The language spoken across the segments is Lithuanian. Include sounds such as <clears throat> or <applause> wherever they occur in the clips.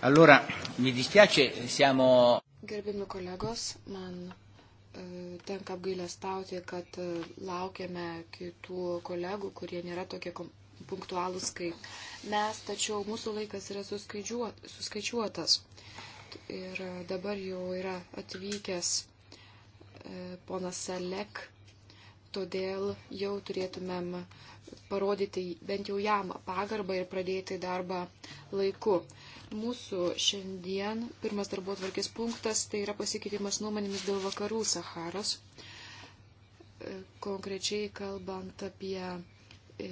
Allora, mi dispiace, siamo. Gerbimi kolegos, man e, tenka apgailestauti, kad e, laukiame kitų kolegų, kurie nėra tokie punktualūs kaip mes, tačiau mūsų laikas yra suskaičiuotas. Ir dabar jau yra atvykęs e, ponas Selek todėl jau turėtumėm parodyti bent jau jam pagarbą ir pradėti darbą laiku. Mūsų šiandien pirmas darbo atvarkės punktas tai yra pasikeitimas nuomonėmis dėl vakarų Saharos, e, konkrečiai kalbant apie e,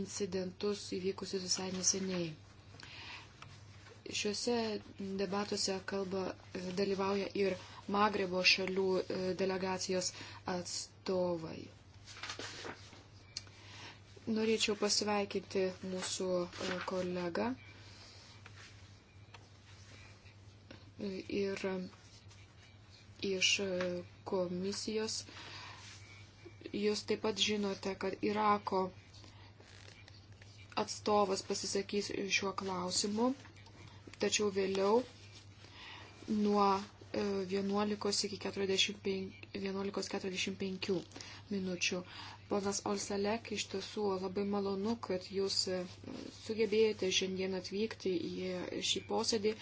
incidentus įvykusius visai neseniai. Šiuose debatuose kalba e, dalyvauja ir Magrebo šalių e, delegacijos atstovai. Norėčiau pasveikinti mūsų e, kolegą e, ir iš komisijos. Jūs taip pat žinote, kad Irako atstovas pasisakys šiuo klausimu, tačiau vėliau nuo 11 iki 45, 11.45 minučių. Ponas Olselek, iš tiesų labai malonu, kad jūs e, sugebėjote šiandien atvykti į e, šį posėdį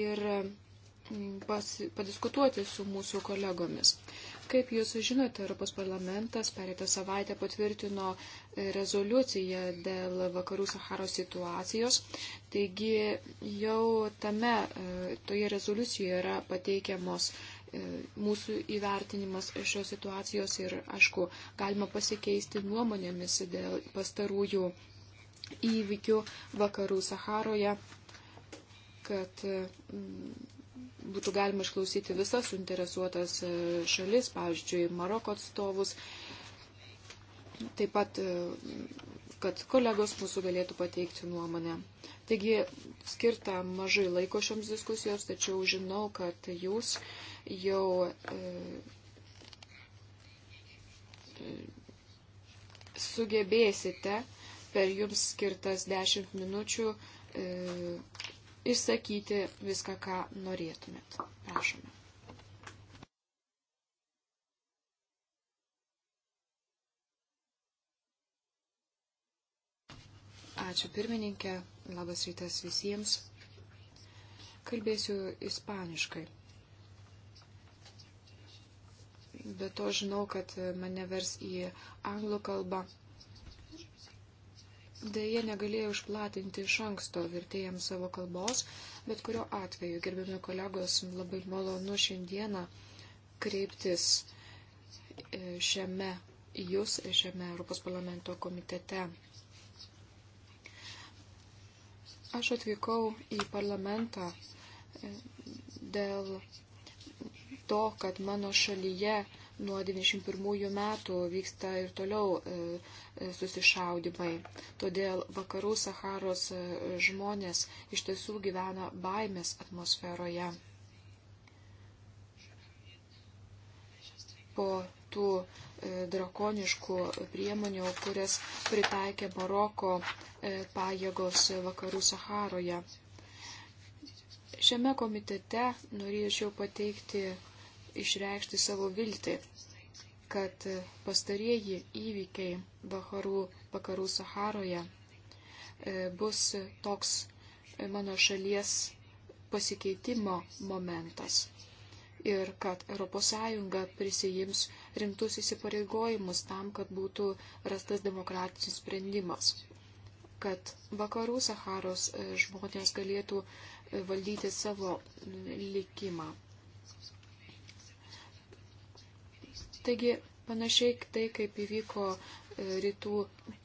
ir mm, pas, padiskutuoti su mūsų kolegomis. Uh, Kaip jūs žinote, Europos parlamentas pereitą savaitę patvirtino e, rezoliuciją dėl vakarų Saharos situacijos. Taigi jau tame, e, toje rezoliucijoje yra pateikiamos e, mūsų įvertinimas šios situacijos ir, aišku, galima pasikeisti nuomonėmis dėl pastarųjų įvykių vakarų Saharoje, kad būtų galima išklausyti visas suinteresuotas e, šalis, pavyzdžiui, Maroko atstovus. Taip pat, e, kad kolegos mūsų galėtų pateikti nuomonę. Taigi, skirta mažai laiko šioms diskusijos, tačiau žinau, kad jūs jau e, sugebėsite per jums skirtas 10 minučių išsakyti viską, ką norėtumėt. Prašome. Ačiū pirmininkė, labas rytas visiems. Kalbėsiu ispaniškai. Bet to žinau, kad mane vers į anglų kalbą, dėje negalėjau išplatinti iš anksto vertėjams savo kalbos, bet kurio atveju, gerbiami kolegos, labai malonu šiandieną kreiptis e, šiame į jūs, šiame Europos parlamento komitete. Aš atvykau į parlamentą e, dėl to, kad mano šalyje Nuo 91 metų vyksta ir toliau e, e, susišaudimai. Todėl vakarų Saharos e, žmonės iš tiesų gyvena baimės atmosferoje. Po tų drakoniškų priemonių, kurias pritaikė Maroko pajėgos vakarų Saharoje. Šiame komitete norėčiau pateikti išreikšti savo viltį, kad pastarieji įvykiai vakarų, vakarų Saharoje e, bus toks mano šalies pasikeitimo momentas ir kad ES prisijims rimtus įsipareigojimus tam, kad būtų rastas demokratinis sprendimas, kad vakarų Saharos e, žmonės galėtų e, valdyti savo likimą. Taigi, panašiai tai, kaip įvyko e, rytų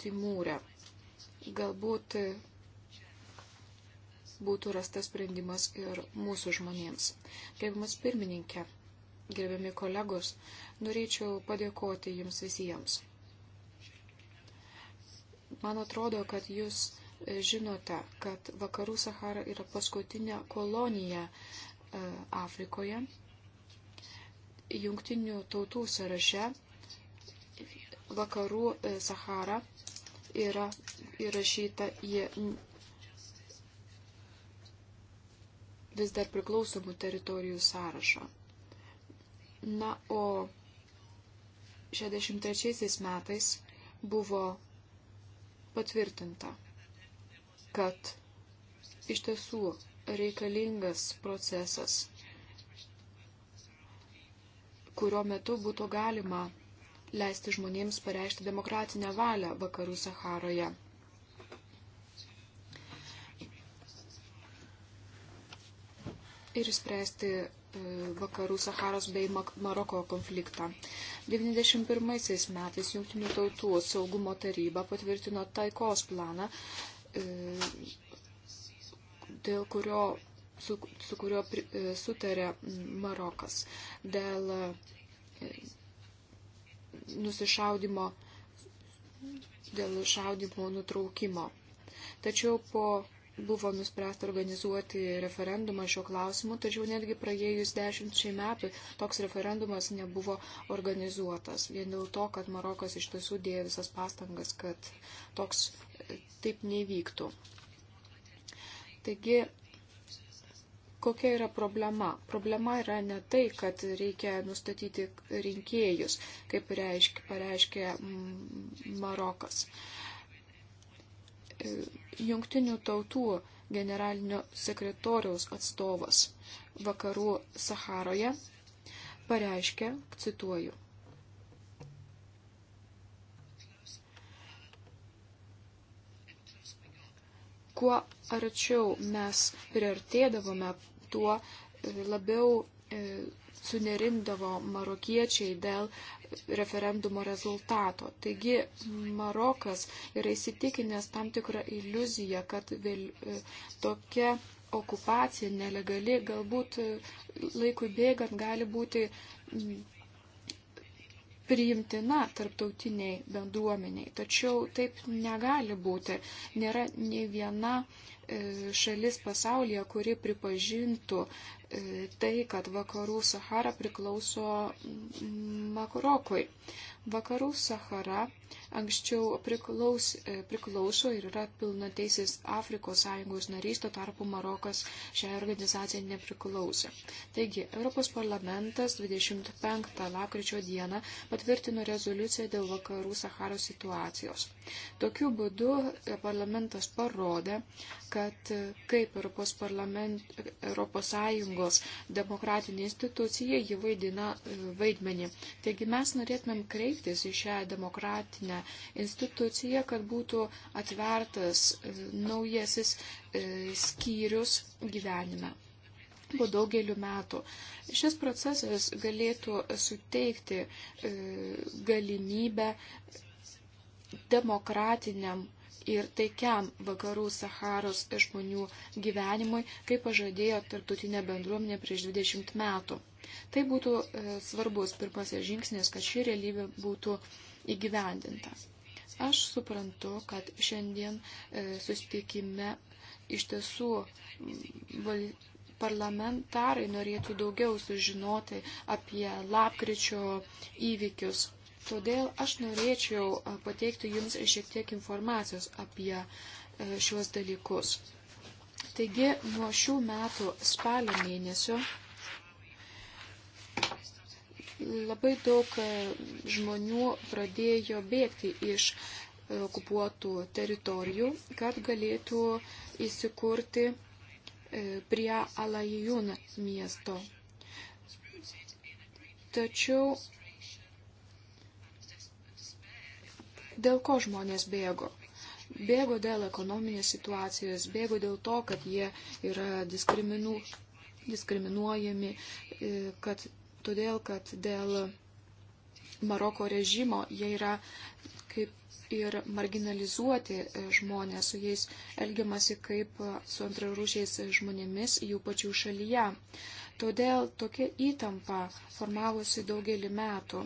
Timūrė. Galbūt e, būtų rastas sprendimas ir mūsų žmonėms. Gerbiamas pirmininkė, gerbiami kolegos, norėčiau padėkoti jums visiems. Man atrodo, kad jūs e, žinote, kad vakarų Sahara yra paskutinė kolonija Afrikoje jungtinių tautų sąraše vakarų e, Sahara yra įrašyta į vis dar priklausomų teritorijų sąrašą. Na, o 63 metais buvo patvirtinta, kad iš tiesų reikalingas procesas kurio metu būtų galima leisti žmonėms pareišti demokratinę valią vakarų Saharoje. Ir spręsti e, vakarų Saharos bei Maroko konfliktą. 1991 metais Junktinių tautų saugumo taryba patvirtino taikos planą, e, dėl kurio su, su kuriuo pri, e, sutarė Marokas dėl e, nusišaudimo, dėl šaudimo nutraukimo. Tačiau po buvo nuspręsta organizuoti referendumą šiuo klausimu, tačiau netgi praėjus dešimčiai metų toks referendumas nebuvo organizuotas. Vien dėl to, kad Marokas iš tiesų dėjo visas pastangas, kad toks e, taip nevyktų. Taigi Kokia yra problema? Problema yra ne tai, kad reikia nustatyti rinkėjus, kaip reiškia, pareiškė mm, Marokas. E, Jungtinių tautų generalinio sekretoriaus atstovas vakarų Saharoje pareiškė, cituoju, kuo arčiau mes priartėdavome tuo e, labiau e, sunerindavo marokiečiai dėl referendumo rezultato. Taigi Marokas yra įsitikinęs tam tikrą iliuziją, kad vėl, e, tokia okupacija nelegali galbūt laikui bėgant gali būti priimtina tarptautiniai bendruomeniai. Tačiau taip negali būti. Nėra nei viena uh, šalis pasaulyje, kuri pripažintų tai, kad vakarų Sahara priklauso Marokui. Vakarų Sahara anksčiau priklaus, priklauso ir yra pilnateisis Afrikos Sąjungos narys, to tarpu Marokas šiai organizacijai nepriklausė. Taigi, Europos parlamentas 25 lakryčio dieną patvirtino rezoliuciją dėl vakarų Saharos situacijos. Tokiu būdu e, parlamentas parodė, kad e, kaip Europos, parlament, Europos Sąjunga sąjungos demokratinė institucija, ji vaidina e, vaidmenį. Taigi mes norėtumėm kreiptis į šią demokratinę instituciją, kad būtų atvertas e, naujasis e, skyrius gyvenime po daugelių metų. Šis procesas galėtų suteikti galimybę demokratiniam ir taikiam vakarų Saharos žmonių gyvenimui, kaip pažadėjo tarptautinė bendruomenė prieš 20 metų. Tai būtų e, svarbus pirmasis žingsnis, kad ši realybė būtų įgyvendinta. Aš suprantu, kad šiandien e, susitikime iš tiesų val... parlamentarai norėtų daugiau sužinoti apie lapkričio įvykius Todėl aš norėčiau pateikti Jums šiek tiek informacijos apie šiuos dalykus. Taigi nuo šių metų spalio mėnesio labai daug žmonių pradėjo bėgti iš okupuotų teritorijų, kad galėtų įsikurti e, prie Alajun miesto. Tačiau Dėl ko žmonės bėgo? Bėgo dėl ekonominės situacijos, bėgo dėl to, kad jie yra diskriminu, diskriminuojami, e, kad todėl, kad dėl Maroko režimo jie yra kaip ir marginalizuoti e, žmonės, su jais elgiamasi kaip e, su antrarūšiais žmonėmis jų pačių šalyje. Todėl tokia įtampa formavosi daugelį metų.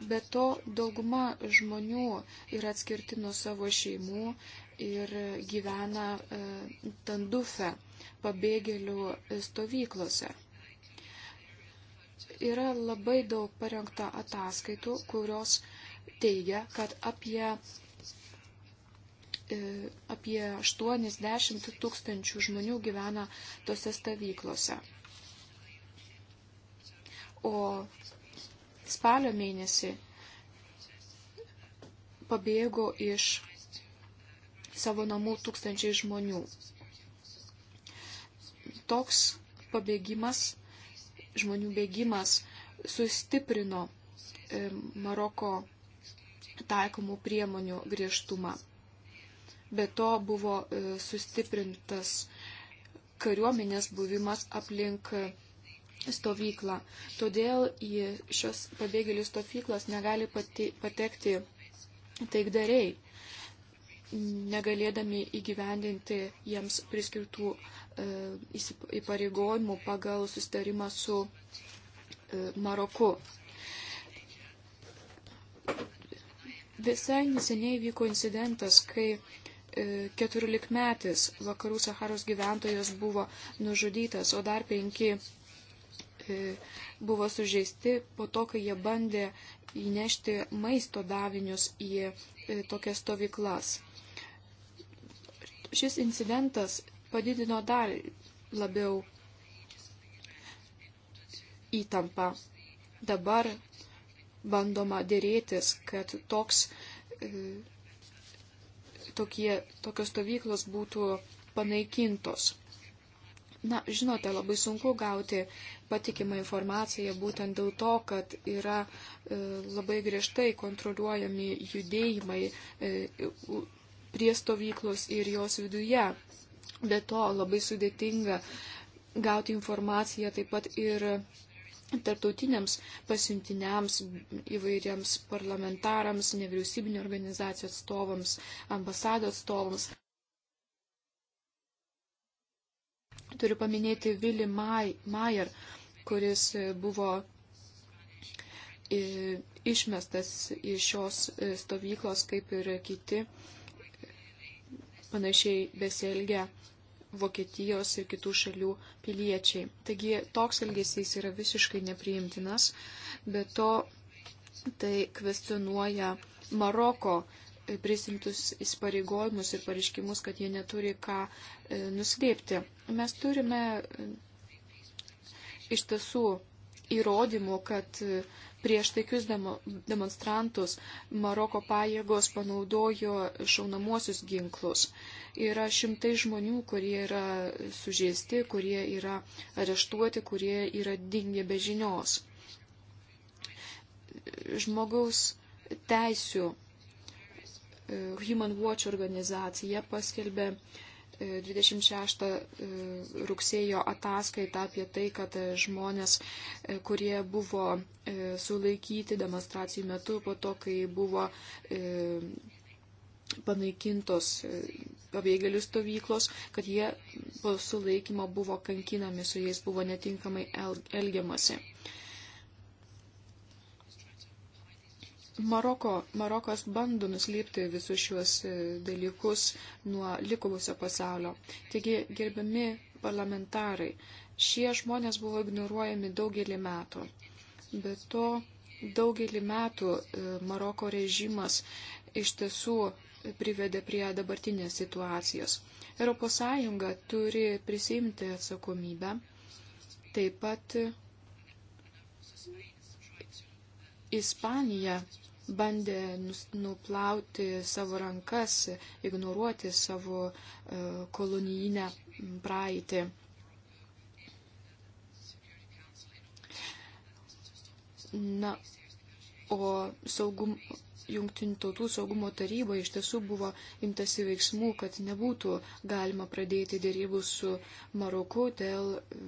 Be to, dauguma žmonių yra atskirti nuo savo šeimų ir gyvena e, Tandufe pabėgėlių e, stovyklose yra labai daug parengta ataskaitų, kurios teigia, kad apie, e, apie 80 tūkstančių žmonių gyvena tose stovyklose. O spalio mėnesį pabėgo iš savo namų tūkstančiai žmonių. Toks pabėgimas, žmonių bėgimas sustiprino e, Maroko taikomų priemonių griežtumą. Be to buvo e, sustiprintas kariuomenės buvimas aplink stovyklą. Todėl į šios pabėgėlių stovyklas negali pati, patekti taikdariai, negalėdami įgyvendinti jiems priskirtų e, įpareigojimų pagal sustarimą su e, Maroku. Visai neseniai vyko incidentas, kai 14 e, metis vakarų Saharos gyventojas buvo nužudytas, o dar penki E, buvo sužeisti po to, kai jie bandė įnešti maisto davinius į e, tokias stovyklas. Šis incidentas padidino dar labiau įtampą. Dabar bandoma dėrėtis, kad toks, e, tokie, tokios stovyklos būtų panaikintos. Na, žinote, labai sunku gauti patikimą informaciją būtent dėl to, kad yra e, labai griežtai kontroliuojami judėjimai e, prie stovyklos ir jos viduje. Be to labai sudėtinga gauti informaciją taip pat ir tarptautiniams pasiuntiniams, įvairiams parlamentarams, nevyriausybinio organizacijų atstovams, ambasado atstovams. Turiu paminėti Vili Mayer, kuris e, buvo e, išmestas iš šios e, stovyklos, kaip ir kiti panašiai besielgia Vokietijos ir kitų šalių piliečiai. Taigi toks elgesys yra visiškai nepriimtinas, bet to tai kvestionuoja Maroko prisimtus įsipareigojimus ir pareiškimus, kad jie neturi ką e, nuslėpti. Mes turime e, iš tiesų įrodymų, kad e, prieš taikius demonstrantus Maroko pajėgos panaudojo šaunamuosius ginklus. Yra šimtai žmonių, kurie yra sužeisti, kurie yra areštuoti, kurie yra dingę be žinios. Žmogaus teisių Human Watch organizacija paskelbė 26 e, e, rugsėjo ataskaitą apie tai, kad e, žmonės, kurie buvo sulaikyti demonstracijų metu po to, kai buvo panaikintos pabėgėlių stovyklos, kad jie po sulaikymo buvo kankinami, su jais buvo netinkamai elgiamasi. El Maroko, Marokas bando nuslėpti visus šiuos e, dalykus nuo likulusio pasaulio. Taigi, gerbiami parlamentarai, šie žmonės buvo ignoruojami daugelį metų. Be to, daugelį metų e, Maroko režimas iš tiesų privedė prie dabartinės situacijos. ES turi prisimti atsakomybę, taip pat Ispanija bandė nuplauti savo rankas, ignoruoti savo e, kolonijinę praeitį. Na, o saugum, jungtinių tautų saugumo taryba iš tiesų buvo imtasi veiksmų, kad nebūtų galima pradėti dėrybų su Maroku dėl e,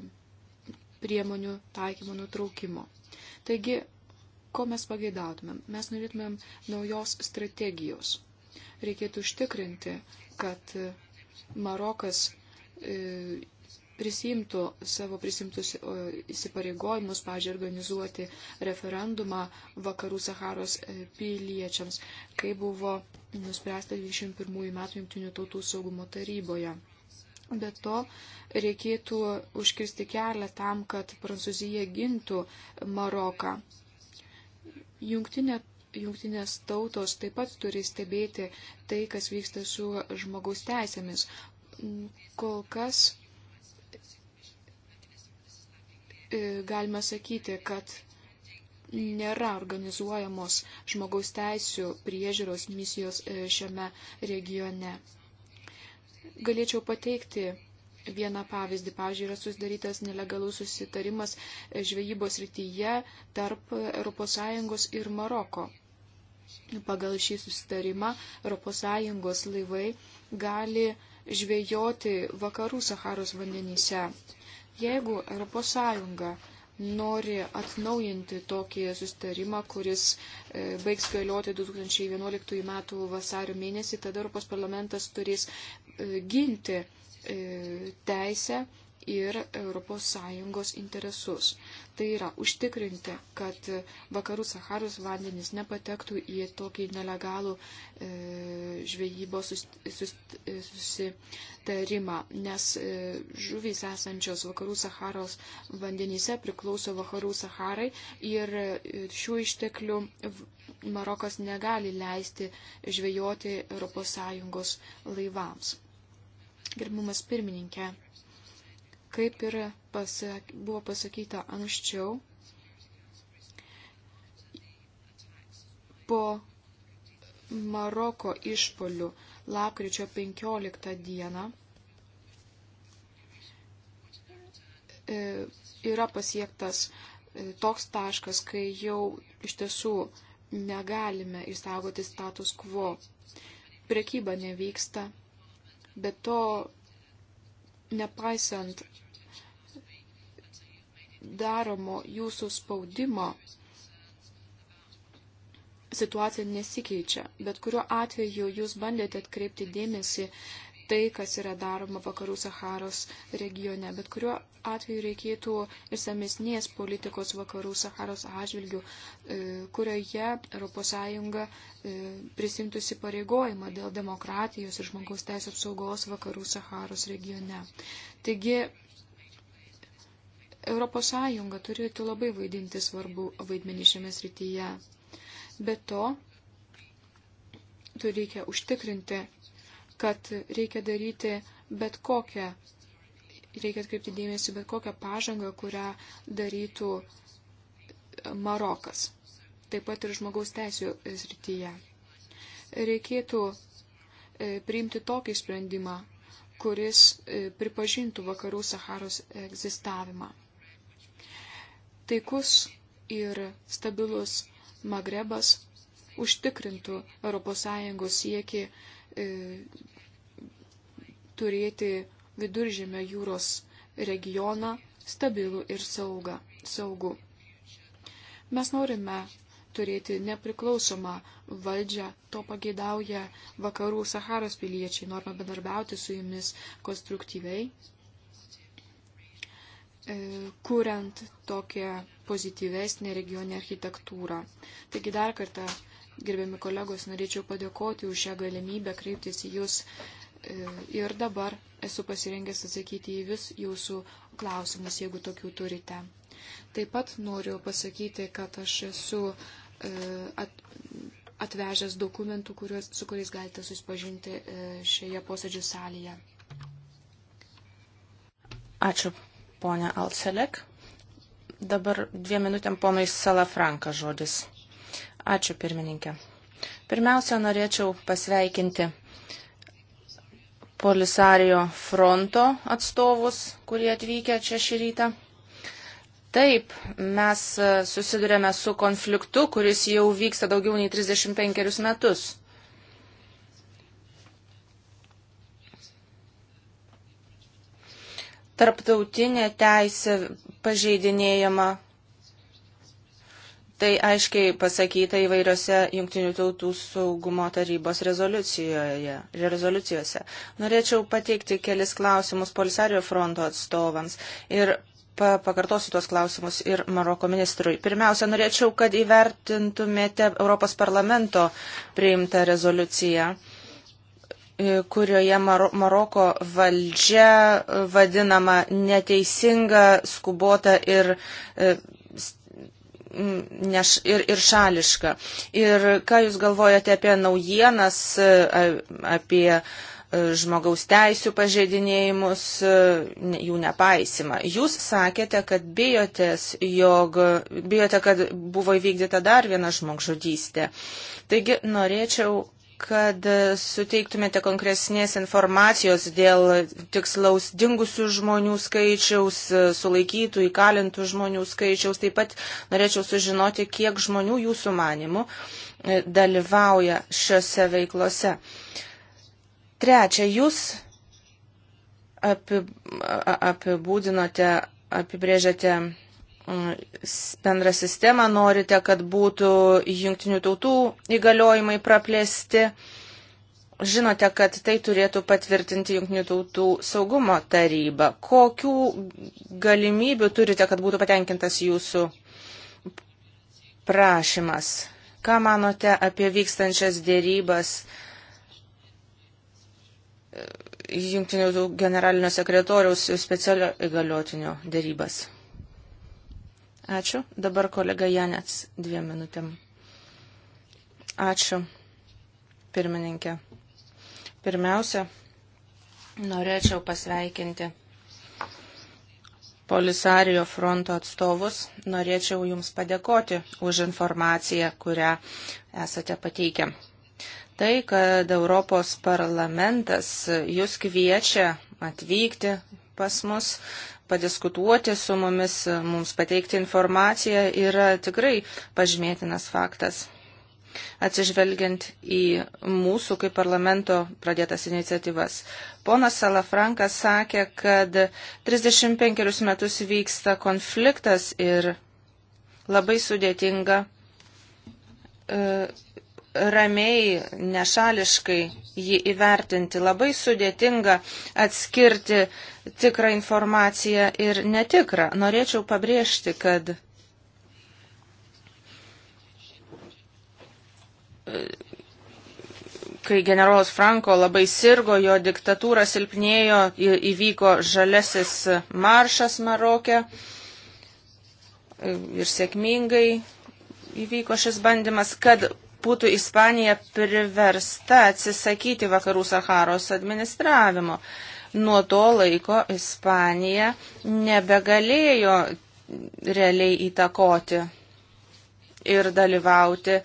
priemonių taikymo nutraukimo. Taigi Ko mes pageidautumėm? Mes norėtumėm naujos strategijos. Reikėtų užtikrinti, kad Marokas e, prisimtų savo prisimtus įsipareigojimus, pažiūrėjau, organizuoti referendumą vakarų Saharos e, piliečiams, kai buvo nuspręsta 21 metų Junktinių tautų saugumo taryboje. Be to, reikėtų užkirsti kelią tam, kad Prancūzija gintų Maroką Jungtinė, jungtinės tautos taip pat turi stebėti tai, kas vyksta su žmogaus teisėmis. Kol kas e, galime sakyti, kad nėra organizuojamos žmogaus teisų priežiūros misijos e, šiame regione. Galėčiau pateikti vieną pavyzdį. Pavyzdžiui, yra susidarytas nelegalus susitarimas e, žvejybos rytyje tarp ES ir Maroko. Pagal šį susitarimą ES laivai gali žvejoti vakarų Saharos vandenyse. Jeigu ES nori atnaujinti tokį sustarimą, kuris e, baigs galioti 2011 m. vasario mėnesį, tada Europos parlamentas turės e, ginti E, teisę ir ES interesus. Tai yra užtikrinti, kad vakarų Saharos vandenys nepatektų į tokį nelegalų e, žvejybos e, susitarimą, nes e, žuvys esančios vakarų Saharos vandenyse priklauso vakarų Saharai ir e, šių išteklių Marokas negali leisti žvejoti ES laivams gerbimas pirmininkė. Kaip ir pasak, buvo pasakyta anksčiau, po Maroko išpolių lapkričio 15 dieną e, yra pasiektas e, toks taškas, kai jau iš tiesų negalime išsaugoti status quo. Prekyba nevyksta, Bet to, nepaisant daromo jūsų spaudimo, situacija nesikeičia. Bet kuriuo atveju jūs bandėte atkreipti dėmesį tai, kas yra daroma vakarų Saharos regione. Bet kuriuo atveju reikėtų išsamesnės politikos vakarų Saharos atžvilgių, e, kurioje ES e, prisimtųsi pareigojimą dėl demokratijos ir žmogaus teisės apsaugos vakarų Saharos regione. Taigi, ES turėtų labai vaidinti svarbu vaidmenį šiame srityje. Be to, tu reikia užtikrinti kad reikia daryti bet kokią, reikia atkreipti dėmesį bet kokią pažangą, kurią darytų Marokas, taip pat ir žmogaus teisų srityje. Reikėtų e, priimti tokį sprendimą, kuris e, pripažintų vakarų Saharos egzistavimą. Taikus ir stabilus Magrebas užtikrintų ES sieki E, turėti viduržėmio jūros regioną stabilų ir saugą, saugų. Mes norime turėti nepriklausomą valdžią, to pageidauja vakarų Saharos piliečiai, norime bendarbiauti su jumis konstruktyviai, e, kuriant tokią pozityvesnę regionę architektūrą. Taigi dar kartą Gerbiami kolegos, norėčiau padėkoti už šią galimybę kreiptis į Jūs e, ir dabar esu pasirengęs atsakyti į vis Jūsų klausimus, jeigu tokių turite. Taip pat noriu pasakyti, kad aš esu e, atvežęs dokumentų, kuriuos, su kuriais galite susipažinti e, šioje posėdžių salėje. Ačiū, ponia Alcelek. Dabar dviem minutėm ponai Salafranka žodis. Ačiū pirmininkė. Pirmiausia, norėčiau pasveikinti Polisario fronto atstovus, kurie atvykę čia šį rytą. Taip, mes e, susidurėme su konfliktu, kuris jau vyksta daugiau nei 35 metus. Tarptautinė teisė pažeidinėjama Tai aiškiai pasakyta įvairiose Junktinių tautų saugumo tarybos rezoliucijose. Norėčiau pateikti kelis klausimus Polisario fronto atstovams ir pakartosiu tuos klausimus ir Maroko ministrui. Pirmiausia, norėčiau, kad įvertintumėte Europos parlamento priimtą rezoliuciją e, kurioje Mar Maroko valdžia vadinama neteisinga, skubota ir e, neš, ir, ir šališka. Ir ką Jūs galvojate apie naujienas, e, apie e, žmogaus teisų pažeidinėjimus, e, jų nepaisimą. Jūs sakėte, kad bijotės, jog bijote, kad buvo įvykdyta dar viena žmogžudystė. Taigi norėčiau kad e, suteiktumėte konkresnės informacijos dėl tikslaus dingusių žmonių skaičiaus, e, sulaikytų, įkalintų žmonių skaičiaus. Taip pat norėčiau sužinoti, kiek žmonių jūsų manimų e, dalyvauja šiuose veiklose. Trečia, jūs apibūdinote, apibrėžiate bendrą sistemą, norite, kad būtų jungtinių tautų įgaliojimai praplėsti. Žinote, kad tai turėtų patvirtinti Junktinių tautų saugumo taryba. Kokių galimybių turite, kad būtų patenkintas jūsų prašymas? Ką manote apie vykstančias dėrybas e, Junktinių generalinio sekretoriaus specialio įgaliotinio dėrybas? Ačiū. Dabar kolega Janets dviem minutėm. Ačiū, pirmininkė. Pirmiausia, norėčiau pasveikinti Polisario fronto atstovus. Norėčiau Jums padėkoti už informaciją, kurią esate pateikę. Tai, kad Europos parlamentas Jūs kviečia atvykti pas mus, padiskutuoti su mumis, mums pateikti informaciją yra tikrai pažymėtinas faktas. Atsižvelgiant į mūsų kaip parlamento pradėtas iniciatyvas. Ponas Salafrankas sakė, kad 35 metus vyksta konfliktas ir labai sudėtinga e, ramiai, nešališkai jį įvertinti. Labai sudėtinga atskirti tikrą informaciją ir netikrą. Norėčiau pabrėžti, kad e, kai generolas Franko labai sirgo, jo diktatūra silpnėjo, įvyko žalesis maršas Marokė e, ir sėkmingai įvyko šis bandymas, kad būtų Ispanija priversta atsisakyti vakarų Saharos administravimo. Nuo to laiko Ispanija nebegalėjo realiai įtakoti ir dalyvauti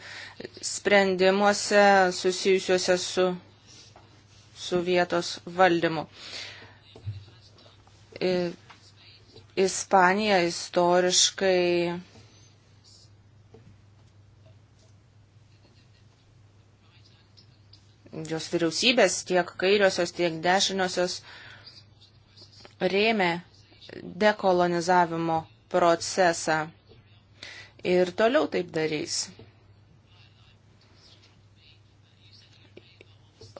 sprendimuose susijusiuose su, su vietos valdymu. Ispanija istoriškai jos vyriausybės, tiek kairiosios, tiek dešiniosios rėmė dekolonizavimo procesą ir toliau taip darys.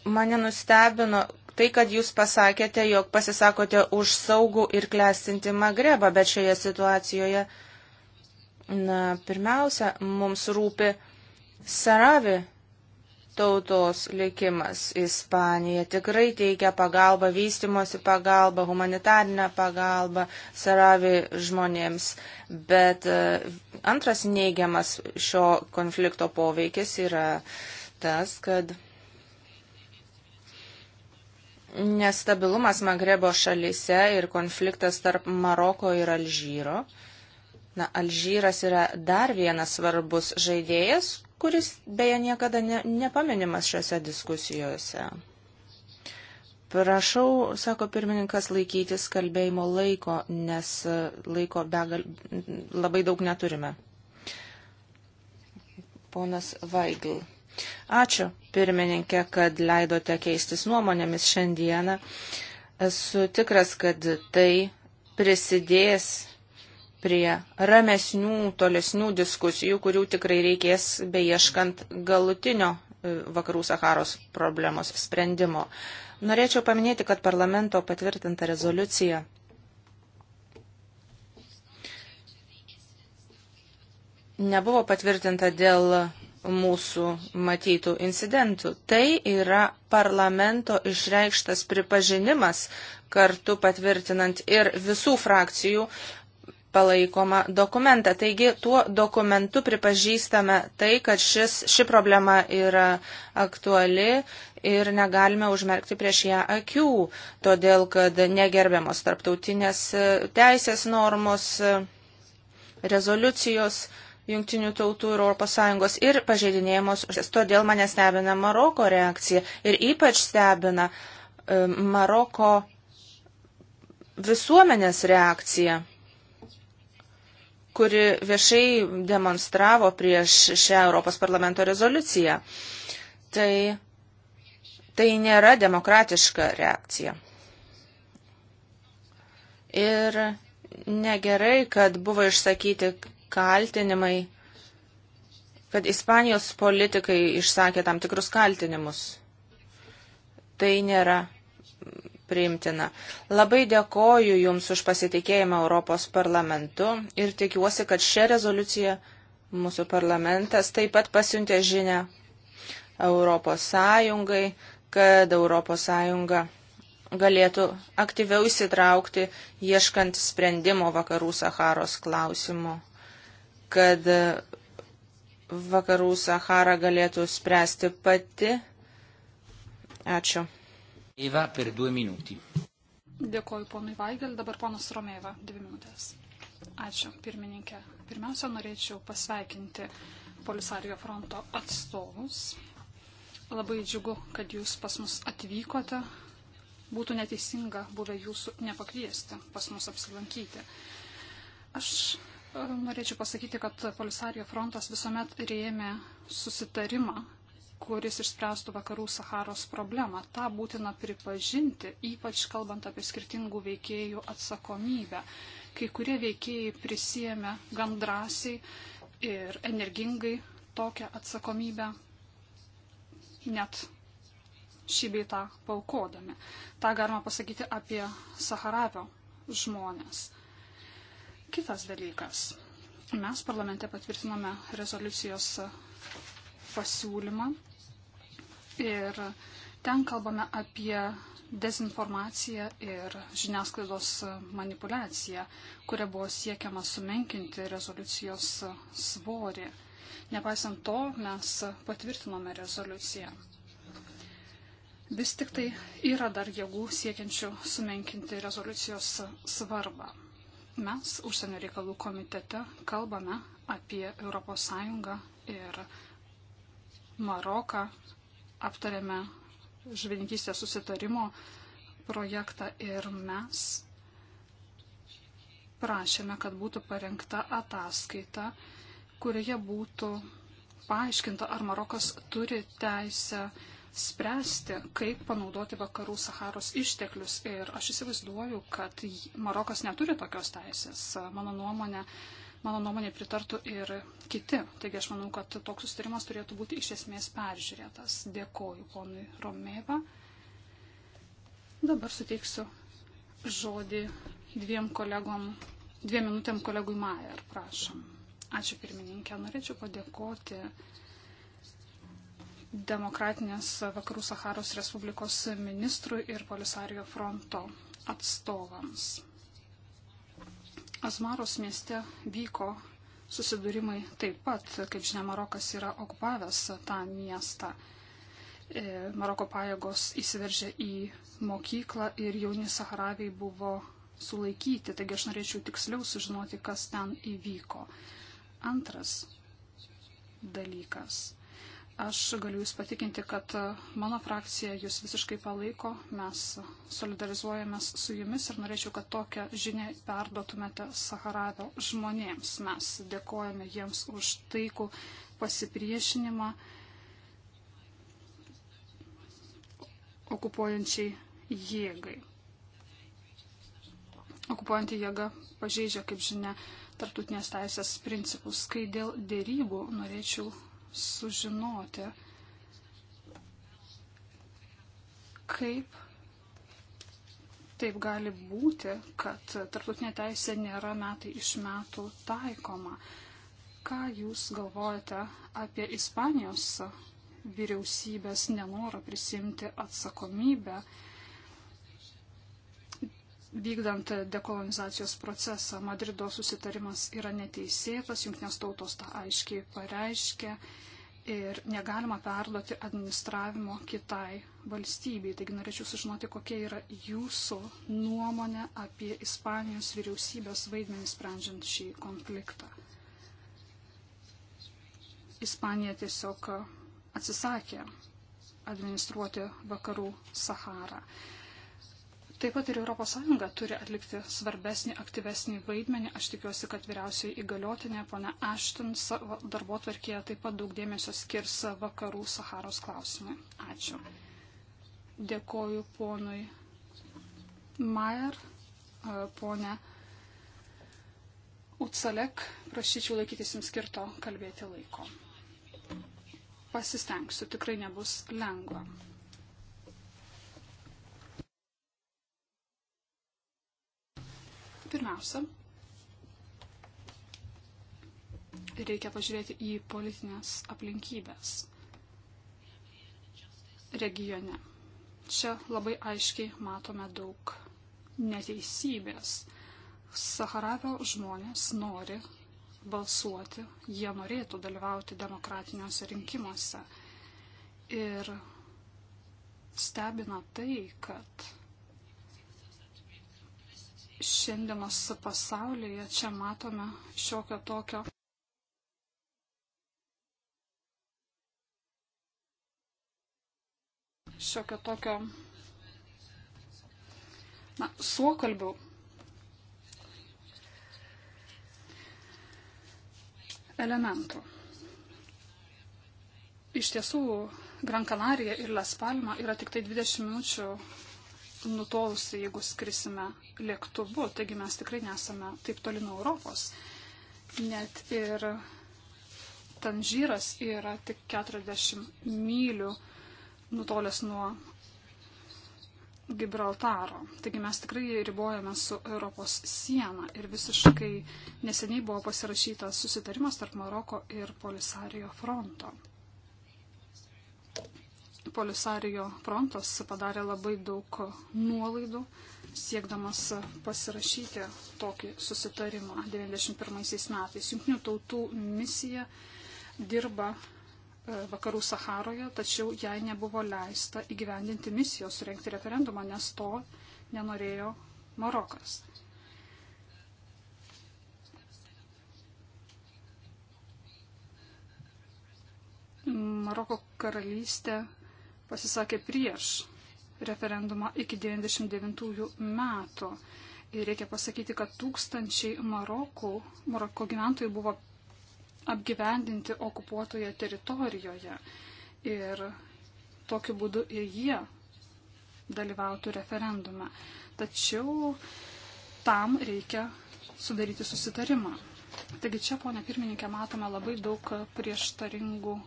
Mane nustebino tai, kad jūs pasakėte, jog pasisakote už saugų ir klestinti Magrebą, bet šioje situacijoje, na, pirmiausia, mums rūpi Saravi tautos likimas. Ispanija tikrai teikia pagalbą, vystimosi pagalbą, humanitarinę pagalbą Saravi žmonėms, bet e, antras neigiamas šio konflikto poveikis yra tas, kad nestabilumas Magrebo šalyse ir konfliktas tarp Maroko ir Alžyro. Na, Alžyras yra dar vienas svarbus žaidėjas, kuris beje niekada ne, nepaminimas šiuose diskusijose. Prašau, sako pirmininkas, laikytis kalbėjimo laiko, nes e, laiko begal, labai daug neturime. Ponas Vaigl. Ačiū, pirmininkė, kad leidote keistis nuomonėmis šiandieną. Esu tikras, kad tai prisidės prie ramesnių, tolesnių diskusijų, kurių tikrai reikės beieškant galutinio e, vakarų Saharos problemos sprendimo. Norėčiau paminėti, kad parlamento patvirtinta rezoliucija nebuvo patvirtinta dėl mūsų matytų incidentų. Tai yra parlamento išreikštas pripažinimas, kartu patvirtinant ir visų frakcijų palaikomą dokumentą. Taigi tuo dokumentu pripažįstame tai, kad šis, ši problema yra aktuali ir negalime užmerkti prieš ją akių, todėl kad negerbiamos tarptautinės e, teisės normos, e, rezoliucijos. Junktinių tautų ir ES ir pažeidinėjamos. Todėl mane stebina Maroko reakcija ir ypač stebina e, Maroko visuomenės reakcija kuri viešai demonstravo prieš šią Europos parlamento rezoliuciją. Tai, tai nėra demokratiška reakcija. Ir negerai, kad buvo išsakyti kaltinimai, kad Ispanijos politikai išsakė tam tikrus kaltinimus. Tai nėra priimtina. Labai dėkoju Jums už pasitikėjimą Europos parlamentu ir tikiuosi, kad šią rezoliuciją mūsų parlamentas taip pat pasiuntė žinę Europos Sąjungai, kad Europos Sąjunga galėtų aktyviau įsitraukti, ieškant sprendimo vakarų Saharos klausimu, kad vakarų Sahara galėtų spręsti pati. Ačiū. Eva per du minutį. Dėkoju ponui Vaigel, dabar ponas Romėva, dvi minutės. Ačiū, pirmininkė. Pirmiausia, norėčiau pasveikinti Polisario fronto atstovus. Labai džiugu, kad jūs pas mus atvykote. Būtų neteisinga buvę jūsų nepakviesti pas mus apsilankyti. Aš e, norėčiau pasakyti, kad Polisario frontas visuomet rėmė susitarimą kuris išspręstų vakarų Saharos problemą. Ta būtina pripažinti, ypač kalbant apie skirtingų veikėjų atsakomybę. Kai kurie veikėjai prisėmė gan drąsiai ir energingai tokią atsakomybę, net šį beitą paukodami. Ta galima pasakyti apie Saharavio žmonės. Kitas dalykas. Mes parlamente patvirtinome rezoliucijos pasiūlymą ir ten kalbame apie dezinformaciją ir žiniasklaidos manipulaciją, kuria buvo siekiama sumenkinti rezoliucijos svorį. Nepaisant to, mes patvirtinome rezoliuciją. Vis tik tai yra dar jėgų siekiančių sumenkinti rezoliucijos svarbą. Mes užsienio reikalų komitete kalbame apie ES ir Maroką, aptarėme žvininkystės susitarimo projektą ir mes prašėme, kad būtų parengta ataskaita, kurioje būtų paaiškinta, ar Marokas turi teisę spręsti, kaip panaudoti vakarų Saharos išteklius. Ir aš įsivaizduoju, kad Marokas neturi tokios teisės. Mano nuomonė, mano nuomonė pritartų ir kiti. Taigi aš manau, kad toks sustarimas turėtų būti iš esmės peržiūrėtas. Dėkoju ponui Romėva. Dabar suteiksiu žodį dviem kolegom, dviem minutėm kolegui Majer, prašom. Ačiū pirmininkė, norėčiau padėkoti Demokratinės Vakarų Saharos Respublikos ministrui ir Polisario fronto atstovams. Azmaros mieste vyko susidūrimai taip pat, kaip žinia, Marokas yra okupavęs tą miestą. E, Maroko pajėgos įsiveržė į mokyklą ir jauni saharaviai buvo sulaikyti, taigi aš norėčiau tiksliau sužinoti, kas ten įvyko. Antras dalykas. Aš galiu Jūs patikinti, kad mano frakcija Jūs visiškai palaiko, mes solidarizuojamės su Jumis ir norėčiau, kad tokią žinią perduotumėte Saharavio žmonėms. Mes dėkojame jiems už taikų pasipriešinimą okupuojančiai jėgai. Okupuojanti jėga pažeidžia, kaip žinia, tartutinės teisės principus. Kai dėl dėrybų norėčiau sužinoti, kaip taip gali būti, kad tarptautinė teisė nėra metai iš metų taikoma. Ką Jūs galvojate apie Ispanijos vyriausybės nenorą prisimti atsakomybę vykdant dekolonizacijos procesą. Madrido susitarimas yra neteisėtas, jungtinės tautos tą aiškiai pareiškia ir negalima perduoti administravimo kitai valstybei. Taigi norėčiau sužinoti, kokia yra jūsų nuomonė apie Ispanijos vyriausybės vaidmenį sprendžiant šį konfliktą. Ispanija tiesiog atsisakė administruoti vakarų Saharą. Taip pat ir ES turi atlikti svarbesnį, aktyvesnį vaidmenį. Aš tikiuosi, kad vyriausiai įgaliotinė pana Ashton savo darbo tvarkėje taip pat daug dėmesio skirs vakarų Saharos klausimui. Ačiū. Dėkoju ponui Mayer, ponė Utsalek, prašyčiau laikytis jums skirto kalbėti laiko. Pasistengsiu, tikrai nebus lengva. Tai pirmiausia, reikia pažiūrėti į politinės aplinkybės regione. Čia labai aiškiai matome daug neteisybės. Saharavio žmonės nori balsuoti, jie norėtų dalyvauti demokratiniuose rinkimuose. Ir stebina tai, kad šiandienos pasaulyje čia matome šiokio tokio. Šiokio tokio. Na, suokalbių. Elementų. Iš tiesų, Gran Canaria ir Las Palma yra tik tai 20 minučių nutolusi, jeigu skrisime lėktuvu, taigi mes tikrai nesame taip toli nuo Europos. Net ir Tanžyras yra tik 40 mylių nutolęs nuo Gibraltaro. Taigi mes tikrai ribojame su Europos siena ir visiškai neseniai buvo pasirašytas susitarimas tarp Maroko ir Polisario fronto. Polisario frontas padarė labai daug nuolaidų, siekdamas pasirašyti tokį susitarimą 91 metais. Junktinių tautų misija dirba e, vakarų Saharoje, tačiau jai nebuvo leista įgyvendinti misijos, surenkti referendumą, nes to nenorėjo Marokas. Maroko karalystė pasisakė prieš referendumą iki 99 metų. Ir reikia pasakyti, kad tūkstančiai Marokų, Maroko gyventojų buvo apgyvendinti okupuotoje teritorijoje. Ir tokiu būdu ir jie dalyvautų referendume. Tačiau tam reikia sudaryti susitarimą. Taigi čia, ponia pirmininkė, matome labai daug prieštaringų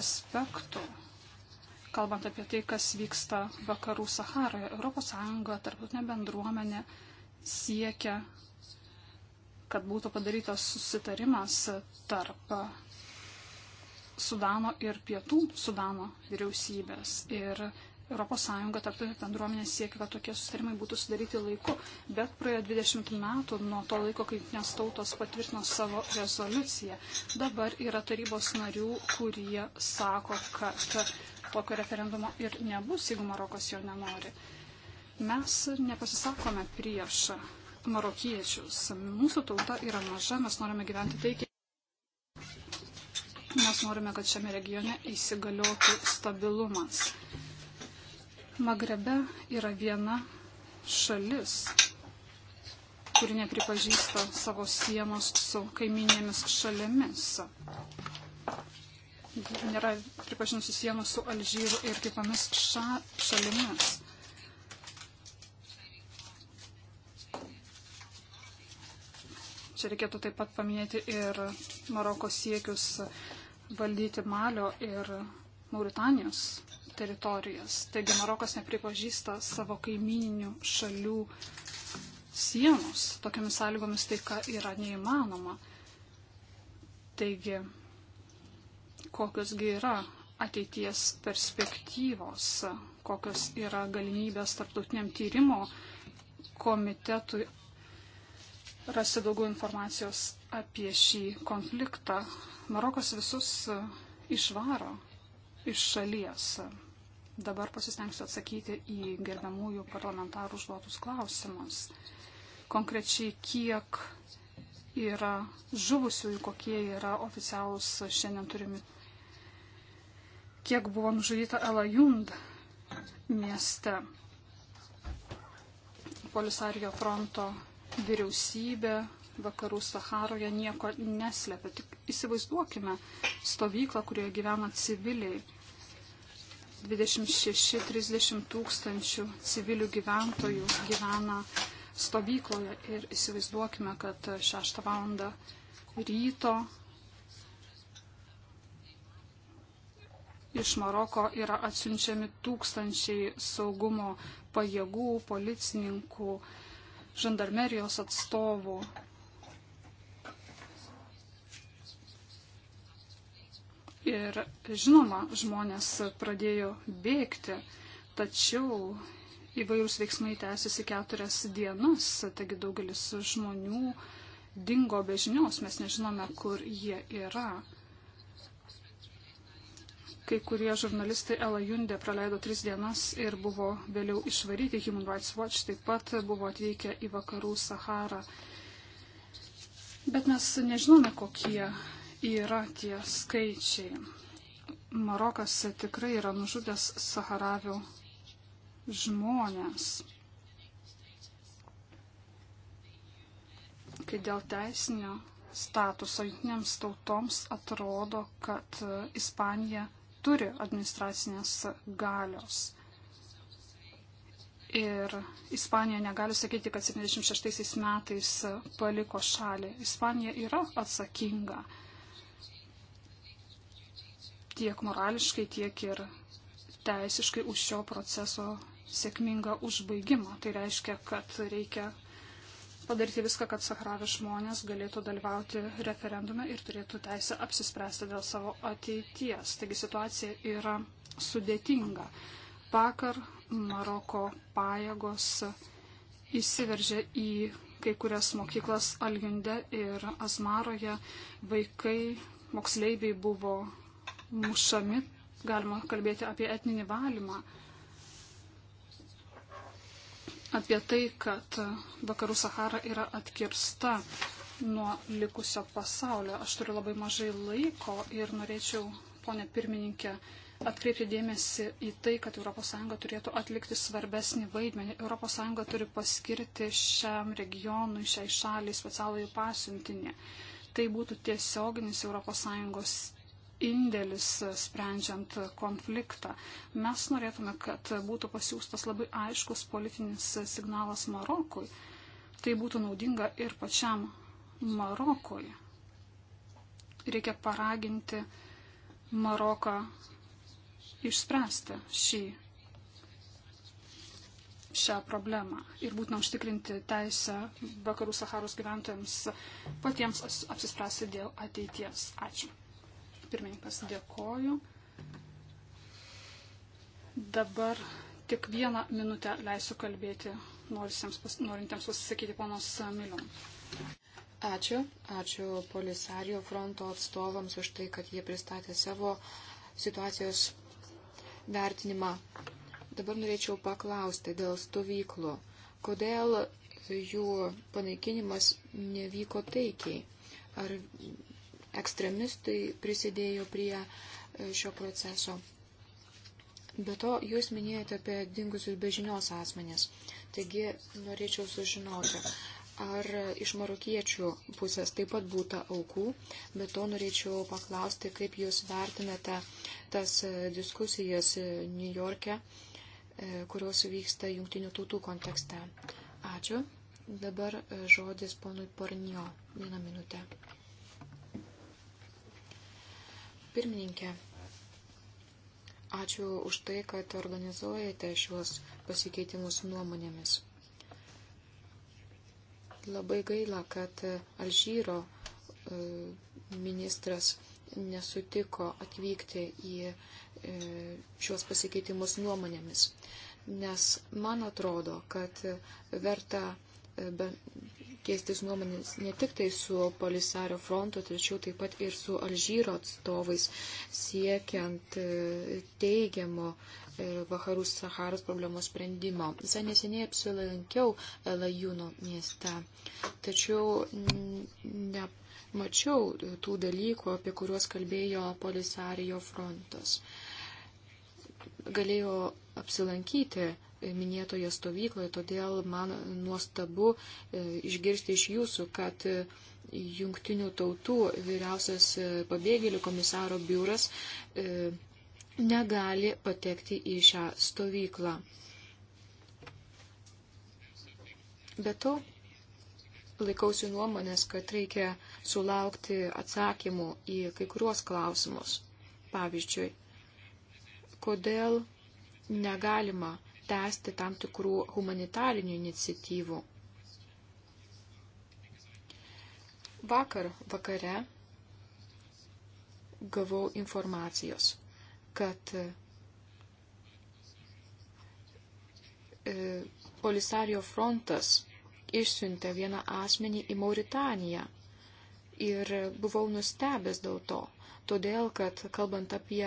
aspektų kalbant apie tai, kas vyksta vakarų Saharoje. ES, tarptautinė bendruomenė siekia, kad būtų padarytas susitarimas tarp Sudano ir Pietų Sudano vyriausybės. Ir ES tarptautinė bendruomenė siekia, kad tokie susitarimai būtų sudaryti laiku, bet praėjo 20 metų nuo to laiko, kai nes tautos patvirtino savo rezoliuciją. Dabar yra tarybos narių, kurie sako, kad tokio referendumo ir nebus, jeigu Marokas jo nenori. Mes nepasisakome prieš marokiečius. Mūsų tauta yra maža, mes norime gyventi taikiai. Mes norime, kad šiame regione įsigaliotų stabilumas. Magrebe yra viena šalis, kuri nepripažįsta savo sienos su kaiminėmis šalimis nėra pripažinusi sienų su Alžyru ir kitomis ša, šalimis. Čia reikėtų taip pat paminėti ir Maroko siekius valdyti Malio ir Mauritanijos teritorijas. Taigi Marokas nepripažįsta savo kaimininių šalių sienos. Tokiamis sąlygomis taika yra neįmanoma. Taigi kokiosgi yra ateities perspektyvos, kokios yra galimybės tarptautiniam tyrimo komitetui rasti daugiau informacijos apie šį konfliktą. Marokas visus išvaro iš šalies. Dabar pasistengsiu atsakyti į gerbiamųjų parlamentarų užduotus klausimus. Konkrečiai, kiek yra žuvusiųjų, kokie yra oficialūs šiandien turimi kiek buvo nužudyta Elajund mieste. Polisario fronto vyriausybė vakarų Saharoje nieko neslepia. Tik įsivaizduokime stovyklą, kurioje gyvena civiliai. 26-30 tūkstančių civilių gyventojų gyvena stovykloje ir įsivaizduokime, kad 6 val. ryto iš Maroko yra atsiunčiami tūkstančiai saugumo pajėgų, policininkų, žandarmerijos atstovų. Ir žinoma, žmonės pradėjo bėgti, tačiau įvairūs veiksmai tęsiasi keturias dienas, taigi daugelis žmonių dingo be žinios, mes nežinome, kur jie yra. Kai kurie žurnalistai Elajundė praleido tris dienas ir buvo vėliau išvaryti. Human Rights Watch taip pat buvo atvykę į vakarų Saharą. Bet mes nežinome, kokie yra tie skaičiai. Marokas tikrai yra nužudęs Saharavių žmonės. Kai dėl teisinio statuso jungtinėms tautoms atrodo, kad Ispanija turi administracinės galios. Ir Ispanija negali sakyti, kad 76 metais paliko šalį. Ispanija yra atsakinga tiek morališkai, tiek ir teisiškai už šio proceso sėkmingą užbaigimą. Tai reiškia, kad reikia padaryti viską, kad Saharavės žmonės galėtų dalyvauti referendume ir turėtų teisę apsispręsti dėl savo ateities. Taigi situacija yra sudėtinga. Vakar Maroko pajėgos įsiveržė į kai kurias mokyklas Alginde ir Azmaroje. Vaikai, moksleiviai buvo mušami, galima kalbėti apie etninį valymą apie tai, kad vakarų Sahara yra atkirsta nuo likusio pasaulio. Aš turiu labai mažai laiko ir norėčiau, ponė pirmininkė, atkreipti dėmesį į tai, kad ES turėtų atlikti svarbesnį vaidmenį. ES turi paskirti šiam regionui, šiai šaliai specialųjį pasiuntinį. Tai būtų tiesioginis ES indėlis e, sprendžiant konfliktą. Mes norėtume, kad būtų pasiūstas labai aiškus politinis signalas Marokui. Tai būtų naudinga ir pačiam Marokui. Reikia paraginti Maroką išspręsti šį, šią problemą ir būtina užtikrinti teisę vakarų Saharos gyventojams patiems apsispręsti dėl ateities. Ačiū. Pirmininkas, dėkoju. Dabar tik vieną minutę leisiu kalbėti norintiems pasisakyti ponos Milion. Ačiū, ačiū Polisario fronto atstovams už tai, kad jie pristatė savo situacijos vertinimą. Dabar norėčiau paklausti dėl stovyklų. Kodėl jų panaikinimas nevyko taikiai? Ar ekstremistai prisidėjo prie e, šio proceso. Be to, jūs minėjote apie dingusius bežinios asmenės. Taigi, norėčiau sužinoti, ar iš marokiečių pusės taip pat būta aukų, bet to norėčiau paklausti, kaip jūs vertinate tas e, diskusijas e, New York'e, kurios vyksta jungtinių tautų kontekste. Ačiū. Dabar žodis ponui Parnio. Vieną minutę pirmininkė. Ačiū už tai, kad organizuojate šiuos pasikeitimus nuomonėmis. Labai gaila, kad Alžyro e, ministras nesutiko atvykti į e, šiuos pasikeitimus nuomonėmis. Nes man atrodo, kad verta e, keistis nuomonės ne tik tai su Polisario frontu, tačiau taip pat ir su Alžyro atstovais, siekiant e, teigiamo e, vakarų Saharos problemos sprendimo. Visai neseniai apsilankiau Lajuno mieste, tačiau nemačiau tų dalykų, apie kuriuos kalbėjo Polisario frontas. Galėjau apsilankyti minėtoje stovykloje, todėl man nuostabu e, išgirsti iš jūsų, kad e, jungtinių tautų vyriausias e, pabėgėlių komisaro biuras negali patekti į šią stovyklą. Be to, laikausi nuomonės, kad reikia sulaukti atsakymų į kai kuriuos klausimus. Pavyzdžiui, kodėl negalima tęsti tam tikrų humanitarinių iniciatyvų. Vakar vakare gavau informacijos, kad e, Polisario frontas išsiuntė vieną asmenį į Mauritaniją ir buvau nustebęs dėl to, todėl kad kalbant apie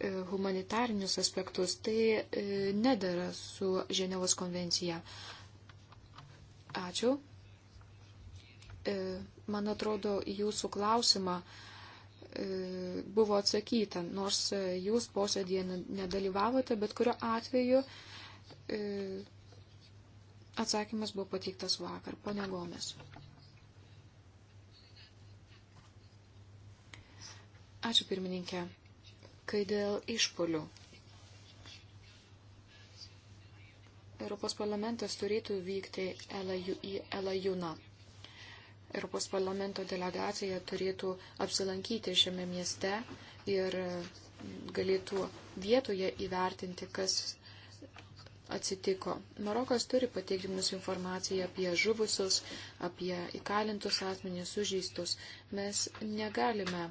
E, humanitarinius aspektus, tai e, nedara su Ženevos konvencija. Ačiū. E, man atrodo, jūsų klausimą buvo atsakyta, nors jūs posėdėje nedalyvavote, bet kurio atveju atsakymas buvo pateiktas vakar. Pone Gomes. Ačiū pirmininkė kai dėl išpolių. Europos parlamentas turėtų vykti į Elajuną. Europos parlamento delegacija turėtų apsilankyti šiame mieste ir galėtų vietoje įvertinti, kas atsitiko. Marokas turi pateikti mums informaciją apie žuvusius, apie įkalintus asmenys sužeistus. Mes negalime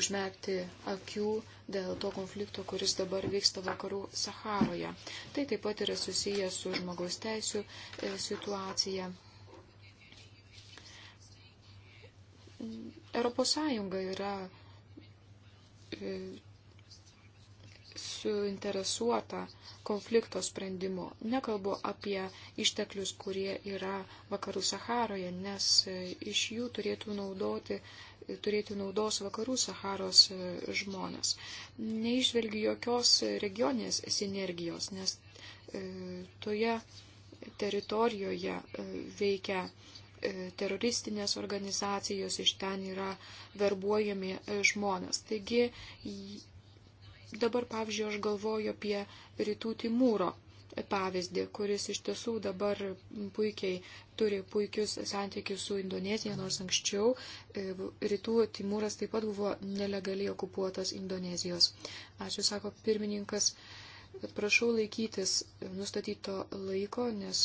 užmerkti akių dėl to konflikto, kuris dabar vyksta vakarų Saharoje. Tai taip pat yra susijęs su žmogaus teisų e, situacija. Europos Sąjunga yra e, suinteresuota konflikto sprendimu. Nekalbu apie išteklius, kurie yra vakarų Saharoje, nes e, iš jų turėtų naudoti, turėti naudos vakarų Saharos e, žmonės. Neišvelgiu jokios regioninės sinergijos, nes e, toje teritorijoje e, veikia teroristinės organizacijos, iš ten yra verbuojami žmonės. Taigi dabar, pavyzdžiui, aš galvoju apie rytų Timūro pavyzdį, kuris iš tiesų dabar puikiai turi puikius santykius su Indonezija, nors anksčiau e, rytų Timūras taip pat buvo nelegaliai okupuotas Indonezijos. Ačiū, sako pirmininkas, bet prašau laikytis nustatyto laiko, nes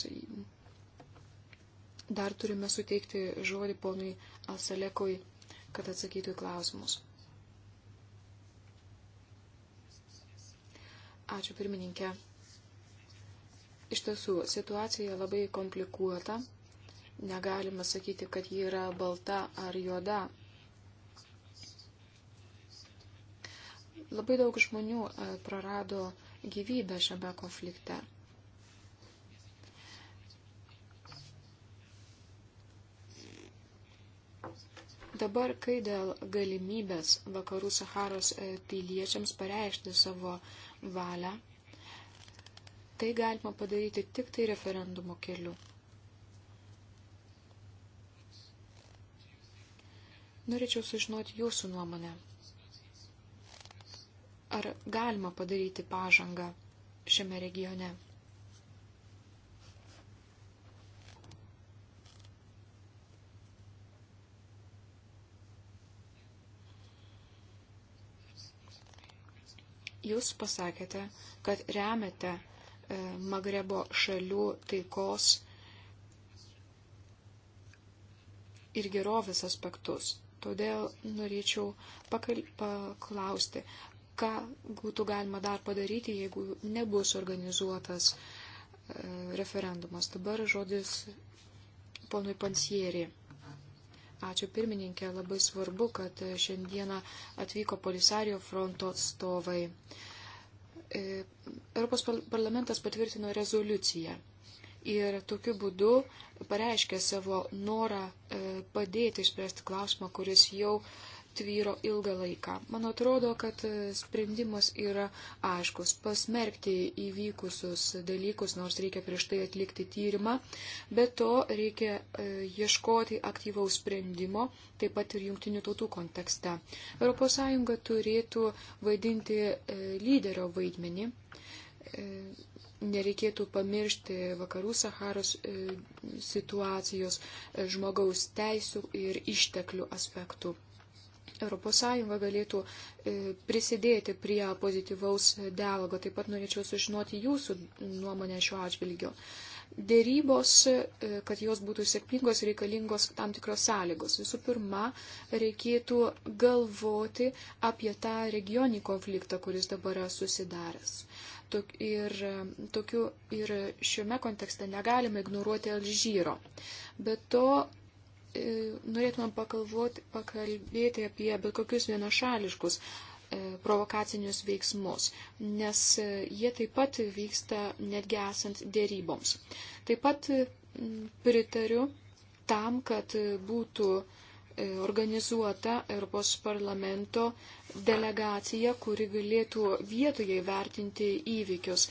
dar turime suteikti žodį ponui Alsalekui, kad atsakytų į klausimus. Ačiū pirmininkė. Iš tiesų, situacija labai komplikuota. Negalima sakyti, kad ji yra balta ar juoda. Labai daug žmonių e, prarado gyvybę šiame konflikte. Dabar, kai dėl galimybės vakarų Saharos e, piliečiams pareišti savo valią, Tai galima padaryti tik tai referendumo keliu. Norėčiau sužinoti jūsų nuomonę. Ar galima padaryti pažangą šiame regione? Jūs pasakėte, kad remiate E, Magrebo šalių taikos ir gerovės aspektus. Todėl norėčiau pakal... paklausti, ką būtų galima dar padaryti, jeigu nebus organizuotas e, referendumas. Dabar žodis ponui Pansieriai. Ačiū pirmininkė, labai svarbu, kad šiandieną atvyko Polisario fronto atstovai. Uh, E, Europos parlamentas patvirtino rezoliuciją ir tokiu būdu pareiškė savo norą e, padėti išspręsti klausimą, kuris jau tvyro ilgą laiką. Man atrodo, kad sprendimas yra aiškus - pasmerkti įvykusius dalykus, nors reikia prieš tai atlikti tyrimą, bet to reikia e, ieškoti aktyvaus sprendimo, taip pat ir jungtinių tautų kontekste. ES turėtų vaidinti e, lyderio vaidmenį e, nereikėtų pamiršti vakarų Saharos situacijos, žmogaus teisų ir išteklių aspektų. ES galėtų e, prisidėti prie pozityvaus dialogo. Taip pat norėčiau sužinoti jūsų nuomonę šiuo atžvilgiu. Dėrybos, e, kad jos būtų sėkmingos, reikalingos tam tikros sąlygos. Visų pirma, reikėtų galvoti apie tą regionį konfliktą, kuris dabar yra susidaręs. Tok, ir, e, tokiu, ir šiame kontekste negalime ignoruoti Alžyro. Bet to E, norėtumėm pakalbėti apie bet kokius vienašališkus e, provokacinius veiksmus, nes e, jie taip pat vyksta netgi esant dėryboms. Taip pat pritariu tam, kad būtų uh, E, organizuota Europos parlamento delegacija, kuri galėtų vietoje įvertinti įvykius.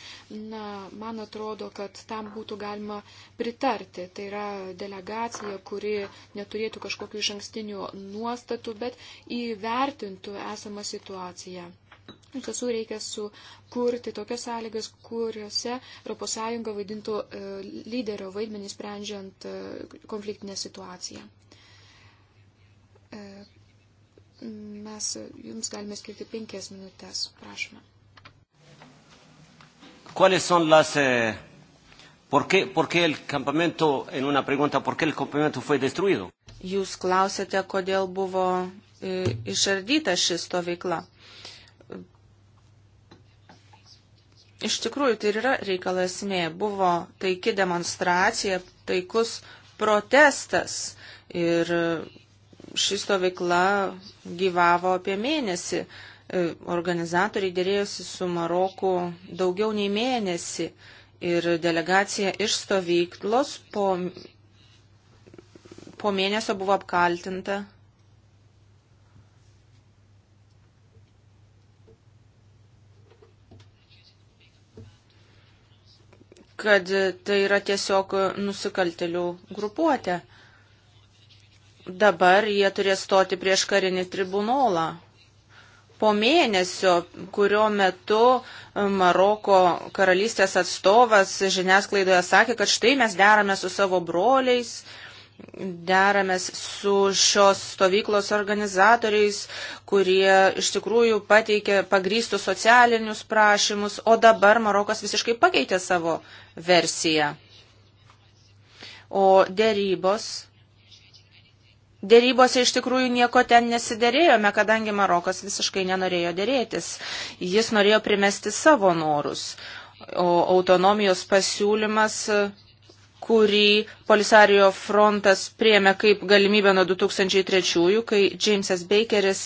Na, man atrodo, kad tam būtų galima pritarti. Tai yra delegacija, kuri neturėtų kažkokių iš ankstinių nuostatų, bet įvertintų esamą situaciją. Iš tiesų reikia sukurti tokias sąlygas, kuriuose ES vaidintų e, lyderio vaidmenį sprendžiant e, konfliktinę situaciją. E, mes jums galime skirti penkias minutės, prašome. ¿Cuáles son las... Eh, por, qué, ¿Por qué el campamento, en una pregunta, por qué el campamento fue destruido? Jūs klausėte, kodėl buvo e, išardyta ši stovykla. Iš tikrųjų, tai yra reikalo esmė. Buvo taiki demonstracija, taikus protestas ir ši stovykla gyvavo apie mėnesį. E, organizatoriai dėrėjosi su Maroku daugiau nei mėnesį ir delegacija iš stovyklos po, po mėnesio buvo apkaltinta. kad tai yra tiesiog nusikaltelių grupuotė. Dabar jie turės stoti prieš karinį tribunolą. Po mėnesio, kurio metu e, Maroko karalystės atstovas žiniasklaidoje sakė, kad štai mes derame su savo broliais, deramės su šios stovyklos organizatoriais, kurie iš tikrųjų pateikė pagrystus socialinius prašymus, o dabar Marokas visiškai pakeitė savo versiją. O dėrybos Dėrybose iš tikrųjų nieko ten nesiderėjome, kadangi Marokas visiškai nenorėjo dėrėtis. Jis norėjo primesti savo norus. O autonomijos pasiūlymas kurį Polisario frontas priemė kaip galimybę nuo 2003, kai Jamesas Bakeris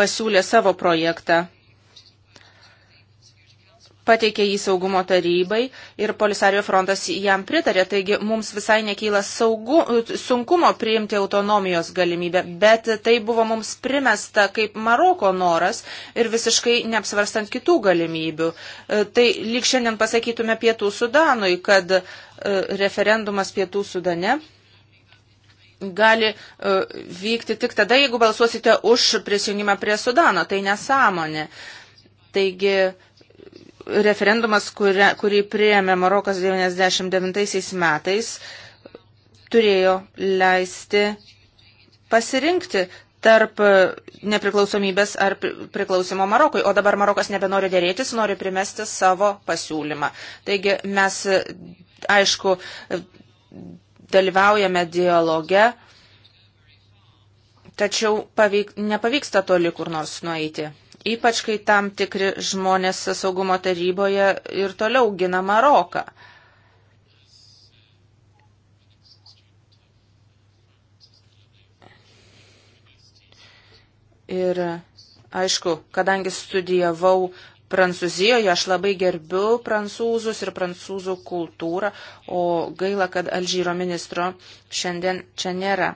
pasiūlė savo projektą pateikė jį saugumo tarybai ir Polisario frontas jam pritarė, taigi mums visai nekyla saugu, sunkumo priimti autonomijos galimybę, bet tai buvo mums primesta kaip Maroko noras ir visiškai neapsvarstant kitų galimybių. E, tai lyg šiandien pasakytume Pietų Sudanui, kad e, referendumas Pietų Sudane gali e, vykti tik tada, jeigu balsuosite už prisijungimą prie Sudano. Tai nesąmonė. Taigi referendumas, kuria, kurį prieėmė Marokas 99 metais, turėjo leisti pasirinkti tarp nepriklausomybės ar priklausimo Marokui. O dabar Marokas nebenori dėrėtis, nori primesti savo pasiūlymą. Taigi mes, aišku, dalyvaujame dialoge, tačiau pavyk, nepavyksta toli kur nors nueiti ypač kai tam tikri žmonės saugumo taryboje ir toliau gina Maroką. Ir aišku, kadangi studijavau Prancūzijoje, aš labai gerbiu prancūzus ir prancūzų kultūrą, o gaila, kad Alžyro ministro šiandien čia nėra.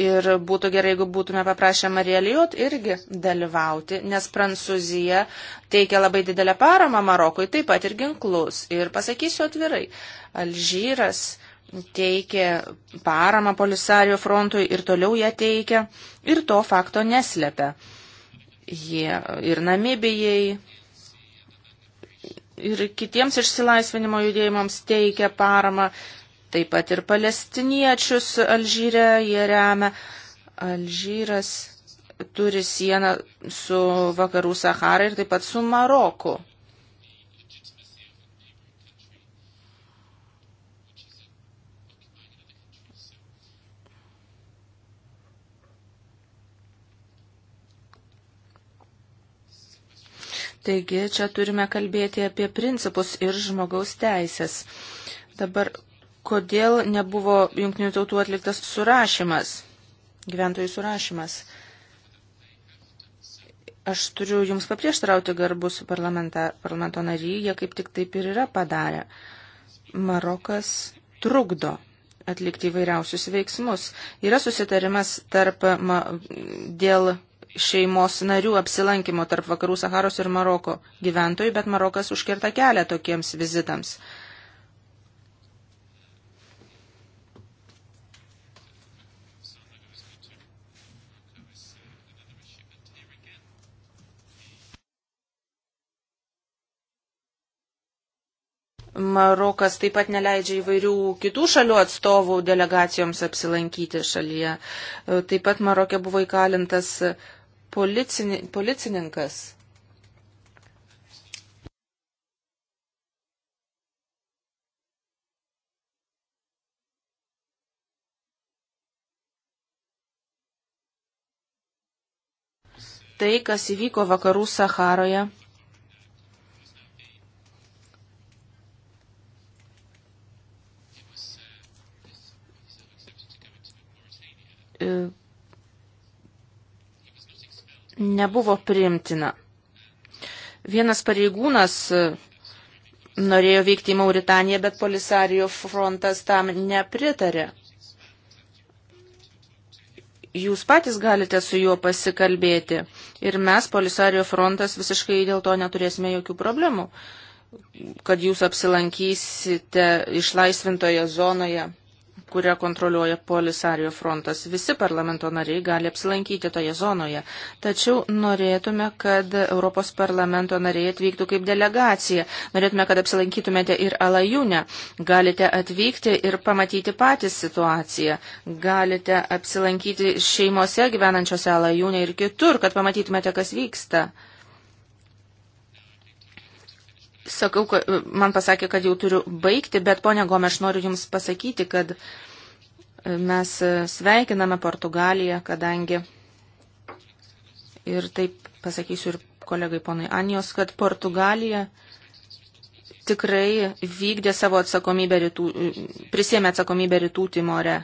ir būtų gerai, jeigu būtume paprašę Marielijot irgi dalyvauti, nes Prancūzija teikia labai didelę paramą Marokui, taip pat ir ginklus. Ir pasakysiu atvirai, Alžyras teikė paramą Polisario frontui ir toliau ją teikia ir to fakto neslepia. Jie ir Namibijai, ir kitiems išsilaisvinimo judėjimams teikia paramą taip pat ir palestiniečius Alžyre jie remia. Alžyras turi sieną su vakarų Sahara ir taip pat su Maroku. Taigi čia turime kalbėti apie principus ir žmogaus teisės. Dabar kodėl nebuvo jungtinių tautų atliktas surašymas, gyventojų surašymas. Aš turiu jums paprieštarauti garbus parlamento narį, jie kaip tik taip ir yra padarę. Marokas trukdo atlikti įvairiausius veiksmus. Yra susitarimas tarp, ma, dėl šeimos narių apsilankimo tarp Vakarų Saharos ir Maroko gyventojų, bet Marokas užkirta kelią tokiems vizitams. Marokas taip pat neleidžia įvairių kitų šalių atstovų delegacijoms apsilankyti šalyje. E, taip pat Marokė buvo įkalintas policini, policininkas. Tai, kas įvyko vakarų Saharoje, E, nebuvo priimtina. Vienas pareigūnas e, norėjo vykti į Mauritaniją, bet Polisario frontas tam nepritarė. Jūs patys galite su juo pasikalbėti ir mes, Polisario frontas, visiškai dėl to neturėsime jokių problemų, kad jūs apsilankysite išlaisvintoje zonoje kurią kontroliuoja Polisario frontas. Visi parlamento nariai gali apsilankyti toje zonoje. Tačiau norėtume, kad Europos parlamento nariai atvyktų kaip delegacija. Norėtume, kad apsilankytumėte ir Alajūne. Galite atvykti ir pamatyti patys situaciją. Galite apsilankyti šeimose gyvenančiose Alajūne ir kitur, kad pamatytumėte, kas vyksta. Sakau, man pasakė, kad jau turiu baigti, bet ponia Gome, aš noriu Jums pasakyti, kad e, mes e, sveikiname Portugaliją, kadangi ir taip pasakysiu ir kolegai ponui Anijos, kad Portugalija tikrai vykdė savo atsakomybę rytų, prisėmė atsakomybę rytų Timore.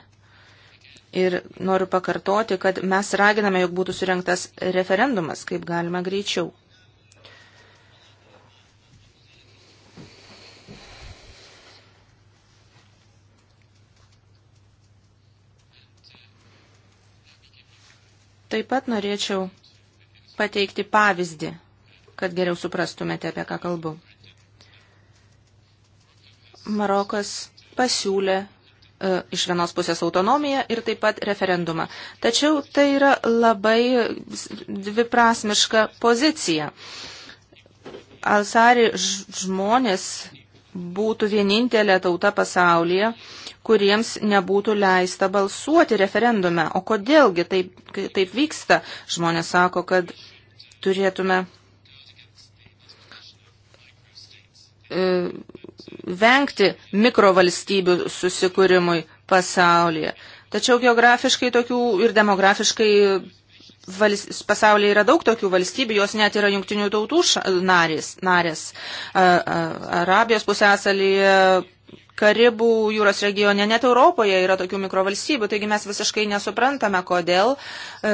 Ir noriu pakartoti, kad mes raginame, jog būtų surinktas referendumas, kaip galima greičiau. Taip pat norėčiau pateikti pavyzdį, kad geriau suprastumėte, apie ką kalbu. Marokas pasiūlė e, iš vienos pusės autonomiją ir taip pat referendumą. Tačiau tai yra labai dviprasmiška pozicija. Alsari žmonės būtų vienintelė tauta pasaulyje, kuriems nebūtų leista balsuoti referendume. O kodėlgi taip, taip vyksta? Žmonės sako, kad turėtume e, vengti mikrovalstybių susikūrimui pasaulyje. Tačiau geografiškai tokių ir demografiškai valst, pasaulyje yra daug tokių valstybių, jos net yra jungtinių tautų narės. narės. Arabijos pusėsalyje, Karibų jūros regione, net Europoje yra tokių mikrovalstybių, taigi mes visiškai nesuprantame, kodėl e,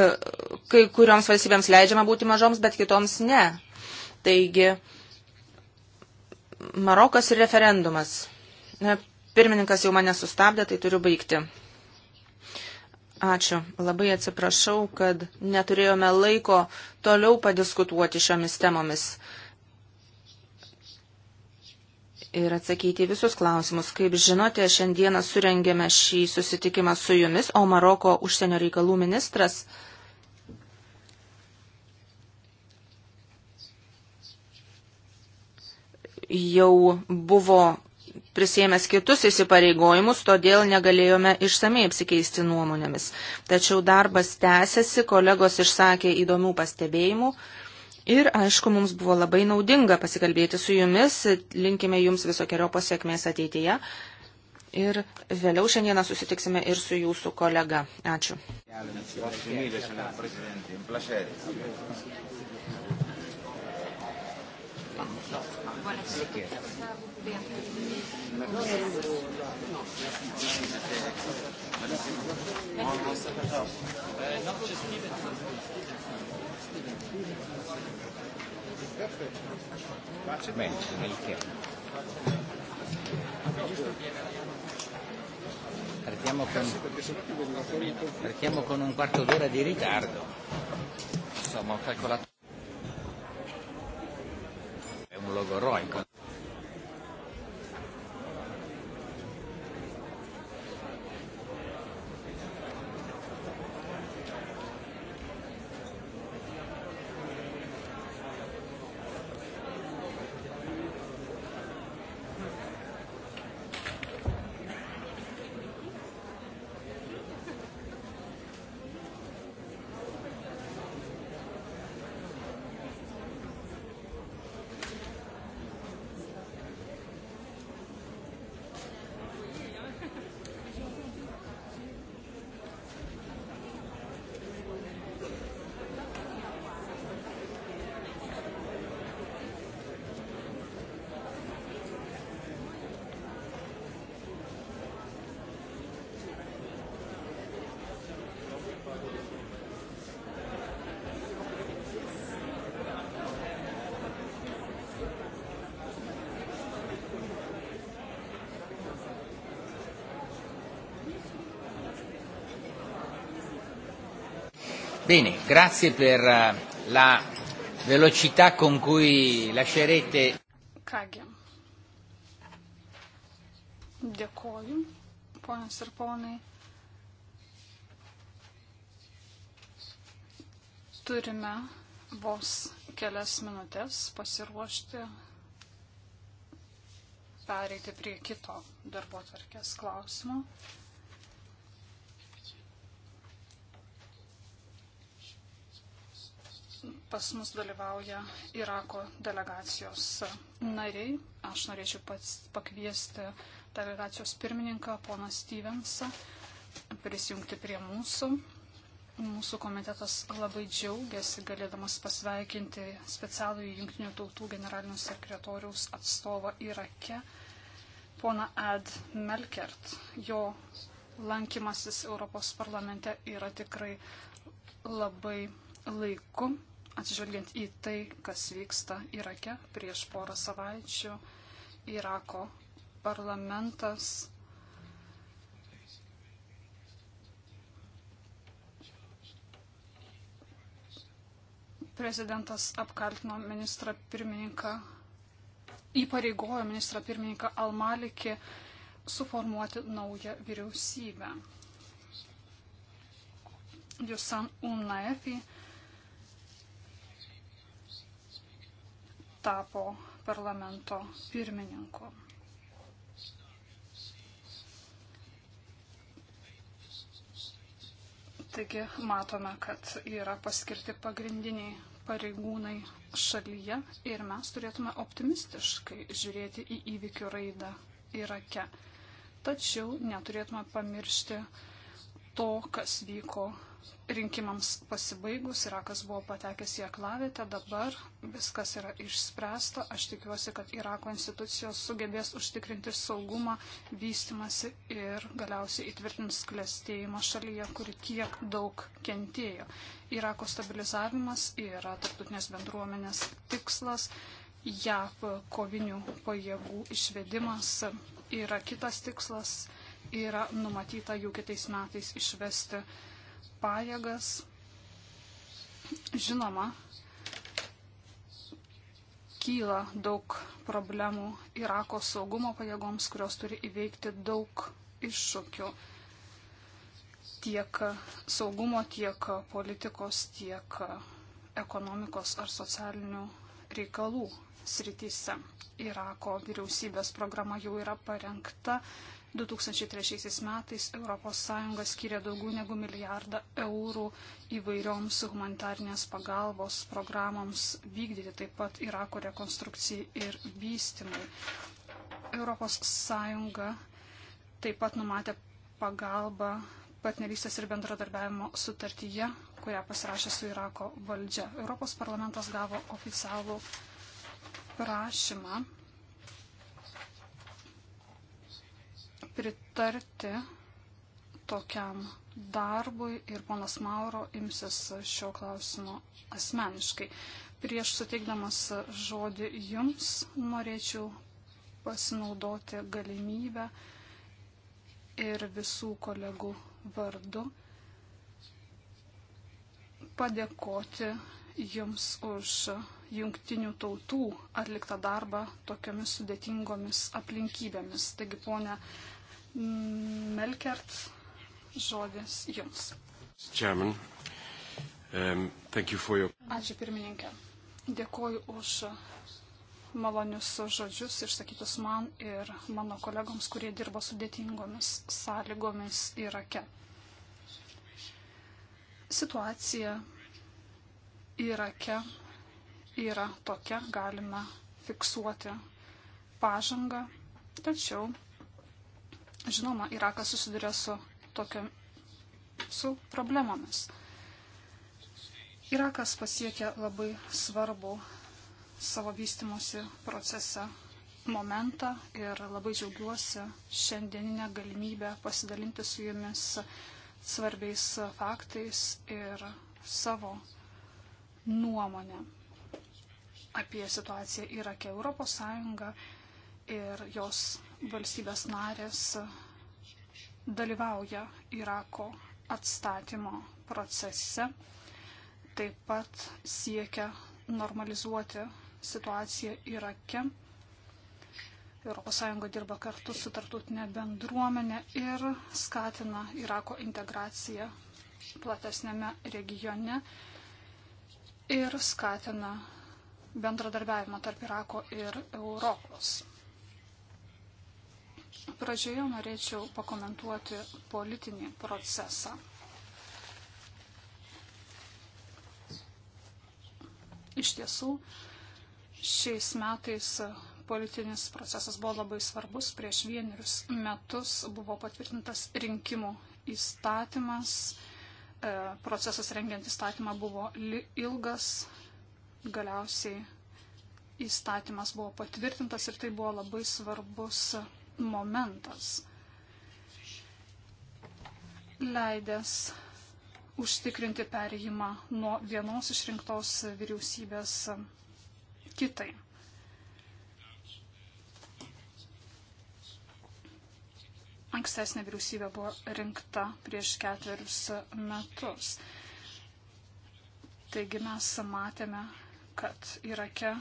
kai kurioms valstybėms leidžiama būti mažoms, bet kitoms ne. Taigi, Marokas ir referendumas. Pirmininkas jau mane sustabdė, tai turiu baigti. Ačiū. Labai atsiprašau, kad neturėjome laiko toliau padiskutuoti šiomis temomis ir atsakyti į visus klausimus. Kaip žinote, šiandieną surengėme šį susitikimą su jumis, o Maroko užsienio reikalų ministras jau buvo prisėmęs kitus įsipareigojimus, todėl negalėjome išsamei apsikeisti nuomonėmis. Tačiau darbas tęsiasi, kolegos išsakė įdomių pastebėjimų Ir aišku, mums buvo labai naudinga pasikalbėti su jumis, linkime jums visokiojo pasiekmės ateityje. Ir vėliau šiandieną susitiksime ir su jūsų kolega. Ačiū. Thank you. Bene, partiamo con, partiamo con un quarto d'ora di ritardo. Insomma, ho calcolato. È un logoroico. Bene, grazie per eh, la velocità con cui lascerete. Kągi. Dėkoju, ponios ir ponai. Turime vos kelias minutės pasiruošti pereiti prie kito darbo tvarkės klausimo. pas mus dalyvauja Irako delegacijos nariai. Aš norėčiau pats pakviesti delegacijos pirmininką, poną Stevensą, prisijungti prie mūsų. Mūsų komitetas labai džiaugiasi galėdamas pasveikinti specialų Junktinių tautų generalinio sekretoriaus atstovą Irake, poną Ed Melkert. Jo lankymasis Europos parlamente yra tikrai labai laiku Atsižvelgiant į tai, kas vyksta Irake prieš porą savaičių, Irako parlamentas prezidentas apkaltino ministrą pirmininką, įpareigojo ministrą pirmininką Almalikį suformuoti naują vyriausybę. Jusan Unaefi tapo parlamento pirmininku. Taigi matome, kad yra paskirti pagrindiniai pareigūnai šalyje ir mes turėtume optimistiškai žiūrėti į įvykių raidą Irake. Tačiau neturėtume pamiršti to, kas vyko rinkimams pasibaigus Irakas buvo patekęs į aklavietę, dabar viskas yra išspręsta. Aš tikiuosi, kad Irako institucijos sugebės užtikrinti saugumą, vystimasi ir galiausiai įtvirtins klėstėjimą šalyje, kuri tiek daug kentėjo. Irako stabilizavimas yra tarptautinės bendruomenės tikslas. JAV kovinių pajėgų išvedimas yra kitas tikslas. Yra numatyta jau kitais metais išvesti pajėgas. Žinoma, kyla daug problemų Irako saugumo pajėgoms, kurios turi įveikti daug iššūkių tiek saugumo, tiek politikos, tiek ekonomikos ar socialinių reikalų srityse. Irako vyriausybės programa jau yra parengta, 2003 metais ES skiria daugiau negu milijardą eurų įvairioms humanitarnės pagalbos programoms vykdyti, taip pat Irako rekonstrukcijai ir vystimui. ES taip pat numatė pagalbą partnerystės ir bendradarbiavimo sutartyje, kurią pasirašė su Irako valdžia. Europos parlamentas gavo oficialų prašymą pritarti tokiam darbui ir ponas Mauro imsis šio klausimo asmeniškai. Prieš suteikdamas žodį jums norėčiau pasinaudoti galimybę ir visų kolegų vardu padėkoti Jums už jungtinių tautų atliktą darbą tokiomis sudėtingomis aplinkybėmis. Taigi, ponė Melkert, žodis jums. Chairman, um, thank you for your... Ačiū pirmininkė. Dėkoju už malonius žodžius išsakytus man ir mano kolegoms, kurie dirba sudėtingomis sąlygomis Irake. Situacija Irake yra tokia, galime fiksuoti pažangą, tačiau Žinoma, Irakas susiduria su, tokio, su problemomis. Irakas pasiekė labai svarbu savo vystimosi procese momentą ir labai džiaugiuosi šiandieninę galimybę pasidalinti su jumis svarbiais faktais ir savo nuomonę apie situaciją Irake Europos Sąjunga ir jos valstybės narės dalyvauja Irako atstatymo procese, taip pat siekia normalizuoti situaciją Irake. ES dirba kartu su tartutinė bendruomenė ir skatina Irako integraciją platesnėme regione ir skatina bendradarbiavimą tarp Irako ir Europos. Pradžioje norėčiau pakomentuoti politinį procesą. Iš tiesų, šiais metais politinis procesas buvo labai svarbus. Prieš vienerius metus buvo patvirtintas rinkimų įstatymas. E, procesas rengiant įstatymą buvo ilgas. Galiausiai įstatymas buvo patvirtintas ir tai buvo labai svarbus momentas, leidęs užtikrinti perėjimą nuo vienos išrinktos vyriausybės kitai. Ankstesnė vyriausybė buvo rinkta prieš ketverius metus. Taigi mes matėme, kad Irake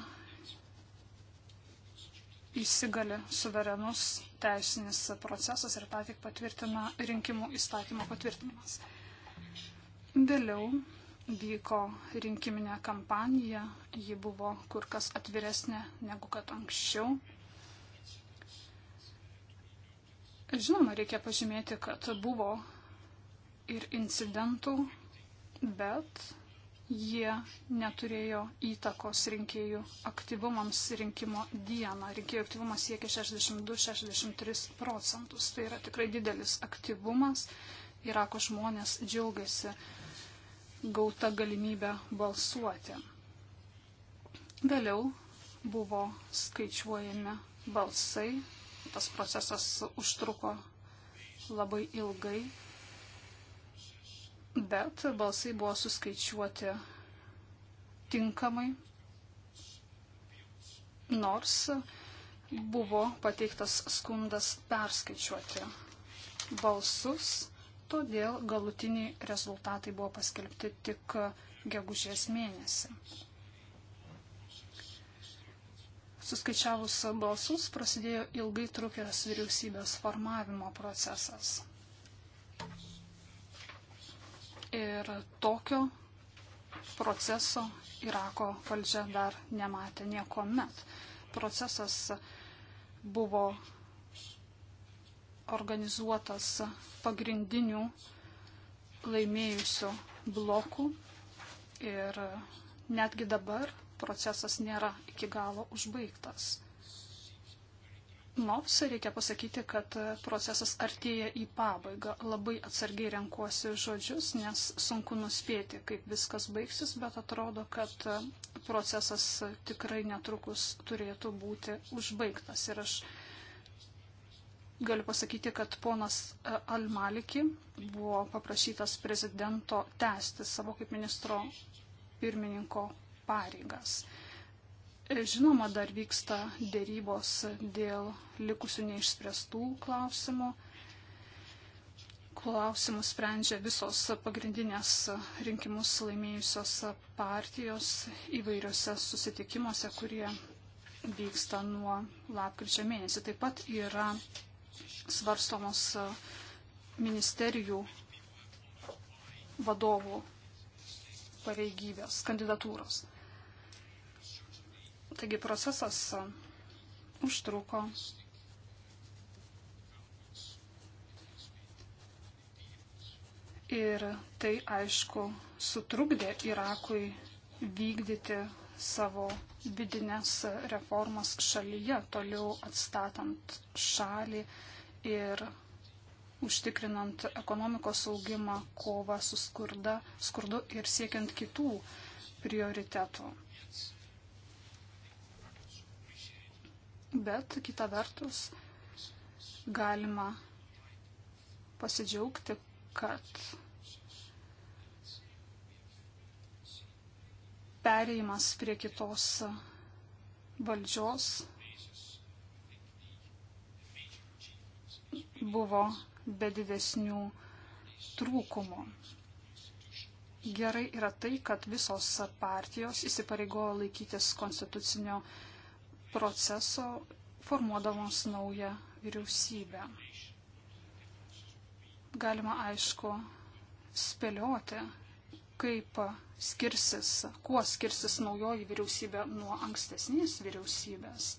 įsigali suverenus teisinis procesas ir tą tik patvirtina rinkimų įstatymo patvirtinimas. Vėliau vyko rinkiminė kampanija, ji buvo kur kas atviresnė negu kad anksčiau. Žinoma, reikia pažymėti, kad buvo ir incidentų, bet jie neturėjo įtakos rinkėjų aktyvumams rinkimo dieną. Rinkėjų aktyvumas siekia 62-63 procentus. Tai yra tikrai didelis aktyvumas. Irako žmonės džiaugiasi gauta galimybę balsuoti. Vėliau buvo skaičiuojami balsai. Tas procesas užtruko labai ilgai, bet balsai buvo suskaičiuoti tinkamai, nors buvo pateiktas skundas perskaičiuoti balsus, todėl galutiniai rezultatai buvo paskelbti tik gegužės mėnesį. Suskaičiavus balsus prasidėjo ilgai trukęs vyriausybės formavimo procesas. Ir tokio proceso Irako valdžia dar nematė nieko met. Procesas buvo organizuotas pagrindinių laimėjusių blokų ir netgi dabar procesas nėra iki galo užbaigtas. Nors reikia pasakyti, kad procesas artėja į pabaigą. Labai atsargiai renkuosi žodžius, nes sunku nuspėti, kaip viskas baigsis, bet atrodo, kad procesas tikrai netrukus turėtų būti užbaigtas. Ir aš galiu pasakyti, kad ponas Almaliki buvo paprašytas prezidento tęsti savo kaip ministro pirmininko pareigas. Žinoma, dar vyksta dėrybos dėl likusių neišspręstų klausimų. Klausimus sprendžia visos pagrindinės rinkimus laimėjusios partijos įvairiose susitikimuose, kurie vyksta nuo lapkričio mėnesį. Taip pat yra svarstomos ministerijų vadovų pareigybės, kandidatūros. Taigi procesas užtruko. Ir tai, aišku, sutrukdė Irakui vykdyti savo vidinės reformas šalyje, toliau atstatant šalį ir užtikrinant ekonomikos augimą, kovą su skurda, skurdu ir siekiant kitų prioritetų. bet kita vertus galima pasidžiaugti, kad perėjimas prie kitos valdžios buvo be didesnių trūkumų. Gerai yra tai, kad visos partijos įsipareigojo laikytis konstitucinio proceso formuodamos naują vyriausybę. Galima aišku spėlioti, kaip skirsis, kuo skirsis naujoji vyriausybė nuo ankstesnės vyriausybės,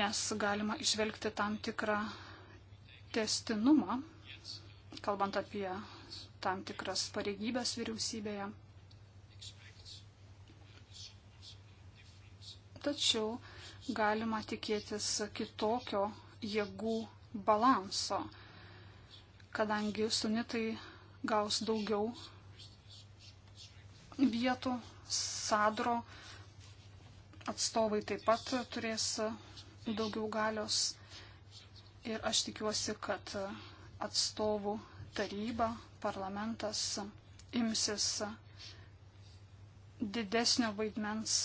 nes galima išvelgti tam tikrą testinumą, kalbant apie tam tikras pareigybės vyriausybėje. tačiau galima tikėtis kitokio jėgų balanso, kadangi sunitai gaus daugiau vietų, sadro atstovai taip pat turės daugiau galios ir aš tikiuosi, kad atstovų taryba, parlamentas imsis didesnio vaidmens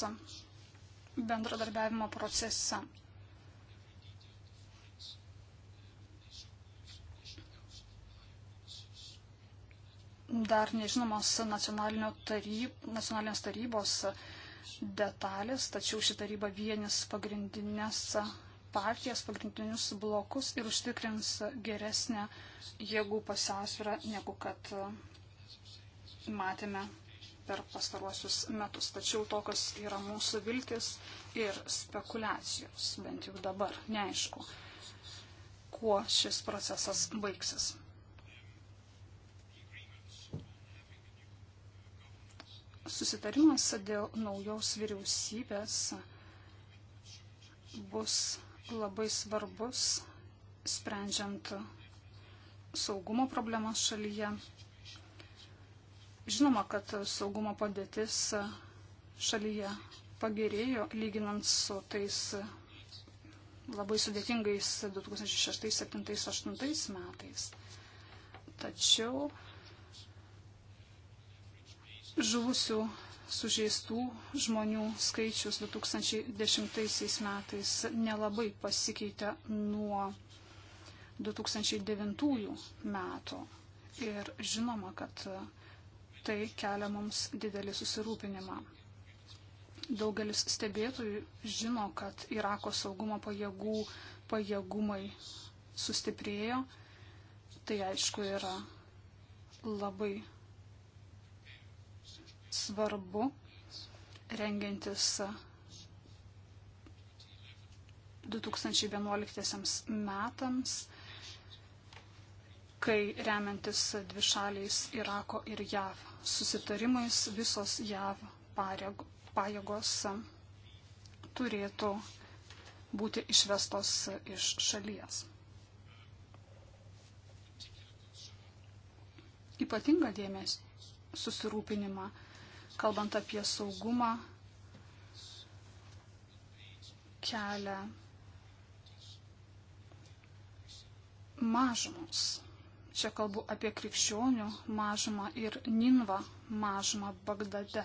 bendradarbiavimo procese. Dar nežinomos taryb, nacionalinės tarybos detalės, tačiau ši taryba vienis pagrindinės partijas, pagrindinius blokus ir užtikrins geresnę jėgų pusiausvyrą negu kad matėme per pastaruosius metus. Tačiau tokios yra mūsų viltis ir spekulacijos, bent jau dabar neaišku, kuo šis procesas baigsis. Susitarimas dėl naujos vyriausybės bus labai svarbus, sprendžiant saugumo problemas šalyje Žinoma, kad saugumo padėtis šalyje pagerėjo lyginant su tais labai sudėtingais 2006, 2007, 2008 metais. Tačiau žuvusių sužeistų žmonių skaičius 2010 metais nelabai pasikeitė nuo 2009 metų. Ir žinoma, kad Tai kelia mums didelį susirūpinimą. Daugelis stebėtojų žino, kad Irako saugumo pajėgų pajėgumai sustiprėjo. Tai aišku yra labai svarbu rengiantis 2011 metams kai remiantis dvišaliais Irako ir JAV susitarimais visos JAV pajėgos turėtų būti išvestos iš šalies. Ypatinga dėmesį susirūpinimą, kalbant apie saugumą, kelia mažumos Čia kalbu apie krikščionių mažumą ir Ninvą mažumą Bagdade.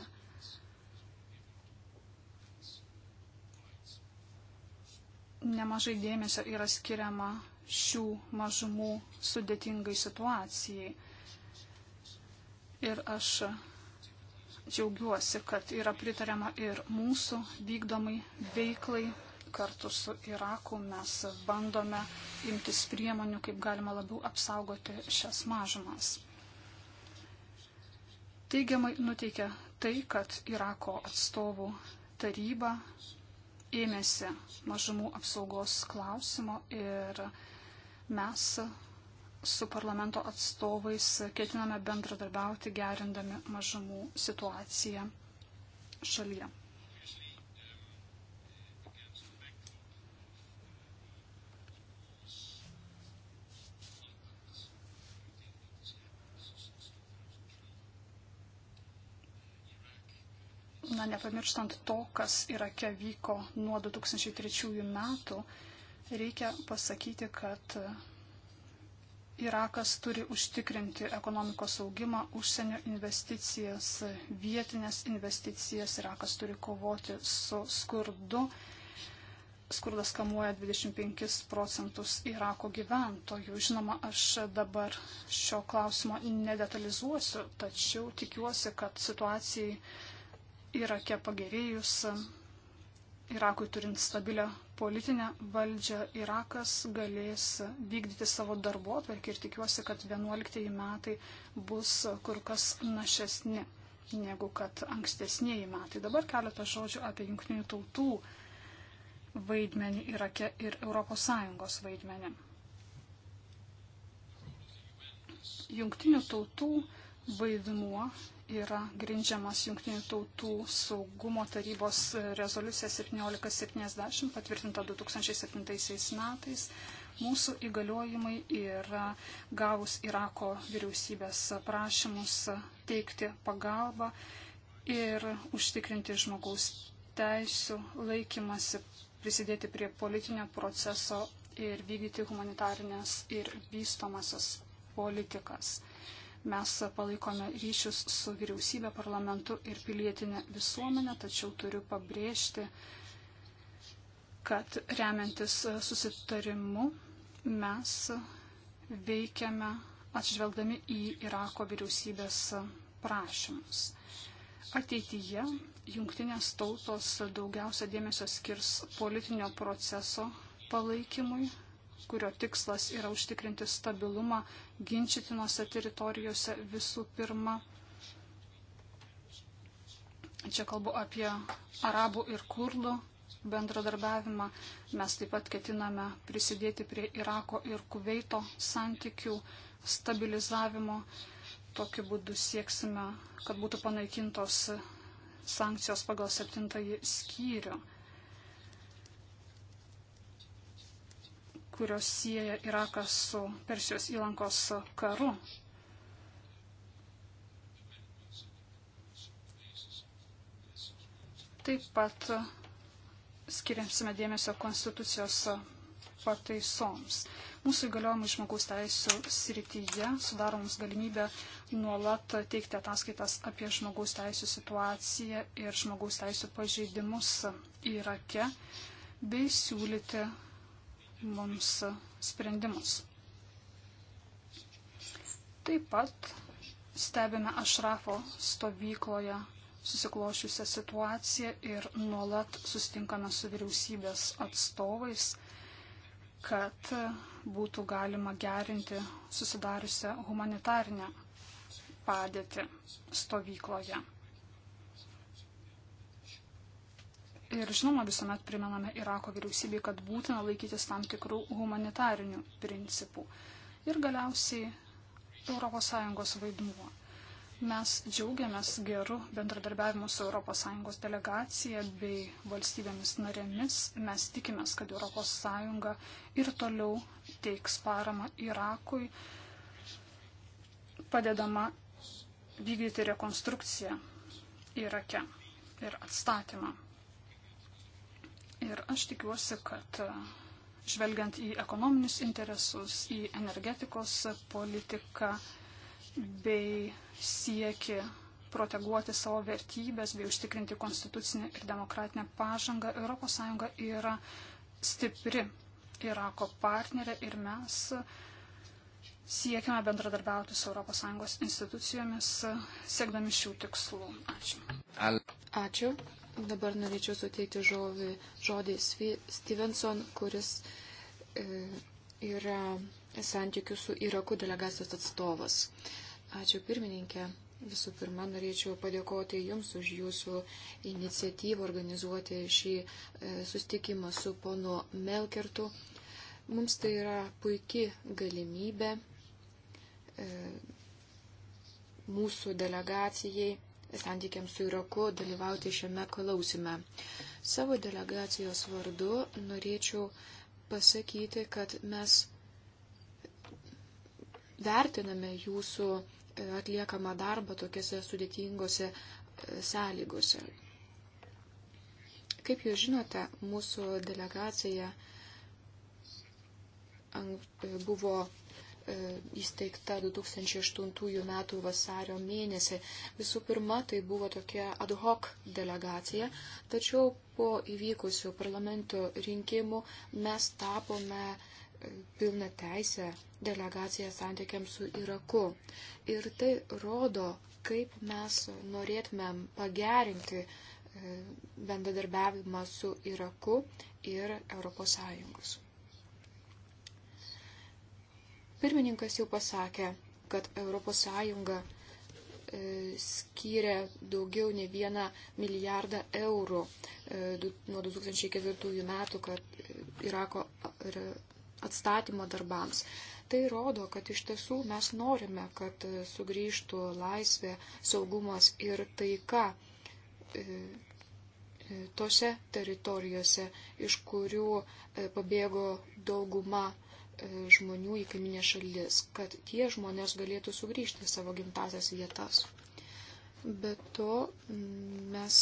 Nemažai dėmesio yra skiriama šių mažumų sudėtingai situacijai. Ir aš džiaugiuosi, kad yra pritariama ir mūsų vykdomai veiklai kartu su Iraku mes bandome imtis priemonių, kaip galima labiau apsaugoti šias mažumas. Teigiamai nuteikia tai, kad Irako atstovų taryba ėmėsi mažumų apsaugos klausimo ir mes su parlamento atstovais ketiname bendradarbiauti gerindami mažumų situaciją šalyje. na, nepamirštant to, kas Irake vyko nuo 2003 metų, reikia pasakyti, kad e, Irakas turi užtikrinti ekonomikos augimą, užsienio investicijas, vietinės investicijas. Irakas turi kovoti su skurdu. Skurdas kamuoja 25 procentus Irako gyventojų. Žinoma, aš dabar šio klausimo nedetalizuosiu, tačiau tikiuosi, kad situacijai Irake pagerėjus, Irakui turint stabilę politinę valdžią, Irakas galės vykdyti savo darbo atverkį ir tikiuosi, kad 11 metai bus kur kas našesni negu kad ankstesnėji metai. Dabar keletą žodžių apie jungtinių tautų vaidmenį Irake ir ES vaidmenį. Jungtinių tautų vaidmuo yra grindžiamas Junktinių tautų saugumo tarybos rezoliucija 1770 patvirtinta 2007 metais. Mūsų įgaliojimai yra gavus Irako vyriausybės prašymus teikti pagalbą ir užtikrinti žmogaus teisų laikymasi, prisidėti prie politinio proceso ir vykdyti humanitarinės ir vystomasias politikas. Mes palaikome ryšius su vyriausybė, parlamentu ir pilietinė visuomenė, tačiau turiu pabrėžti, kad remiantis susitarimu mes veikiame atžvelgdami į Irako vyriausybės prašymus. Ateityje jungtinės tautos daugiausia dėmesio skirs politinio proceso palaikymui, kurio tikslas yra užtikrinti stabilumą ginčytinose teritorijose visų pirma. Čia kalbu apie arabų ir kurdų bendradarbiavimą. Mes taip pat ketiname prisidėti prie Irako ir Kuveito santykių stabilizavimo. Tokiu būdu sieksime, kad būtų panaikintos sankcijos pagal septintąjį skyrių. kurios sieja Iraką su Persijos įlankos karu. Taip pat skiriamsime dėmesio konstitucijos pataisoms. Mūsų įgaliojimai žmogaus teisų srityje sudaro mums galimybę nuolat teikti ataskaitas apie žmogaus teisų situaciją ir žmogaus teisų pažeidimus Irake bei siūlyti mums sprendimus. Taip pat stebime Ašrafo stovykloje susiklošiusią situaciją ir nuolat sustinkame su vyriausybės atstovais, kad būtų galima gerinti susidariusią humanitarinę padėtį stovykloje. Ir žinoma, visuomet primename Irako vyriausybei, kad būtina laikytis tam tikrų humanitarinių principų. Ir galiausiai ES vaidmuo. Mes džiaugiamės geru bendradarbiavimu su ES delegacija bei valstybėmis narėmis. Mes tikimės, kad ES ir toliau teiks paramą Irakui, padedama vykdyti rekonstrukciją Irake ir atstatymą. Ir aš tikiuosi, kad e, žvelgiant į ekonominius interesus, į energetikos politiką bei sieki proteguoti savo vertybės bei užtikrinti konstitucinę ir demokratinę pažangą, ES yra stipri Irako partnerė ir mes siekiame bendradarbiauti su ES institucijomis, siekdami šių tikslų. Ačiū. Ačiū. Dabar norėčiau suteikti žodį, žodį Stevenson, kuris e, yra santykių su Iraku delegacijos atstovas. Ačiū pirmininkė. Visų pirma, norėčiau padėkoti Jums už Jūsų iniciatyvą organizuoti šį e, sustikimą su ponu Melkertu. Mums tai yra puikia galimybė e, mūsų delegacijai santykiams su Iraku dalyvauti šiame klausime. Savo delegacijos vardu norėčiau pasakyti, kad mes vertiname jūsų e, atliekamą darbą tokiuose sudėtingose e, sąlygose. Kaip jūs žinote, mūsų delegacija e, buvo E, įsteigta 2008 m. vasario mėnesį. Visų pirma, tai buvo tokia ad hoc delegacija, tačiau po įvykusių parlamento rinkimų mes tapome e, pilna teisė delegacija santykiams su Iraku. Ir tai rodo, kaip mes norėtumėm pagerinti e, bendradarbiavimą su Iraku ir ES. Pirmininkas jau pasakė, kad ES e, skyrė daugiau ne vieną milijardą eurų e, nuo 2004 metų, kad e, Irako atstatymo darbams. Tai rodo, kad iš tiesų mes norime, kad sugrįžtų laisvė, saugumas ir taika tose teritorijose, iš kurių pabėgo dauguma E, žmonių į kaiminę šalis, kad tie žmonės galėtų sugrįžti į savo gimtasias vietas. Be to mes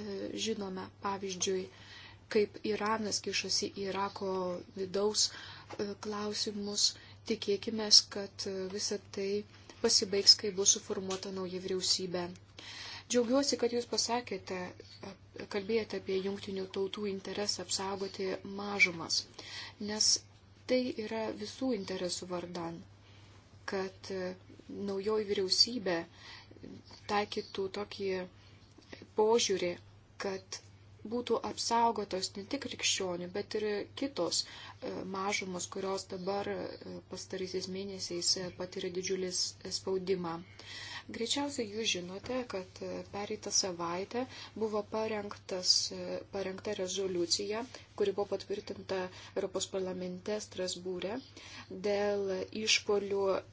e, žinome, pavyzdžiui, kaip Iranas kišasi į Irako vidaus e, klausimus. Tikėkime, kad visa tai pasibaigs, kai bus suformuota nauja vyriausybė. Džiaugiuosi, kad Jūs pasakėte, kalbėjote apie jungtinių tautų interesą apsaugoti mažumas, nes tai yra visų interesų vardan, kad naujoji vyriausybė taikytų tokį požiūrį, kad būtų apsaugotos ne tik krikščionių, bet ir kitos e, mažumos, kurios dabar e, pastarysiais mėnesiais e, patiria didžiulis spaudimą. Greičiausiai jūs žinote, kad e, pereitą savaitę buvo e, parengta rezoliucija, kuri buvo patvirtinta Europos parlamente Strasbūre dėl išpolių e,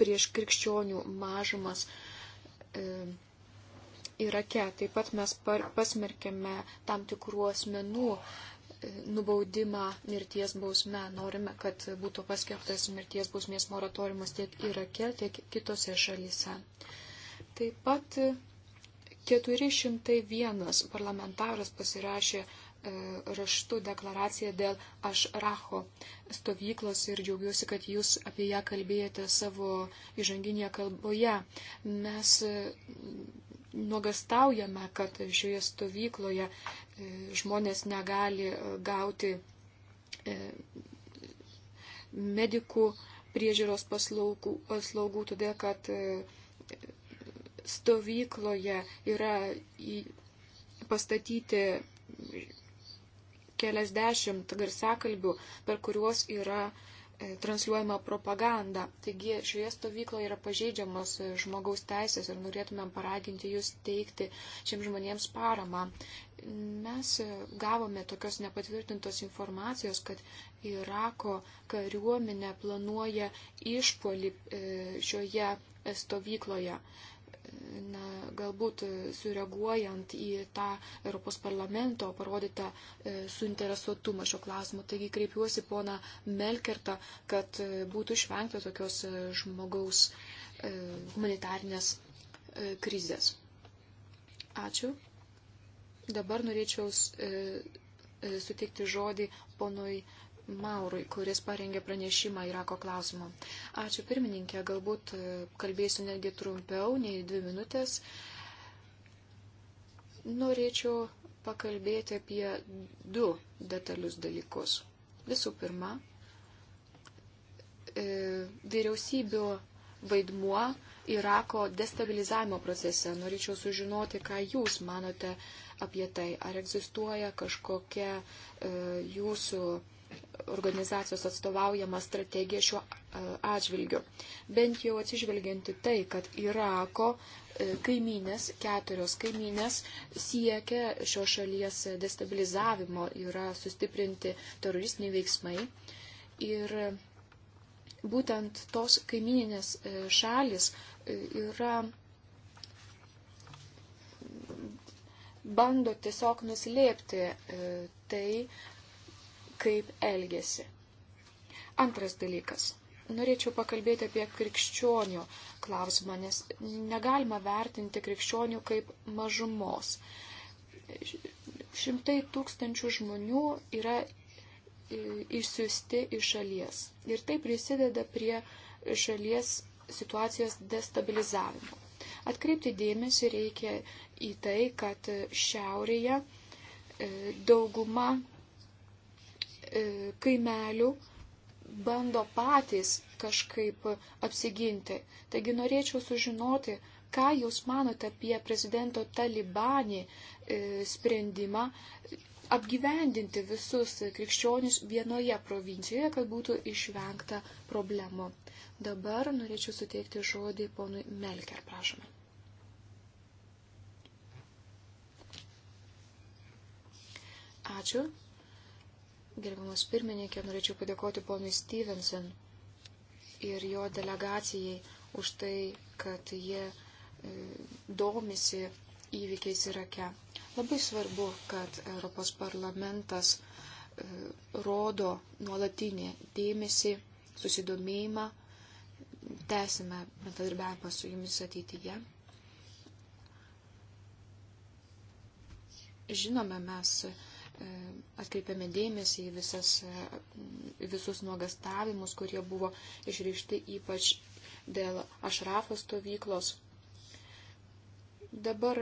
prieš krikščionių mažumas Irake. Taip pat mes pasmerkėme tam tikrų asmenų nubaudimą mirties bausme. Norime, kad būtų paskelbtas mirties bausmės moratoriumas tiek Irake, tiek kitose šalyse. Taip pat 401 parlamentaras pasirašė e, raštu deklaraciją dėl Ašracho stovyklos ir džiaugiuosi, kad jūs apie ją kalbėjote savo įžanginėje kalboje. Mes e, nuogastaujame, kad šioje stovykloje žmonės negali e, gauti e, medikų priežiūros paslaugų, paslaugų todėl kad e, stovykloje yra pastatyti keliasdešimt garsiakalbių, per kuriuos yra uh, E, transliuojama propaganda. Taigi šioje stovykloje yra pažeidžiamos e, žmogaus teisės ir norėtumėm paraginti jūs teikti šiems žmonėms paramą. Mes e, gavome tokios nepatvirtintos informacijos, kad Irako kariuomenė planuoja išpolį šioje stovykloje na, galbūt sureaguojant į tą Europos parlamento parodytą e, suinteresuotumą šio klausimu. Taigi kreipiuosi pona Melkertą, kad e, būtų išvengta tokios e, žmogaus humanitarnės krizės. Ačiū. Dabar norėčiau suteikti žodį ponui Maurui, kuris parengė pranešimą Irako klausimu. Ačiū pirmininkė, galbūt e, kalbėsiu netgi trumpiau nei dvi minutės. Norėčiau pakalbėti apie du detalius dalykus. Visų pirma, e, vyriausybių vaidmuo Irako destabilizavimo procese. Norėčiau sužinoti, ką jūs manote apie tai. Ar egzistuoja kažkokia e, jūsų organizacijos atstovaujama strategija šiuo e, atžvilgiu. Bent jau atsižvelgianti tai, kad Irako e, kaiminės, keturios kaiminės siekia šios šalies destabilizavimo, yra sustiprinti teroristiniai veiksmai. Ir būtent tos kaimininės e, šalis yra bando tiesiog nuslėpti tai, kaip elgesi. Antras dalykas. Norėčiau pakalbėti apie krikščionių klausimą, nes negalima vertinti krikščionių kaip mažumos. Šimtai tūkstančių žmonių yra išsiusti iš šalies ir tai prisideda prie šalies situacijos destabilizavimo. Atkreipti dėmesį reikia į tai, kad šiaurėje e, dauguma E, kaimelių bando patys kažkaip apsiginti. Taigi norėčiau sužinoti, ką Jūs manote apie prezidento Talibanį e, sprendimą apgyvendinti visus krikščionius vienoje provincijoje, kad būtų išvengta problemų. Dabar norėčiau suteikti žodį ponui Melker, prašome. Ačiū. Gerbiamas pirmininkė, norėčiau padėkoti ponui Stevenson ir jo delegacijai už tai, kad jie e, domisi įvykiais Irake. Labai svarbu, kad Europos parlamentas e, rodo nuolatinį dėmesį, susidomėjimą. Tęsime bendradarbiavimą su jumis ateityje. Žinome, mes E, atkreipiame dėmesį į visas, e, visus nuogastavimus, kurie buvo išrišti ypač dėl ašrafo stovyklos. Dabar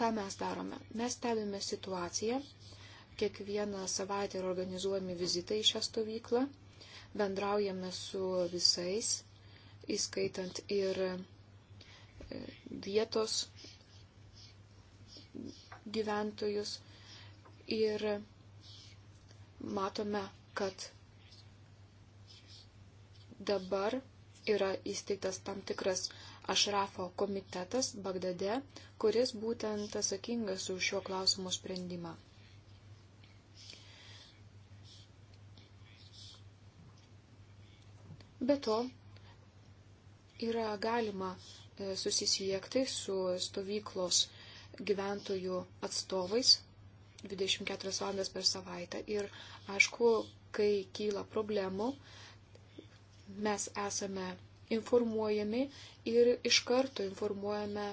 ką mes darome? Mes stebime situaciją. Kiekvieną savaitę organizuojami vizitai į šią stovyklą. Bendraujame su visais, įskaitant ir e, vietos gyventojus Ir matome, kad dabar yra įsteigtas tam tikras Ašrafo komitetas Bagdade, kuris būtent atsakingas už šio klausimo sprendimą. Be to, yra galima e, susisiekti su stovyklos gyventojų atstovais 24 valandas per savaitę. Ir aišku, kai kyla problemų, mes esame informuojami ir iš karto informuojame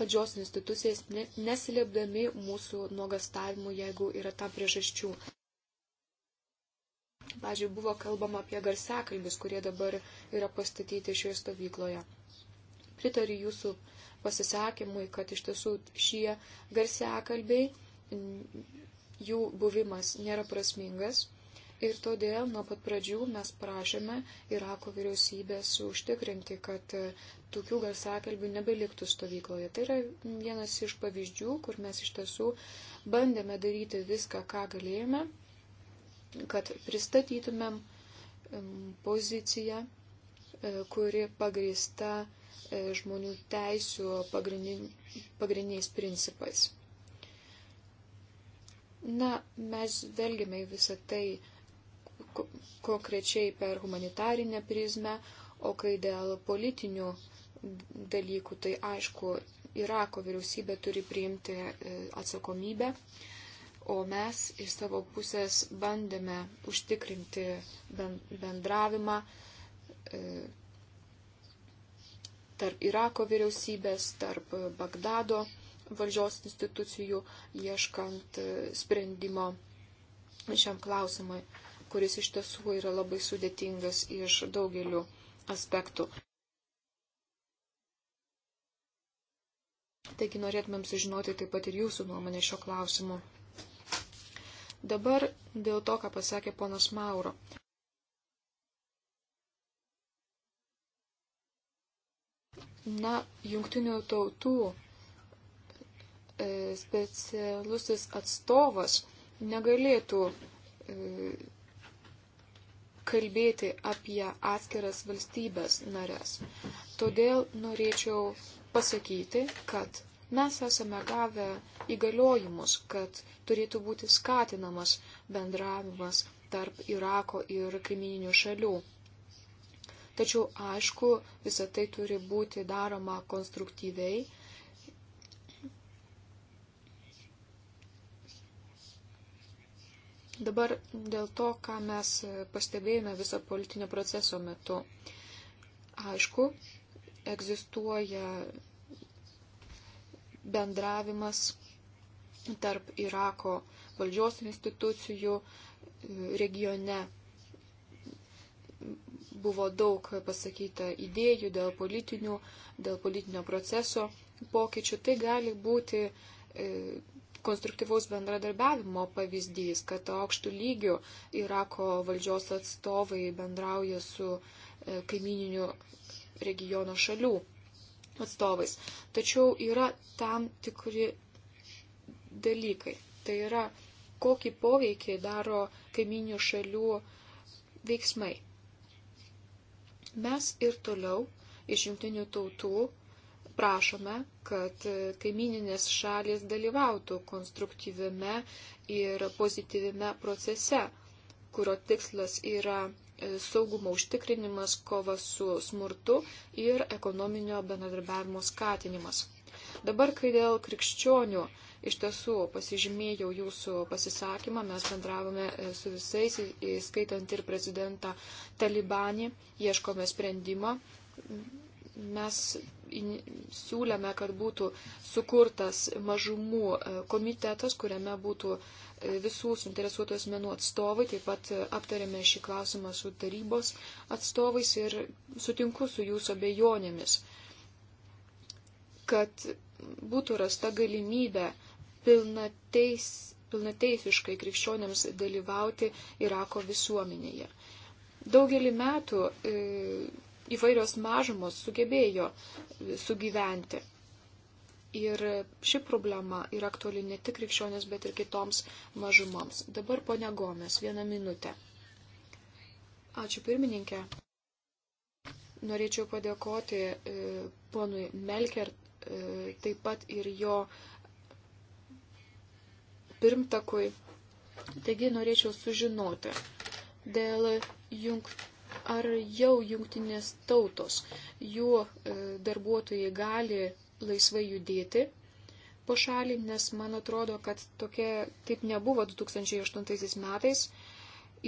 valdžios institucijas, neslėpdami mūsų nuogastavimų, jeigu yra tam priežasčių. Pavyzdžiui, buvo kalbama apie garsekalbius, kurie dabar yra pastatyti šioje stovykloje. Pritariu jūsų uh, pasisakymui, kad iš tiesų šie garsiakalbiai, jų buvimas nėra prasmingas. Ir todėl nuo pat pradžių mes prašėme Irako vyriausybės užtikrinti, kad tokių garsakalbių nebeliktų stovykloje. Tai yra vienas iš pavyzdžių, kur mes iš tiesų bandėme daryti viską, ką galėjome, kad pristatytumėm poziciją, e, kuri pagrįsta E, žmonių teisų pagrindiniais principais. Na, mes žvelgiame į visą tai konkrečiai per humanitarinę prizmę, o kai dėl politinių dalykų, tai aišku, Irako vyriausybė turi priimti e, atsakomybę, o mes iš savo pusės bandėme užtikrinti bendravimą, e, tarp Irako vyriausybės, tarp Bagdado valdžios institucijų, ieškant e, sprendimo šiam klausimui, kuris iš tiesų yra labai sudėtingas iš daugelių aspektų. Taigi norėtumėm sužinoti taip pat ir jūsų nuomonę šio klausimu. Dabar dėl to, ką pasakė ponas Mauro. Na, jungtinių tautų e, specialusis atstovas negalėtų e, kalbėti apie atskiras valstybės narės. Todėl norėčiau pasakyti, kad mes esame gavę įgaliojimus, kad turėtų būti skatinamas bendravimas tarp Irako ir kaimininių šalių. Tačiau, aišku, visa tai turi būti daroma konstruktyviai. Dabar dėl to, ką mes pastebėjome viso politinio proceso metu. Aišku, egzistuoja bendravimas tarp Irako valdžios institucijų regione Buvo daug pasakyta idėjų dėl, politinių, dėl politinio proceso pokyčių. Tai gali būti e, konstruktyvaus bendradarbiavimo pavyzdys, kad aukštų lygių Irako valdžios atstovai bendrauja su e, kaimininių regiono šalių atstovais. Tačiau yra tam tikri dalykai. Tai yra, kokį poveikį daro kaiminių šalių veiksmai. Mes ir toliau iš jungtinių tautų prašome, kad kaimininės šalis dalyvautų konstruktyviame ir pozityviame procese, kurio tikslas yra e, saugumo užtikrinimas, kova su smurtu ir ekonominio bendradarbiavimo skatinimas. Dabar, kai dėl krikščionių iš tiesų pasižymėjau jūsų pasisakymą, mes bendravome e, su visais, įskaitant ir prezidentą Talibanį, ieškome sprendimą. Mes siūlėme, kad būtų sukurtas mažumų e, komitetas, kuriame būtų e, visų suinteresuotų asmenų atstovai. Taip pat aptarėme šį klausimą su tarybos atstovais ir sutinku su jūsų abejonėmis, kad būtų rasta galimybė pilnateis, pilnateisiškai krikščionėms dalyvauti Irako visuomenėje. Daugelį metų e, įvairios mažumos sugebėjo sugyventi. Ir ši problema yra aktuali ne tik krikščionės, bet ir kitoms mažumoms. Dabar ponia Gomes, vieną minutę. Ačiū pirmininkė. Norėčiau padėkoti e, ponui Melkert E, taip pat ir jo pirmtakui. Taigi norėčiau sužinoti, dėl jung, ar jau jungtinės tautos, jų e, darbuotojai gali laisvai judėti po šalį, nes man atrodo, kad tokia taip nebuvo 2008 metais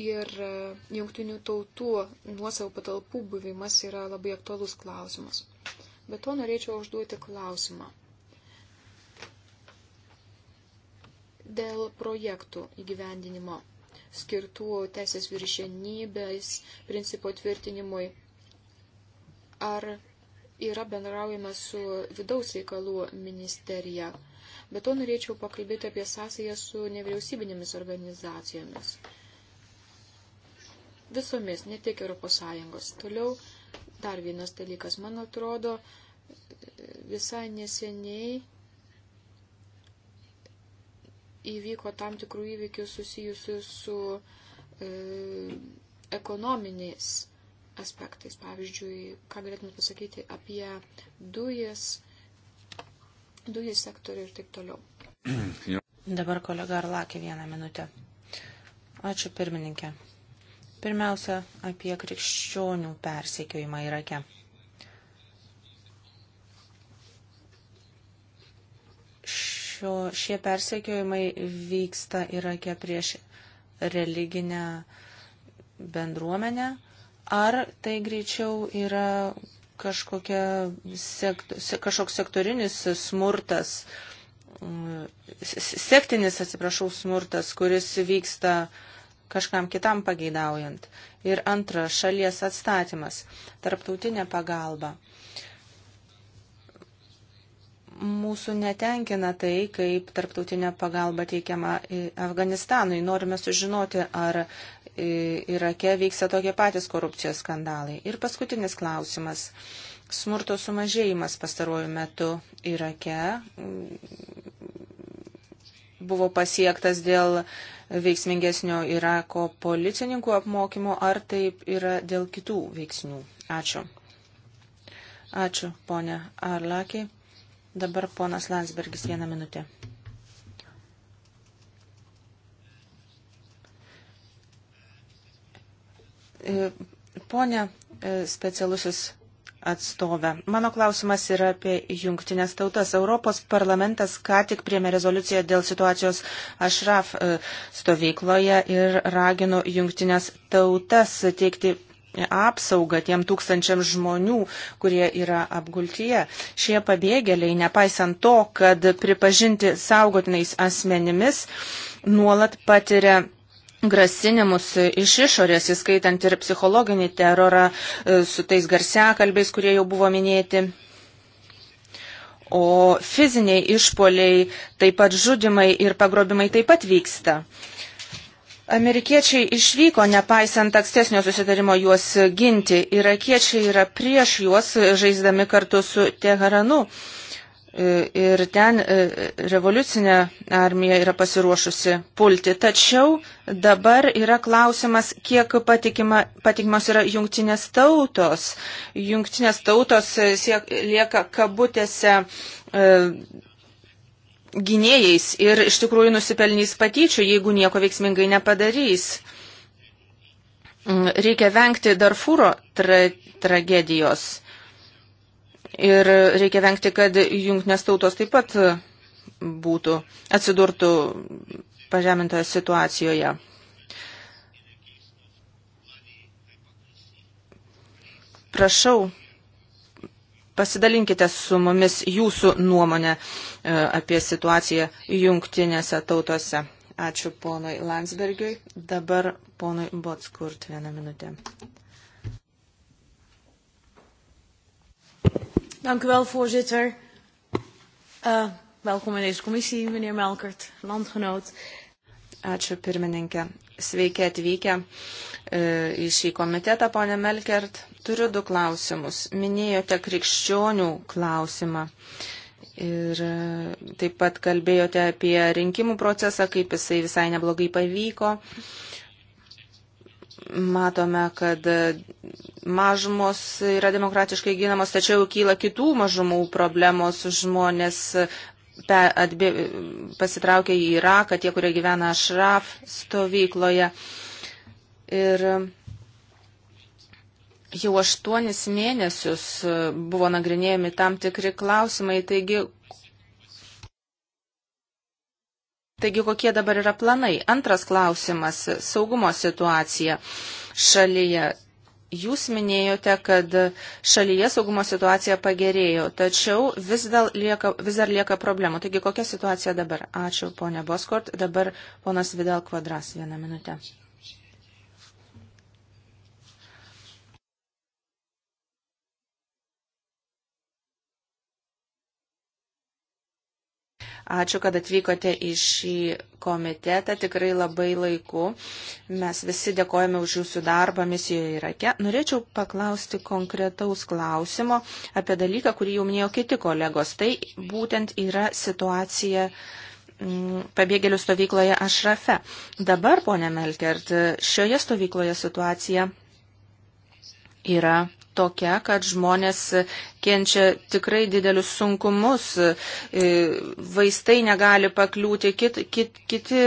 ir e, jungtinių tautų nuosavų patalpų buvimas yra labai aktualus klausimas. Bet to norėčiau užduoti klausimą. Dėl projektų įgyvendinimo skirtų teisės viršienybės principo tvirtinimui. Ar yra bendraujama su vidaus reikalų ministerija? Bet to norėčiau pakalbėti apie sąsają su nevyriausybinėmis organizacijomis. Visomis, ne tik ES. Toliau Dar vienas dalykas, man atrodo, visai neseniai įvyko tam tikrų įvykių susijusių su e, ekonominiais aspektais. Pavyzdžiui, ką galėtume pasakyti apie dujas, dujų sektorių ir taip toliau. <clears throat> Dabar kolega Arlakė vieną minutę. Ačiū pirmininkė. Pirmiausia, apie krikščionių persekiojimą Irake. Šio, šie persekiojimai vyksta Irake prieš religinę bendruomenę, ar tai greičiau yra kažkokia sekt, kažkoks sektorinis smurtas, sektinis, atsiprašau, smurtas, kuris vyksta kažkam kitam pageidaujant. Ir antra, šalies atstatymas, tarptautinė pagalba. Mūsų netenkina tai, kaip tarptautinė pagalba teikiama Afganistanui. Norime sužinoti, ar Irake vyksta tokie patys korupcijos skandalai. Ir paskutinis klausimas. Smurto sumažėjimas pastaruoju metu Irake buvo pasiektas dėl veiksmingesnio Irako policininkų apmokymo, ar taip yra dėl kitų veiksnių. Ačiū. Ačiū, ponė Arlakė. Dabar ponas Landsbergis vieną minutę. E, Pone specialusis atstovę. Mano klausimas yra apie jungtinės tautas. Europos parlamentas ką tik priemė rezoliuciją dėl situacijos Ašraf e, stovykloje ir ragino jungtinės tautas teikti apsaugą tiem tūkstančiam žmonių, kurie yra apgultyje. Šie pabėgėliai, nepaisant to, kad pripažinti saugotinais asmenimis, nuolat patiria grasinimus iš išorės, įskaitant ir psichologinį terorą e, su tais garsiakalbiais, kurie jau buvo minėti. O fiziniai išpoliai, taip pat žudimai ir pagrobimai taip pat vyksta. Amerikiečiai išvyko, nepaisant ankstesnio susitarimo juos ginti. Irakiečiai yra prieš juos, žaisdami kartu su Teheranu. E, ir ten e, revoliucinė armija yra pasiruošusi pulti. Tačiau dabar yra klausimas, kiek patikima, patikimos yra jungtinės tautos. Jungtinės tautos e, siek, lieka kabutėse e, gynėjais ir iš tikrųjų nusipelnys patyčių, jeigu nieko veiksmingai nepadarys. Mm, reikia vengti Darfūro tra tragedijos. Ir reikia vengti, kad jungtinės tautos taip pat būtų, atsidurtų pažemintoje situacijoje. Prašau, pasidalinkite su mumis jūsų nuomonę e, apie situaciją jungtinėse tautose. Ačiū ponui Landsbergiui. Dabar ponui Botskurt vieną minutę. Dank u wel, voorzitter. Uh, welkom in deze commissie, meneer Melkert, landgenoot. Ačiū pirmininkė. Sveiki atvykę eh, į šį komitetą, ponė Melkert. Turiu du klausimus. Minėjote krikščionių klausimą. Ir eh, taip pat kalbėjote apie rinkimų procesą, kaip jisai visai neblogai pavyko. Uh, matome, kad mažumos yra demokratiškai ginamos, tačiau kyla kitų mažumų problemos, žmonės pe, atbė, pasitraukia į Iraką, tie, kurie gyvena Ašraf stovykloje. Ir jau aštuonis mėnesius buvo nagrinėjami tam tikri klausimai, taigi Taigi kokie dabar yra planai? Antras klausimas - saugumo situacija šalyje. Jūs minėjote, kad šalyje saugumo situacija pagerėjo, tačiau vis dar lieka, vis dar lieka problemų. Taigi kokia situacija dabar? Ačiū, ponė Boskort. Dabar ponas Vidal Kvadras vieną minutę. Ačiū, kad atvykote į šį komitetą tikrai labai laiku. Mes visi dėkojame už jūsų darbą misijoje Irake. Norėčiau paklausti konkretaus klausimo apie dalyką, kurį jau minėjo kiti kolegos. Tai būtent yra situacija mm, pabėgėlių stovykloje Ašrafe. Dabar, ponė Melkert, šioje stovykloje situacija yra tokia, kad žmonės kenčia tikrai didelius sunkumus, e, vaistai negali pakliūti, kit, kit, kiti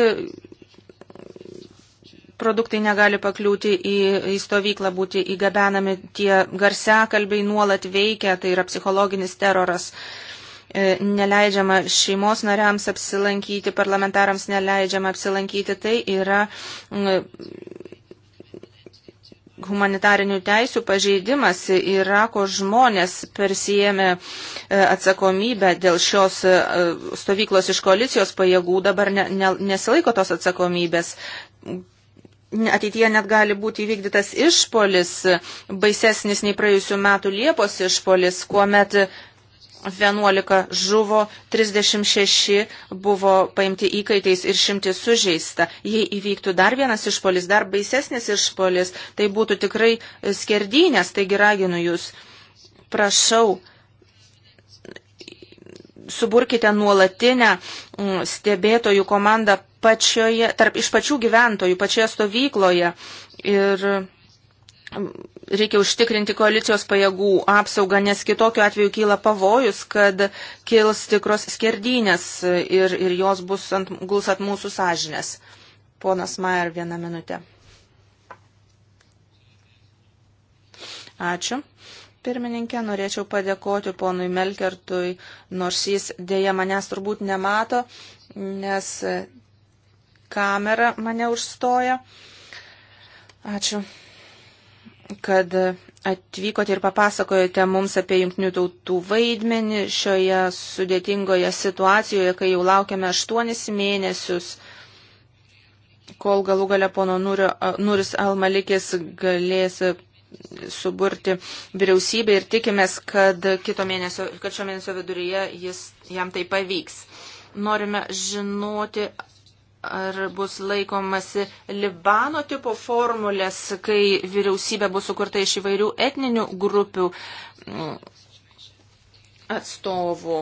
produktai negali pakliūti į, į stovyklą, būti įgabenami, tie garsiakalbiai nuolat veikia, tai yra psichologinis teroras e, neleidžiama šeimos nariams apsilankyti, parlamentarams neleidžiama apsilankyti, tai yra humanitarinių teisių pažeidimas Irako žmonės persijėmė e, atsakomybę dėl šios e, stovyklos iš koalicijos pajėgų, dabar ne, ne, nesilaiko tos atsakomybės. Ateityje net gali būti įvykdytas išpolis, baisesnis nei praėjusių metų Liepos išpolis, kuomet 11 žuvo, 36 buvo paimti įkaitais ir šimti sužeista. Jei įvyktų dar vienas išpolis, dar baisesnis išpolis, tai būtų tikrai skerdynės, taigi raginu jūs, prašau, suburkite nuolatinę mm, stebėtojų komandą pačioje, tarp iš pačių gyventojų, pačioje stovykloje ir reikia užtikrinti koalicijos pajėgų apsaugą, nes kitokiu atveju kyla pavojus, kad kils tikros skerdynės ir, ir jos bus ant, guls ant mūsų sąžinės. Ponas Maier, vieną minutę. Ačiū. Pirmininkė, norėčiau padėkoti ponui Melkertui, nors jis dėja manęs turbūt nemato, nes kamera mane užstoja. Ačiū kad atvykote ir papasakojote mums apie jungtinių tautų vaidmenį šioje sudėtingoje situacijoje, kai jau laukiame aštuonis mėnesius, kol galų gale pono Nurio, Nuris Almalikis galės suburti vyriausybę ir tikimės, kad, mėnesio, kad šio mėnesio viduryje jis, jam tai pavyks. Norime žinoti Ar bus laikomasi Libano tipo formulės, kai vyriausybė bus sukurta iš įvairių etninių grupių mm, atstovų?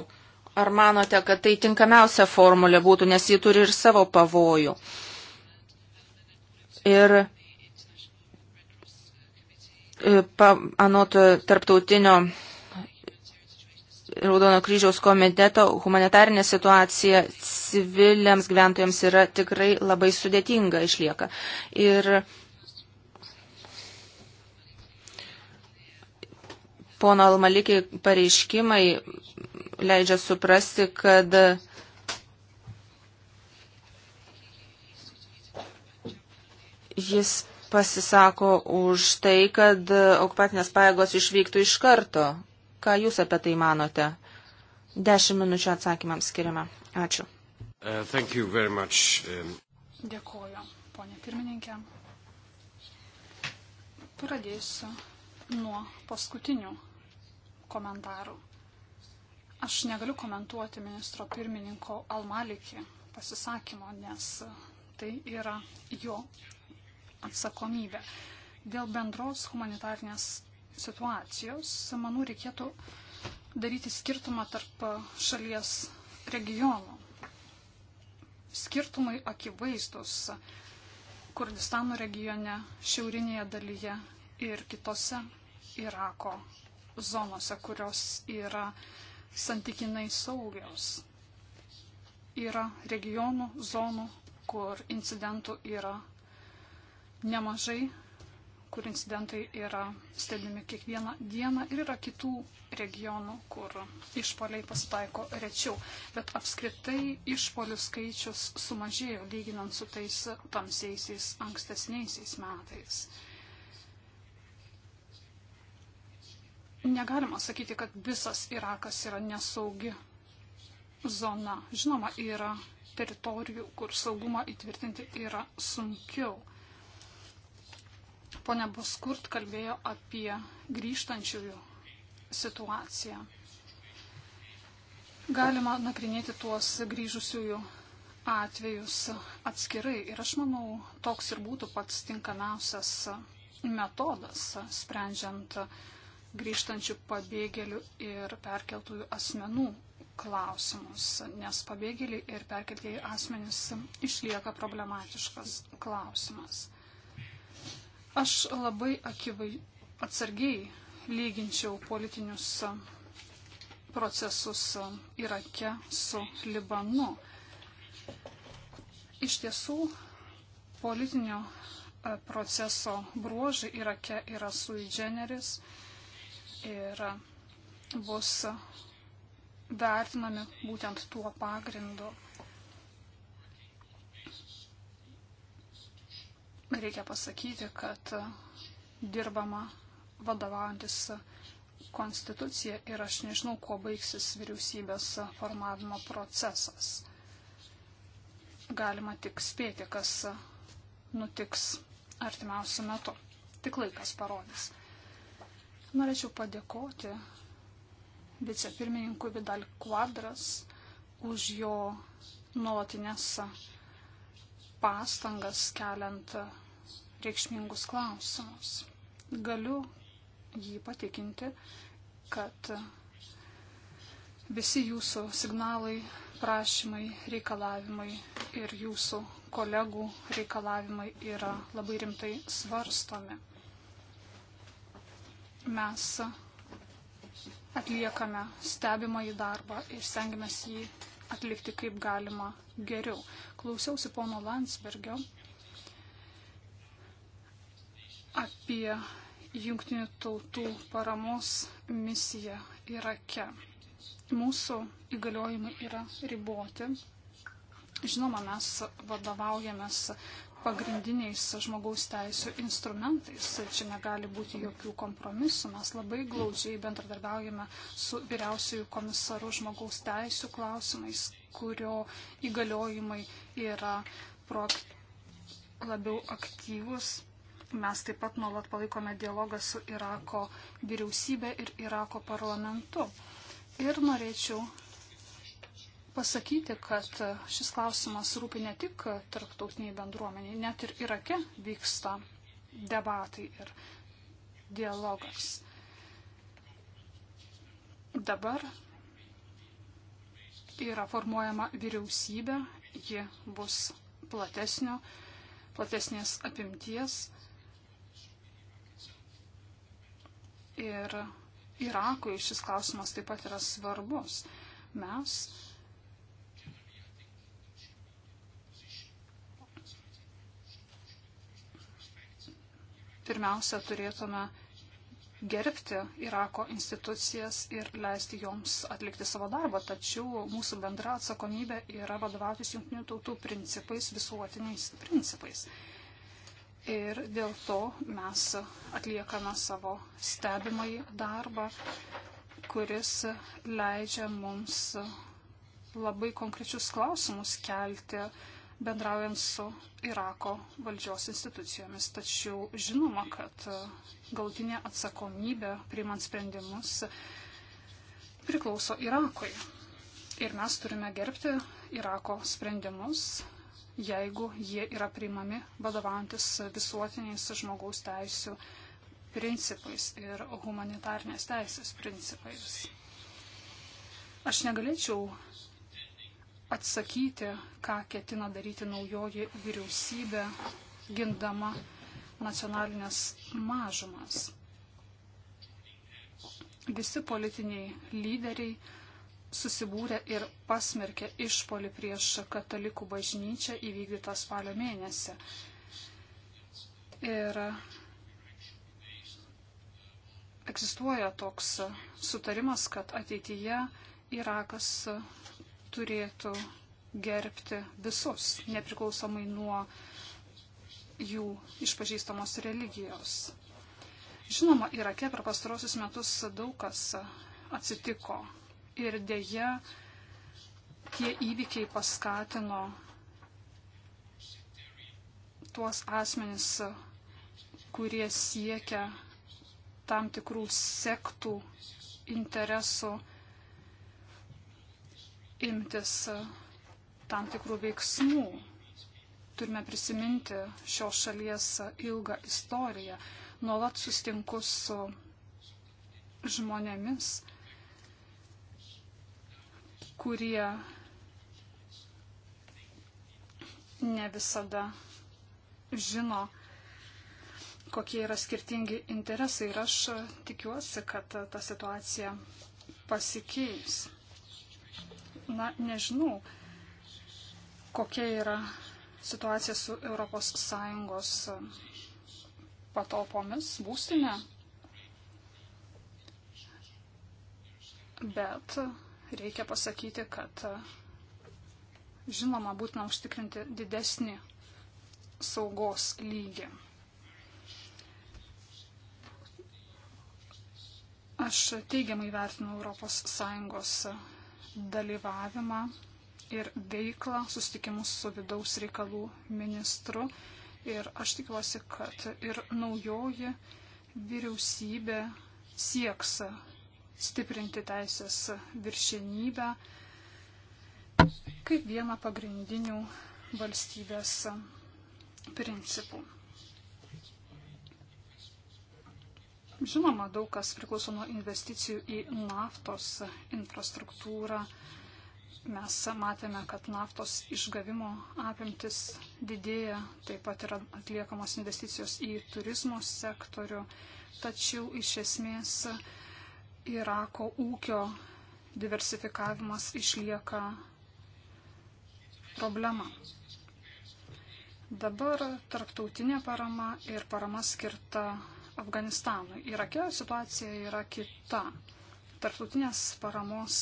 Ar manote, kad tai tinkamiausia formulė būtų, nes ji turi ir savo pavojų? Ir e, pa, anot tarptautinio Raudono kryžiaus komiteto humanitarinė situacija civiliams gyventojams yra tikrai labai sudėtinga išlieka. Ir pono Almalikiai pareiškimai leidžia suprasti, kad jis pasisako už tai, kad okupacinės pajėgos išvyktų iš karto Ką Jūs apie tai manote? Dešimt minučių atsakymams skiriame. Ačiū. Uh, much, um... Dėkuoju, ponė pirmininkė. Pradėsiu nuo paskutinių komentarų. Aš negaliu komentuoti ministro pirmininko Almalikį pasisakymo, nes tai yra jo atsakomybė. Dėl bendros humanitarnės situacijos, manau, reikėtų daryti skirtumą tarp šalies regionų. Skirtumai akivaizdus Kurdistano regione, šiaurinėje dalyje ir kitose Irako zonose, kurios yra santykinai saugios. Yra regionų, zonų, kur incidentų yra nemažai kur incidentai yra stebimi kiekvieną dieną ir yra kitų regionų, kur išpoliai pasitaiko rečiau. Bet apskritai išpolių skaičius sumažėjo lyginant su tais tamsiaisiais ankstesniaisiais metais. Negalima sakyti, kad visas Irakas yra nesaugi zona. Žinoma, yra teritorijų, kur saugumą įtvirtinti yra sunkiau. Pone Boskurt kalbėjo apie grįžtančiųjų situaciją. Galima nagrinėti tuos grįžusiųjų atvejus atskirai ir aš manau, toks ir būtų pats tinkamiausias metodas, sprendžiant grįžtančių pabėgėlių ir perkeltųjų asmenų klausimus, nes pabėgėliai ir perkeltieji asmenys išlieka problematiškas klausimas. Aš labai akivai, atsargiai lyginčiau politinius procesus Irake su Libanu. Iš tiesų, politinio proceso bruožai Irake yra sui generis ir bus vertinami būtent tuo pagrindu. reikia pasakyti, kad dirbama vadovaujantis konstitucija ir aš nežinau, kuo baigsis vyriausybės formavimo procesas. Galima tik spėti, kas nutiks artimiausiu metu. Tik laikas parodys. Norėčiau padėkoti vicepirmininkui Vidal Quadras už jo nuolatinės pastangas keliant reikšmingus klausimus. Galiu jį patikinti, kad visi jūsų signalai, prašymai, reikalavimai ir jūsų kolegų reikalavimai yra labai rimtai svarstomi. Mes atliekame stebimą į darbą ir stengiamės jį atlikti kaip galima geriau klausiausi pono Landsbergio apie jungtinių tautų paramos misiją Irake. Mūsų įgaliojimai yra riboti. Žinoma, mes vadovaujamės pagrindiniais žmogaus teisų instrumentais. Čia negali būti jokių kompromisų. Mes labai glaudžiai bendradarbiaujame su vyriausiųjų komisaru žmogaus teisų klausimais, kurio įgaliojimai yra proak... labiau aktyvus. Mes taip pat nuolat palaikome dialogą su Irako vyriausybė ir Irako parlamentu. Ir norėčiau pasakyti, kad šis klausimas rūpi ne tik tarptautiniai bendruomeniai, net ir Irake vyksta debatai ir dialogas. Dabar yra formuojama vyriausybė, ji bus platesnio, platesnės apimties. Ir Irakui šis klausimas taip pat yra svarbus. Mes pirmiausia turėtume gerbti Irako institucijas ir leisti joms atlikti savo darbą, tačiau mūsų bendra atsakomybė yra vadovautis jungtinių tautų principais, visuotiniais principais. Ir dėl to mes atliekame savo stebimąjį darbą, kuris leidžia mums labai konkrečius klausimus kelti uh, bendraujant su Irako valdžios institucijomis. Tačiau žinoma, kad e, galtinė atsakomybė priimant sprendimus priklauso Irakui. Ir mes turime gerbti Irako sprendimus, jeigu jie yra priimami vadovantis visuotiniais žmogaus teisų principais ir humanitarnės teisės principais. Aš negalėčiau atsakyti, ką ketina daryti naujoji vyriausybė, gindama nacionalinės mažumas. Visi politiniai lyderiai susibūrė ir pasmerkė išpolį prieš katalikų bažnyčią įvykdytą spalio mėnesį. Ir egzistuoja toks sutarimas, kad ateityje Irakas turėtų gerbti visus, nepriklausomai nuo jų išpažįstamos religijos. Žinoma, Irake per pastarosius metus daug kas atsitiko ir dėja tie įvykiai paskatino tuos asmenis, kurie siekia tam tikrų sektų interesų imtis e, tam tikrų veiksmų. Turime prisiminti šios šalies e, ilgą istoriją. Nuolat sustinku su žmonėmis, kurie ne visada žino, kokie yra skirtingi interesai. Ir aš e, tikiuosi, kad ta situacija pasikeis na, nežinau, kokia yra situacija su ES e, patalpomis, būstinė. Bet reikia pasakyti, kad e, žinoma būtina užtikrinti didesnį saugos lygį. Aš teigiamai vertinu ES dalyvavimą ir veiklą susitikimus su vidaus reikalų ministru. Ir aš tikiuosi, kad ir naujoji vyriausybė sieks stiprinti teisės viršenybę kaip vieną pagrindinių valstybės principų. Žinoma, daug kas priklauso nuo investicijų į naftos infrastruktūrą. Mes matėme, kad naftos išgavimo apimtis didėja, taip pat yra atliekamos investicijos į turizmo sektorių, tačiau iš esmės Irako ūkio diversifikavimas išlieka problema. Dabar tarptautinė parama ir parama skirta Afganistanui. Irake situacija yra kita. Tarptautinės paramos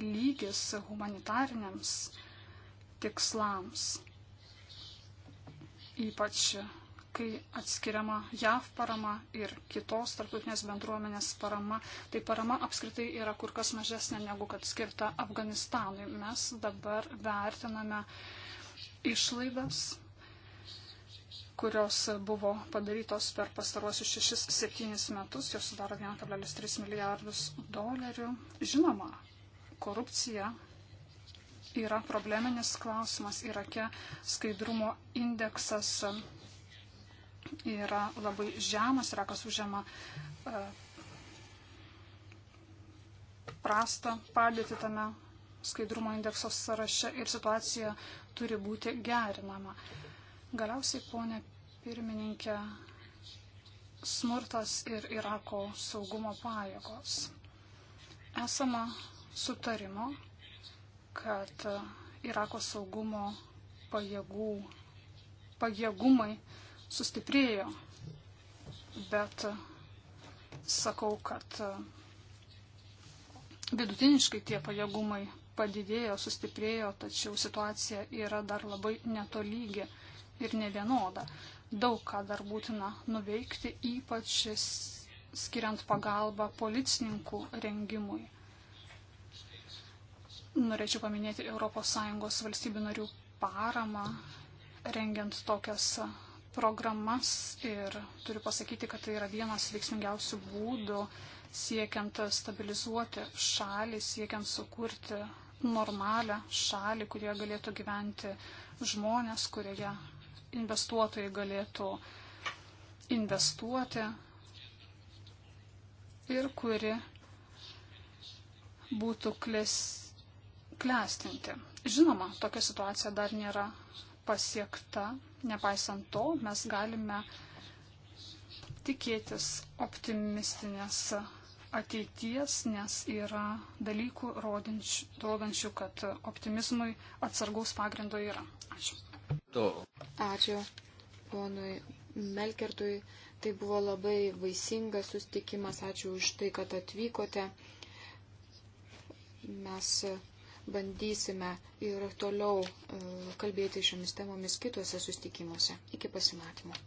lygis humanitariniams tikslams, ypač kai atskiriama JAV parama ir kitos tarptautinės bendruomenės parama, tai parama apskritai yra kur kas mažesnė negu kad skirta Afganistanui. Mes dabar vertiname išlaidas kurios buvo padarytos per pastaruosius 6-7 metus, jos sudaro 1,3 milijardus dolerių. Žinoma, korupcija yra probleminis klausimas Irake, skaidrumo indeksas yra labai žemas, Irakas užima e, prastą padėtį tame skaidrumo indekso sąraše ir situacija turi būti gerinama. Galiausiai, ponė pirmininkė, smurtas ir Irako saugumo pajėgos. Esama sutarimo, kad Irako saugumo pajėgų, pajėgumai sustiprėjo, bet sakau, kad vidutiniškai tie pajėgumai padidėjo, sustiprėjo, tačiau situacija yra dar labai netolygi ir nevienoda. Daug ką dar būtina nuveikti, ypač skiriant pagalbą policininkų rengimui. Norėčiau paminėti ES valstybių narių paramą, rengiant tokias programas ir turiu pasakyti, kad tai yra vienas veiksmingiausių būdų siekiant stabilizuoti šalį, siekiant sukurti normalią šalį, kurioje galėtų gyventi žmonės, kurioje investuotojai galėtų investuoti ir kuri būtų kles, klestinti. Žinoma, tokia situacija dar nėra pasiekta. Nepaisant to, mes galime tikėtis optimistinės ateities, nes yra dalykų rodančių, rodančių kad optimizmui atsargaus pagrindo yra. Ačiū. To. Ačiū ponui Melkertui. Tai buvo labai vaisingas sustikimas. Ačiū už tai, kad atvykote. Mes e, bandysime ir toliau e, kalbėti šiomis temomis kitose sustikimuose. Iki pasimatymo.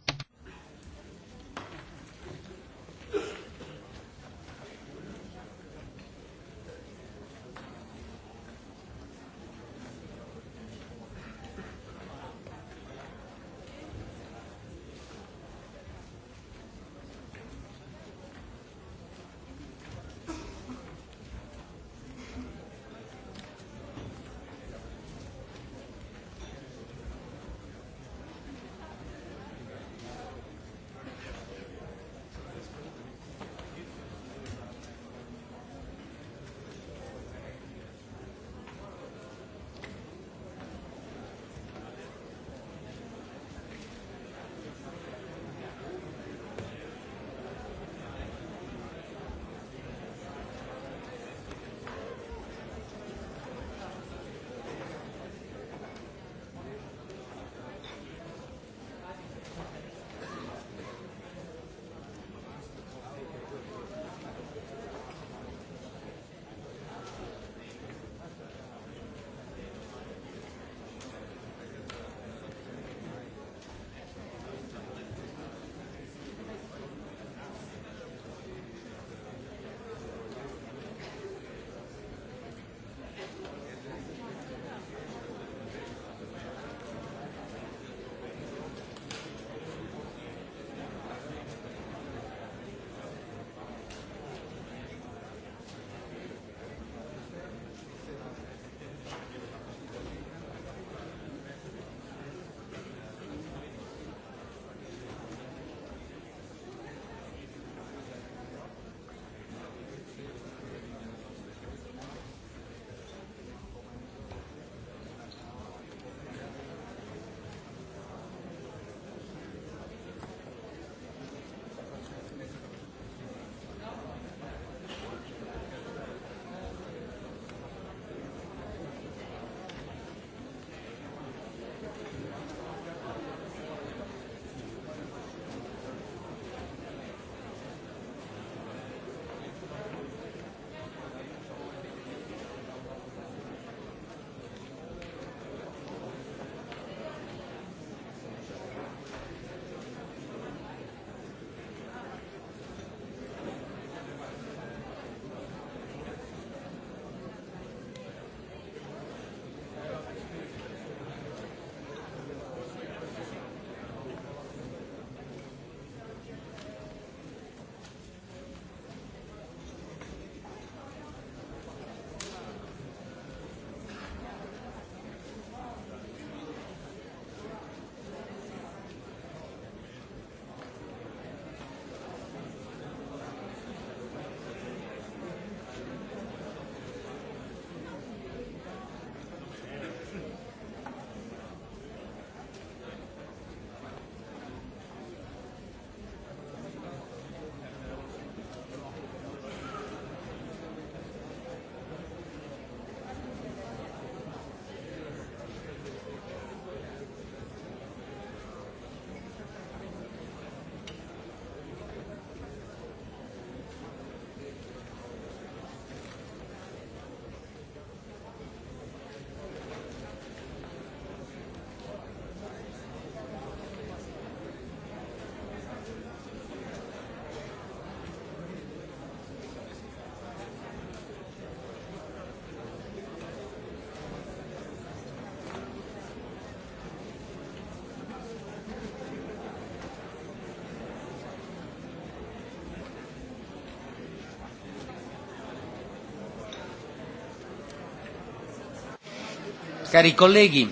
Cari colleghi,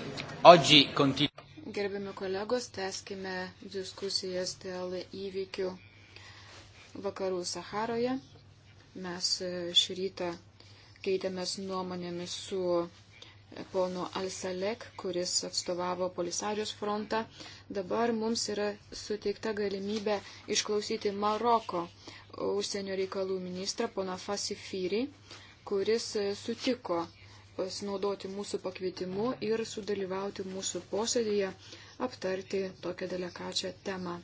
oggi continuiamo. Gerbiami kolegos, teskime diskusijas dėl įvykių vakarų Saharoje. Mes e, šį rytą keitėmės nuomonėmis su e, ponu Alsalek, kuris atstovavo Polisarijos frontą. Dabar mums yra suteikta galimybė išklausyti Maroko užsienio reikalų ministrą, poną Fasifyri, kuris e, sutiko pasinaudoti mūsų pakvietimu ir sudalyvauti mūsų posėdėje, aptarti tokią delekačią temą.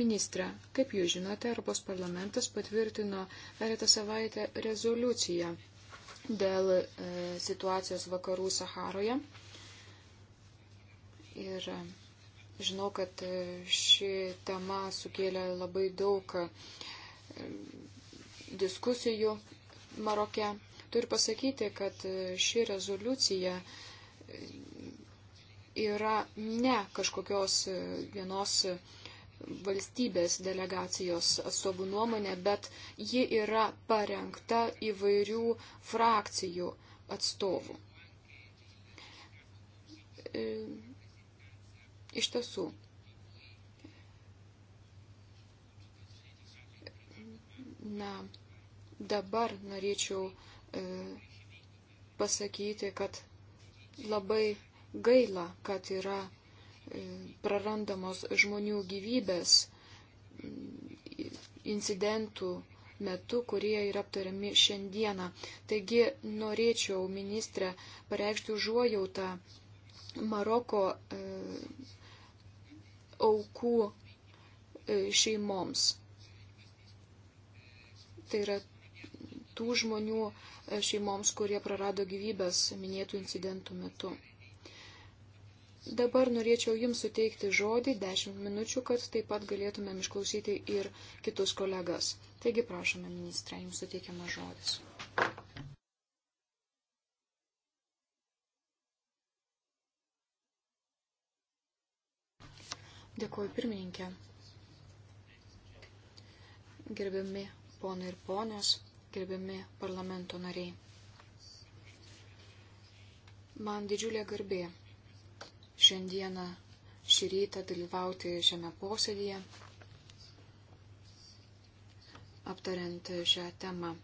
Ministre, kaip jūs žinote, Europos parlamentas patvirtino pereitą savaitę rezoliuciją dėl e, situacijos vakarų Saharoje. Ir e, žinau, kad e, ši tema sukėlė labai daug e, diskusijų Maroke Turiu pasakyti, kad e, ši rezoliucija e, yra ne kažkokios e, vienos valstybės delegacijos atstovų nuomonė, bet ji yra parengta įvairių frakcijų atstovų. Iš tiesų, na, dabar norėčiau E, pasakyti, kad labai gaila, kad yra e, prarandamos žmonių gyvybės mm, incidentų metu, kurie yra aptariami šiandieną. Taigi norėčiau, ministrė, pareikšti užuojautą Maroko e, aukų e, šeimoms. Tai yra tų žmonių šeimoms, kurie prarado gyvybės minėtų incidentų metu. Dabar norėčiau Jums suteikti žodį 10 minučių, kad taip pat galėtumėm išklausyti ir kitus kolegas. Taigi prašome, ministrė, Jums suteikiamas žodis. Dėkuoju pirmininkė. Gerbiami ponai ir ponios gerbiami parlamento nariai. Man didžiulė garbė šiandieną šį rytą dalyvauti šiame posėdėje, aptariant šią temą.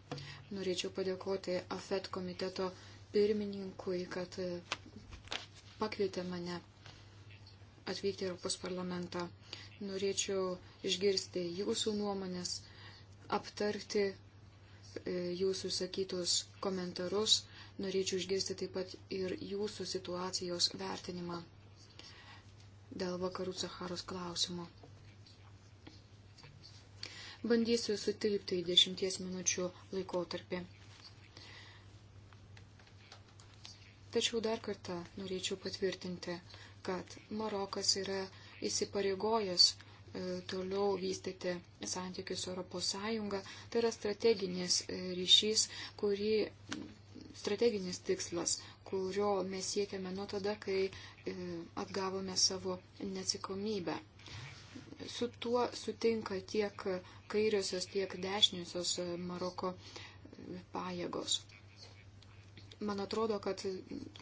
Norėčiau padėkoti AFET komiteto pirmininkui, kad pakvietė mane atvykti į Europos parlamentą. Norėčiau išgirsti jūsų nuomonės, aptarti E, jūsų sakytus komentarus, norėčiau išgirsti taip pat ir jūsų situacijos vertinimą dėl vakarų Saharos klausimo. Bandysiu sutilpti į dešimties minučių laikotarpį. Tačiau dar kartą norėčiau patvirtinti, kad Marokas yra įsipareigojęs E, toliau vystyti santykius su Europos Sąjunga. Tai yra strateginis e, ryšys, kurį, strateginis tikslas, kurio mes siekiame nuo tada, kai e, atgavome savo neatsikomybę. Su tuo sutinka tiek kairiosios, tiek dešiniosios Maroko pajėgos. Man atrodo, kad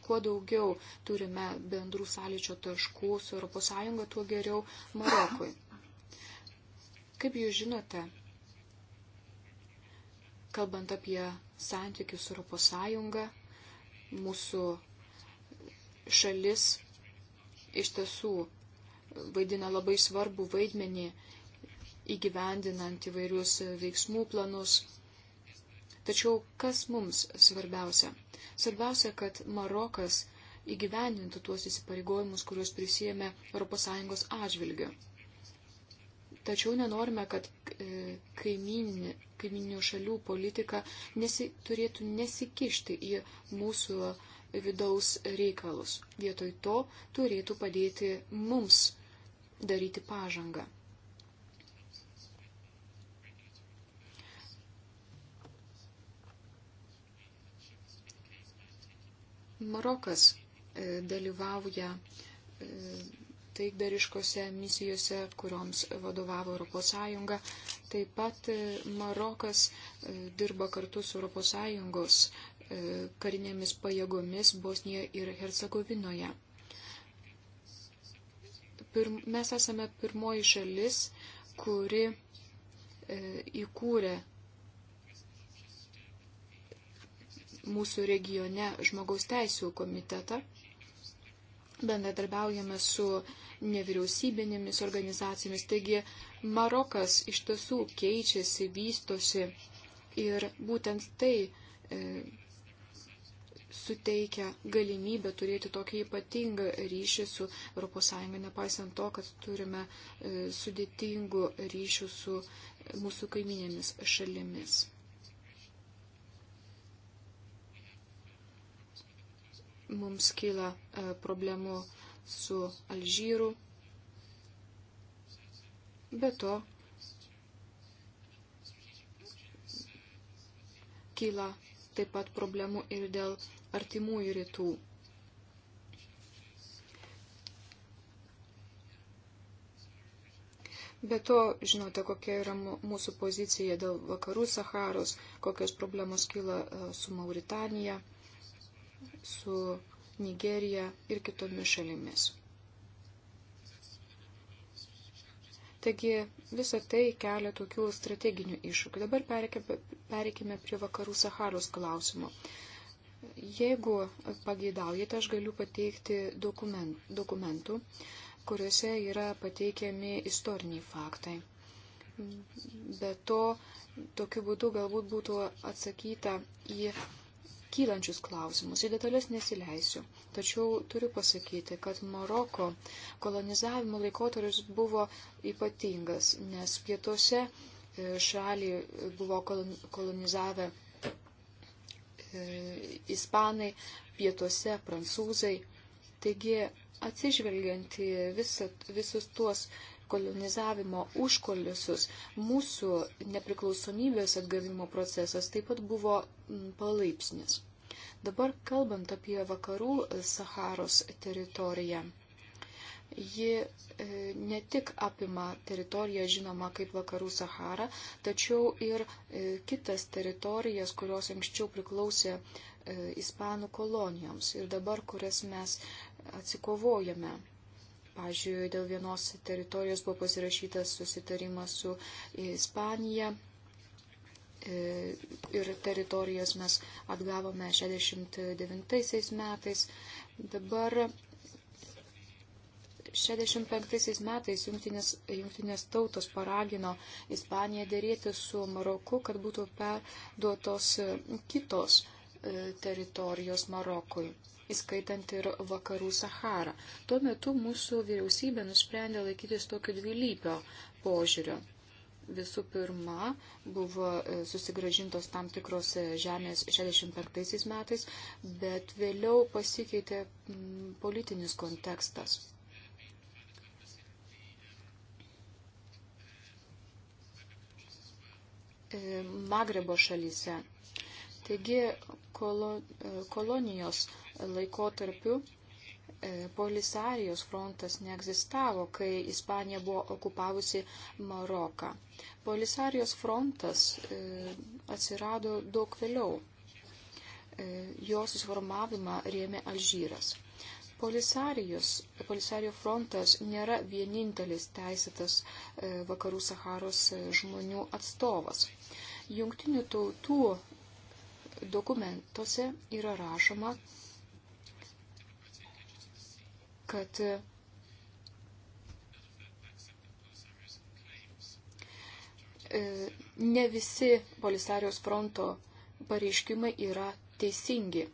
kuo daugiau turime bendrų sąlyčio taškų su ES, tuo geriau Marokui. Kaip jūs žinote, kalbant apie santykius su Europos Sąjunga, mūsų šalis iš tiesų vaidina labai svarbu vaidmenį įgyvendinant įvairius veiksmų planus. Tačiau kas mums svarbiausia? Svarbiausia, kad Marokas įgyvendintų tuos įsipareigojimus, kuriuos prisijėmė ES atžvilgiu. Tačiau nenorime, kad kaiminė, e, kaiminių šalių politika nesi, turėtų nesikišti į mūsų vidaus reikalus. Vietoj to turėtų padėti mums daryti pažangą. Marokas e, dalyvauja e, taikdariškose misijose, kurioms vadovavo ES. Taip pat e, Marokas e, dirba kartu su ES e, karinėmis pajėgomis Bosnijoje ir Hercegovinoje. Pirm, mes esame pirmoji šalis, kuri e, įkūrė mūsų regione žmogaus teisų komitetą. Bendradarbiaujame su e, nevyriausybinėmis organizacijomis. Taigi Marokas iš tiesų keičiasi, vystosi ir būtent tai e, suteikia galimybę turėti tokį ypatingą ryšį su ES, nepaisant to, kad turime e, sudėtingų ryšių su mūsų kaiminėmis šalimis. Mums kyla e, problemų e, su Alžyru. Be to, kyla taip pat problemų ir dėl artimųjų rytų. Be to, žinote, kokia yra mūsų pozicija dėl vakarų Saharos, kokios problemos kyla e, su Mauritanija, su Nigerija ir kitomis šalimis. Taigi visa tai kelia tokių strateginių iššūkių. Dabar pereikime prie vakarų Saharos klausimo. Jeigu pageidaujate, aš galiu pateikti dokument, dokumentų, kuriuose yra pateikiami istoriniai faktai. Be to, tokiu būdu galbūt būtų atsakyta į kylančius klausimus. Į detalės nesileisiu. Tačiau turiu pasakyti, kad Maroko kolonizavimo laikotarpis buvo ypatingas, nes pietuose e, šalį buvo kolonizavę e, ispanai, pietuose prancūzai. Taigi, atsižvelgiant į visat, visus tuos kolonizavimo užkolisius. Mūsų nepriklausomybės atgavimo procesas taip pat buvo mm, palaipsnis. Dabar kalbant apie vakarų Saharos teritoriją. Ji e, ne tik apima teritoriją žinoma kaip vakarų Sahara, tačiau ir e, kitas teritorijas, kurios anksčiau priklausė e, ispanų kolonijoms ir dabar kurias mes atsikovojame. Pavyzdžiui, dėl vienos teritorijos buvo pasirašytas susitarimas su Ispanija e, ir teritorijas mes atgavome 69 metais. Dabar 65 metais jungtinės, jungtinės tautos paragino Ispaniją dėrėti su Maroku, kad būtų perduotos kitos e, teritorijos Marokui įskaitant ir vakarų Saharą. Tuo metu mūsų vyriausybė nusprendė laikytis tokio dvilypio požiūrio. Visų pirma, buvo e, susigražintos tam tikros e, žemės 65 metais, bet vėliau pasikeitė politinis kontekstas. E, Magrebo šalyse Taigi kolo, kolonijos laikotarpiu e, Polisarijos frontas neegzistavo, kai Ispanija buvo okupavusi Maroką. Polisarijos frontas e, atsirado daug vėliau. E, jo susiformavimą rėmė Alžyras. Polisarijos, Polisario frontas nėra vienintelis teisėtas vakarų Saharos žmonių atstovas. Jungtinių tautų dokumentuose yra rašoma, kad e, ne visi Polisarijos fronto pareiškimai yra teisingi.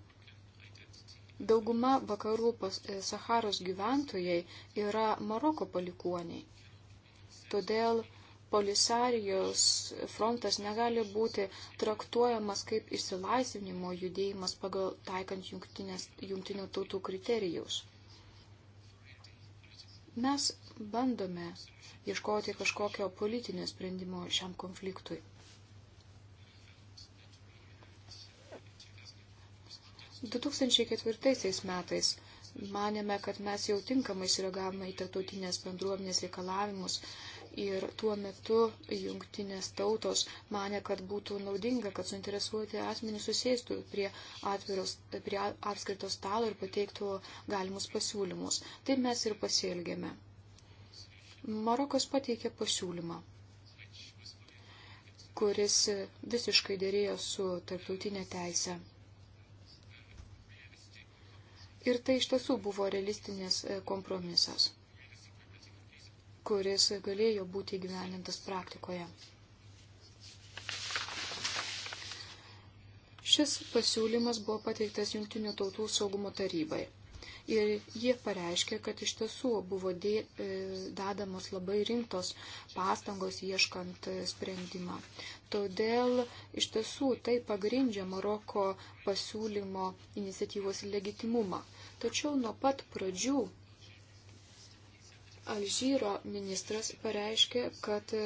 Dauguma vakarų e, Saharos gyventojai yra Maroko palikuoniai. Todėl Polisarijos frontas negali būti traktuojamas kaip išsilaisvinimo judėjimas pagal taikant jungtinių tautų kriterijus. Mes bandome ieškoti kažkokio politinio sprendimo šiam konfliktui. – 2004 metais manėme, kad mes jau tinkamai sureagavome į tarptautinės bendruomenės reikalavimus Ir tuo metu jungtinės tautos mane, kad būtų naudinga, kad suinteresuoti asmenys susėstų prie, atviros, prie apskrito stalo ir pateiktų galimus pasiūlymus. Taip mes ir pasielgėme. Marokas pateikė pasiūlymą, kuris visiškai dėrėjo su tarptautinė teisė. Ir tai iš tiesų buvo realistinis e, kompromisas kuris galėjo būti įgyvendintas praktikoje. Šis pasiūlymas buvo pateiktas Junktinių tautų saugumo tarybai. Ir jie pareiškė, kad iš tiesų buvo dė, e, dadamos labai rimtos pastangos ieškant e, sprendimą. Todėl iš tiesų tai pagrindžia Maroko pasiūlymo iniciatyvos legitimumą. Tačiau nuo pat pradžių Alžyro ministras pareiškė, kad e,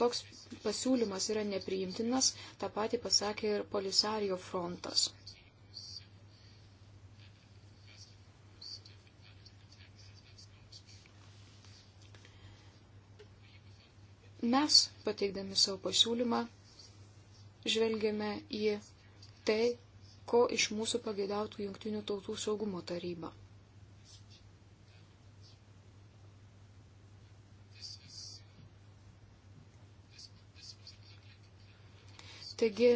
toks pasiūlymas yra nepriimtinas, tą patį pasakė ir Polisario frontas. Mes, pateikdami savo pasiūlymą, žvelgiame į tai, ko iš mūsų pageidautų Junktinių tautų saugumo taryba. Taigi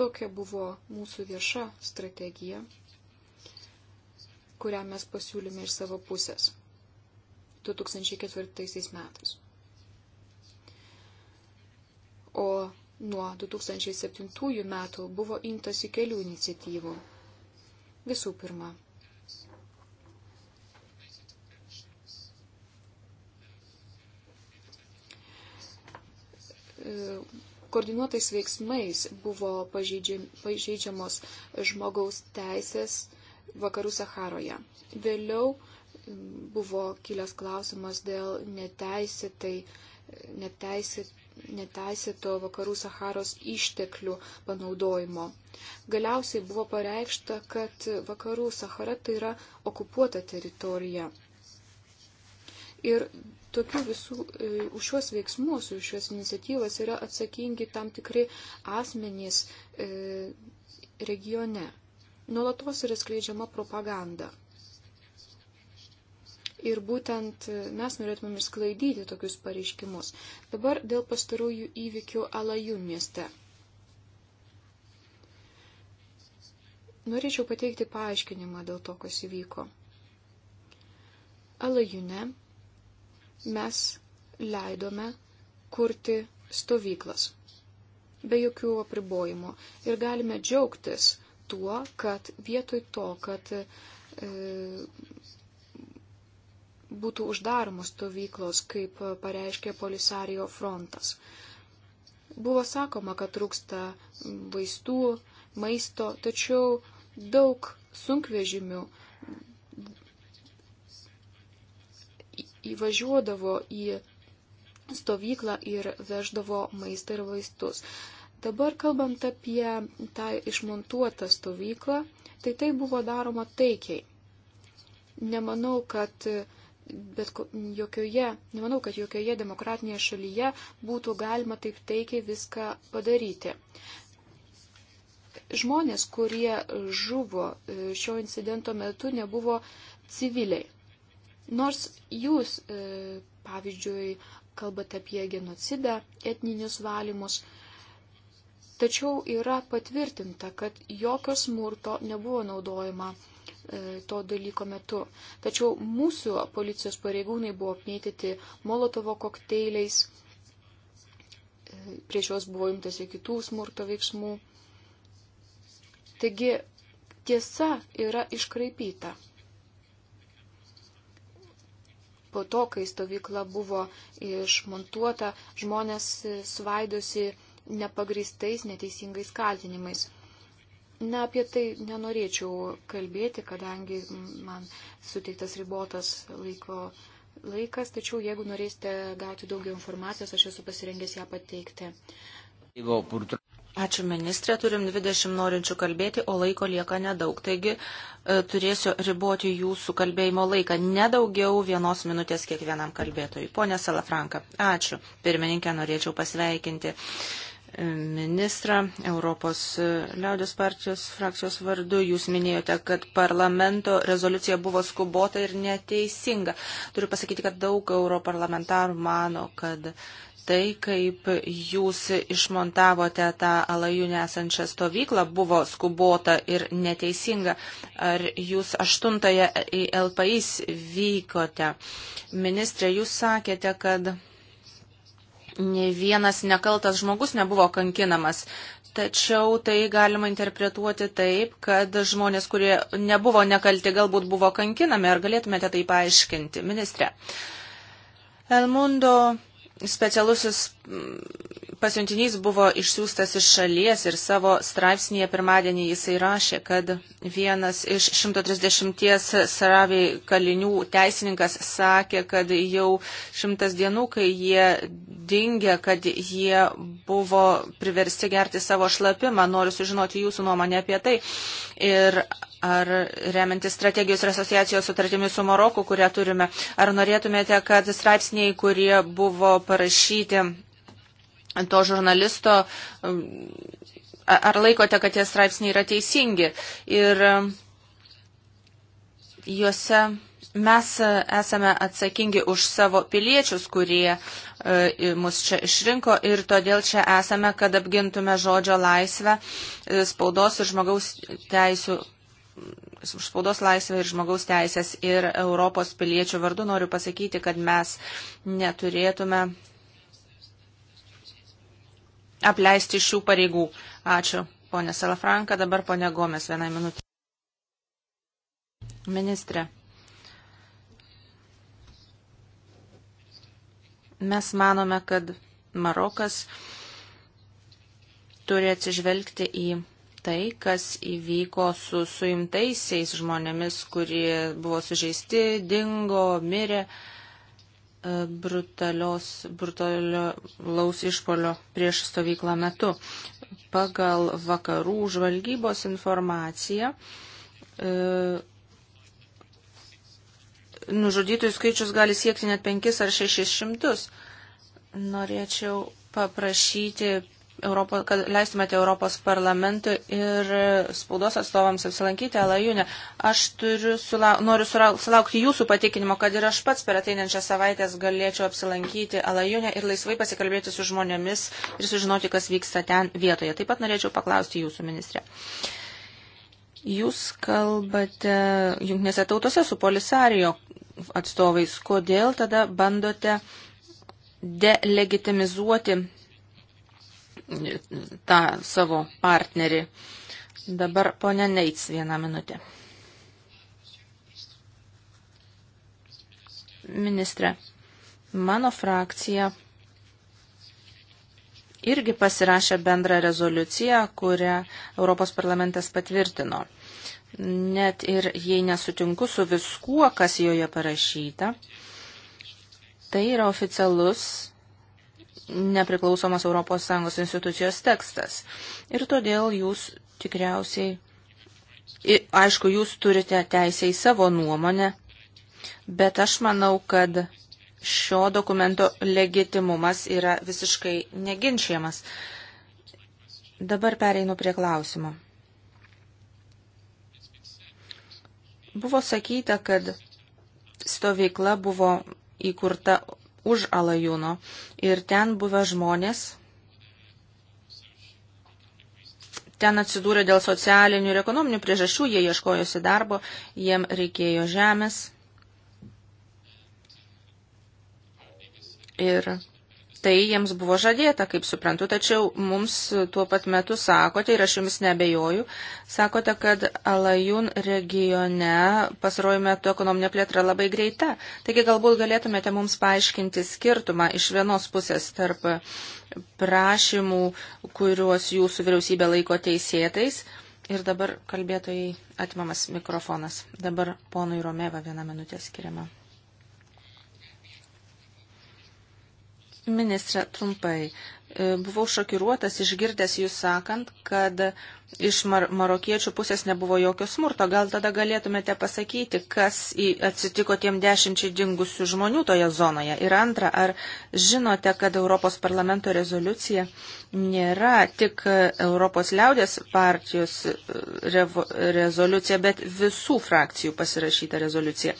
tokia buvo mūsų vieša strategija, kurią mes pasiūlėme iš savo pusės 2004 metais. O nuo 2007 metų buvo imtasi kelių iniciatyvų. Visų pirma, koordinuotais veiksmais buvo pažeidžiamos žmogaus teisės vakarų Saharoje. Vėliau buvo kilęs klausimas dėl neteisėtai, neteisėtai neteisėto vakarų Saharos išteklių panaudojimo. Galiausiai buvo pareikšta, kad vakarų Sahara tai yra okupuota teritorija. Ir tokių visų, e, už šios veiksmus, už šios iniciatyvas yra atsakingi tam tikri asmenys e, regione. Nuolatos yra skleidžiama propaganda. Ir būtent e, mes norėtumėm išsklaidyti tokius pareiškimus. Dabar dėl pastarųjų įvykių Alajų mieste. Norėčiau pateikti paaiškinimą dėl to, kas įvyko. Alajune mes leidome kurti stovyklas be jokių apribojimų. Ir galime džiaugtis tuo, kad vietoj to, kad e, būtų uždaromos stovyklos, kaip pareiškė Polisario frontas. Buvo sakoma, kad trūksta vaistų, maisto, tačiau daug sunkvežimių įvažiuodavo į stovyklą ir veždavo maistą ir vaistus. Dabar kalbant apie tą išmontuotą stovyklą, tai tai buvo daroma taikiai. Nemanau, kad bet jokioje, nemanau, kad jokioje demokratinėje šalyje būtų galima taip teikiai viską padaryti. Žmonės, kurie žuvo e, šio incidento metu, nebuvo civiliai. Nors jūs, e, pavyzdžiui, kalbate apie genocidą, etninius valymus, tačiau yra patvirtinta, kad jokio smurto nebuvo naudojama e, to dalyko metu. Tačiau mūsų policijos pareigūnai buvo apmėtyti Molotovo kokteiliais, e, prieš juos buvo imtasi kitų smurto veiksmų. Taigi tiesa yra iškraipyta po to, kai stovykla buvo išmontuota, žmonės svaidosi nepagristais, neteisingais kaltinimais. Na, apie tai nenorėčiau kalbėti, kadangi man suteiktas ribotas laiko laikas, tačiau jeigu norėsite gauti daugiau informacijos, aš esu pasirengęs ją pateikti. Ačiū ministrė, turim 20 norinčių kalbėti, o laiko lieka nedaug. Taigi e, turėsiu riboti jūsų kalbėjimo laiką nedaugiau vienos minutės kiekvienam kalbėtojui. Pone Salafranka, ačiū. Pirmininkę norėčiau pasveikinti e, ministrą Europos e, liaudės partijos frakcijos vardu. Jūs minėjote, kad parlamento rezoliucija buvo skubota ir neteisinga. Turiu pasakyti, kad daug europarlamentarų mano, kad tai, kaip jūs išmontavote tą alajų nesančią stovyklą, buvo skubota ir neteisinga. Ar jūs aštuntąją į LPIs vykote? Ministrė, jūs sakėte, kad ne vienas nekaltas žmogus nebuvo kankinamas. Tačiau tai galima interpretuoti taip, kad žmonės, kurie nebuvo nekalti, galbūt buvo kankinami. Ar galėtumėte tai paaiškinti, ministrė? Elmundo specialusis pasiuntinys buvo išsiųstas iš šalies ir savo straipsnėje pirmadienį jisai rašė, kad vienas iš 130 Saravi kalinių teisininkas sakė, kad jau šimtas dienų, kai jie dingė, kad jie buvo priversti gerti savo šlapimą. Noriu sužinoti jūsų nuomonę apie tai. Ir Ar remiantis strategijos ir asociacijos sutartimi su Maroku, kurią turime, ar norėtumėte, kad straipsniai, kurie buvo parašyti to žurnalisto, um, ar laikote, kad tie straipsniai yra teisingi. Ir um, juose mes esame atsakingi už savo piliečius, kurie e, mus čia išrinko ir todėl čia esame, kad apgintume žodžio laisvę, e, spaudos ir žmogaus teisų spaudos laisvę ir žmogaus teisės ir Europos piliečių vardu noriu pasakyti, kad mes neturėtume apleisti šių pareigų. Ačiū, ponė Salafranka, dabar ponė Gomes, vienai minutė. Ministrė. Mes manome, kad Marokas turi atsižvelgti į tai, kas įvyko su suimtaisiais žmonėmis, kurie buvo sužeisti, dingo, mirė. Uh, E, brutalios, brutaliaus išpolio prieš stovyklą metu. Pagal vakarų žvalgybos informaciją e, nužudytųjų skaičius gali siekti net 5 ar 600. Norėčiau paprašyti Europo, kad leistumėte Europos parlamentui ir spaudos atstovams apsilankyti Alajūne. Aš turiu, sula, noriu sulaukti jūsų patikinimo, kad ir aš pats per ateinančią savaitę galėčiau apsilankyti Alajūne ir laisvai pasikalbėti su žmonėmis ir sužinoti, kas vyksta ten vietoje. Taip pat norėčiau paklausti jūsų ministrė. Jūs kalbate jungtinėse tautose su polisario atstovais. Kodėl tada bandote delegitimizuoti tą savo partnerį. Dabar ponia Neits vieną minutę. Ministre, mano frakcija irgi pasirašė bendrą rezoliuciją, kurią Europos parlamentas patvirtino. Net ir jei nesutinku su viskuo, kas joje parašyta, tai yra oficialus nepriklausomas ES institucijos tekstas. Ir todėl jūs tikriausiai, aišku, jūs turite teisę į savo nuomonę, bet aš manau, kad šio dokumento legitimumas yra visiškai neginčiamas. Dabar pereinu prie klausimo. Buvo sakyta, kad stovykla buvo įkurta už Alajūno. Ir ten buvę žmonės ten atsidūrė dėl socialinių ir ekonominių priežasčių, jie ieškojosi darbo, jiem reikėjo žemės. Ir Tai jiems buvo žadėta, kaip suprantu, tačiau mums tuo pat metu sakote, ir aš jums nebejoju, sakote, kad Alajun regione pasarojų metu ekonominė plėtra labai greita. Taigi galbūt galėtumėte mums paaiškinti skirtumą iš vienos pusės tarp prašymų, kuriuos jūsų vyriausybė laiko teisėtais. Ir dabar kalbėtojai atimamas mikrofonas. Dabar ponui Romeva viena minutė skiriama. Ministre, trumpai, E, buvau šokiruotas išgirdęs jūs sakant, kad iš mar marokiečių pusės nebuvo jokio smurto. Gal tada galėtumėte pasakyti, kas atsitiko tiem dešimčiai dingusių žmonių toje zonoje? Ir antra, ar žinote, kad Europos parlamento rezoliucija nėra tik Europos liaudės partijos e, rezoliucija, bet visų frakcijų pasirašyta rezoliucija?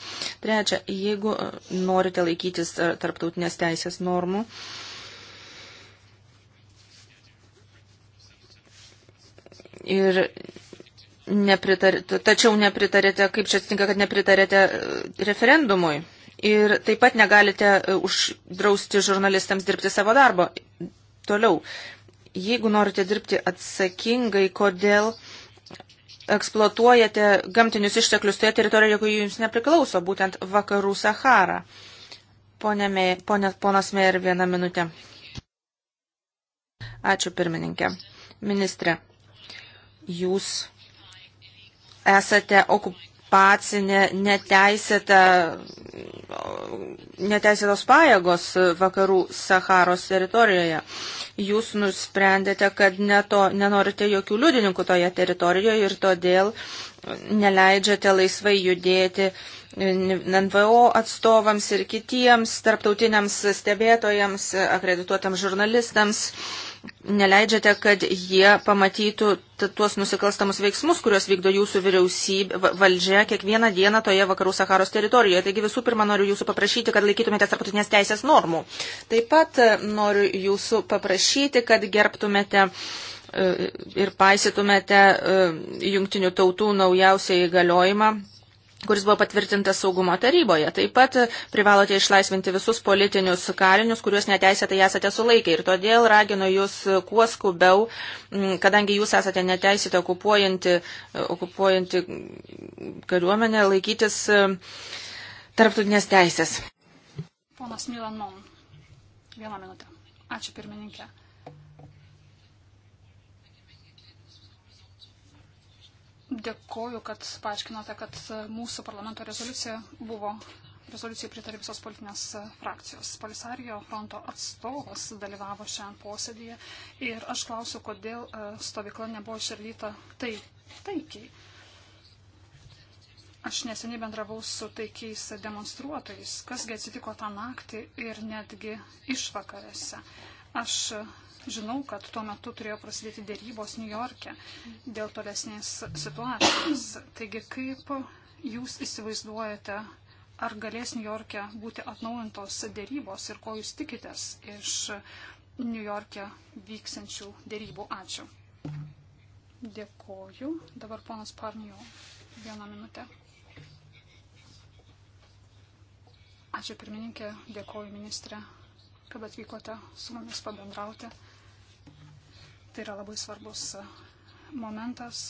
Trečia, jeigu norite laikytis tarptautinės teisės normų, Ir nepritar, tačiau nepritarėte, kaip čia atsitinka, kad nepritarėte e, referendumui. Ir taip pat negalite e, uždrausti žurnalistams dirbti savo darbo. Toliau, jeigu norite dirbti atsakingai, kodėl eksploatuojate gamtinius išteklius toje teritorijoje, kur jums nepriklauso, būtent vakarų Sahara. Pone, pone, ponas Mer, vieną minutę. Ačiū pirmininkė. Ministre, jūs esate okupacinė neteisėta, neteisėtos pajėgos vakarų Saharos teritorijoje. Jūs nusprendėte, kad neto, nenorite jokių liudininkų toje teritorijoje ir todėl neleidžiate laisvai judėti NVO atstovams ir kitiems tarptautiniams stebėtojams, akredituotams žurnalistams neleidžiate, kad jie pamatytų tuos nusikalstamus veiksmus, kuriuos vykdo jūsų vyriausybė valdžia kiekvieną dieną toje vakarų Saharos teritorijoje. Taigi visų pirma noriu jūsų paprašyti, kad laikytumėte tarptautinės teisės normų. Taip pat e, noriu jūsų paprašyti, kad gerbtumėte e, ir paisytumėte e, jungtinių tautų naujausią įgaliojimą kuris buvo patvirtintas saugumo taryboje. Taip pat e, privalote išlaisvinti visus politinius kalinius, kuriuos neteisėtai esate sulaikę. Ir todėl raginu jūs e, kuo skubiau, kadangi jūs esate neteisėtai okupuojanti, e, okupuojanti kariuomenę, laikytis tarptautinės teisės. Ponas Milanon, vieną minutę. Ačiū pirmininkė. Dėkoju, kad paaiškinote, kad mūsų parlamento rezoliucija buvo rezoliucijai pritarė visos politinės frakcijos. Polisarijo fronto atstovas dalyvavo šiam posėdėje ir aš klausiu, kodėl e, stovykla nebuvo išardyta tai, taikiai. Aš neseniai bendravau su taikiais demonstruotojais, kasgi atsitiko tą naktį ir netgi išvakarėse. Aš Žinau, kad tuo metu turėjo prasidėti dėrybos New York'e dėl tolesnės situacijos. Taigi, kaip jūs įsivaizduojate, ar galės New York'e būti atnaujintos dėrybos ir ko jūs tikitės iš New York'e vyksiančių dėrybų? Ačiū. Dėkoju. Dabar ponas Parnijo. Vieną minutę. Ačiū pirmininkė, dėkoju ministrė, kad atvykote su mumis pabendrauti. Tai yra labai svarbus e, momentas.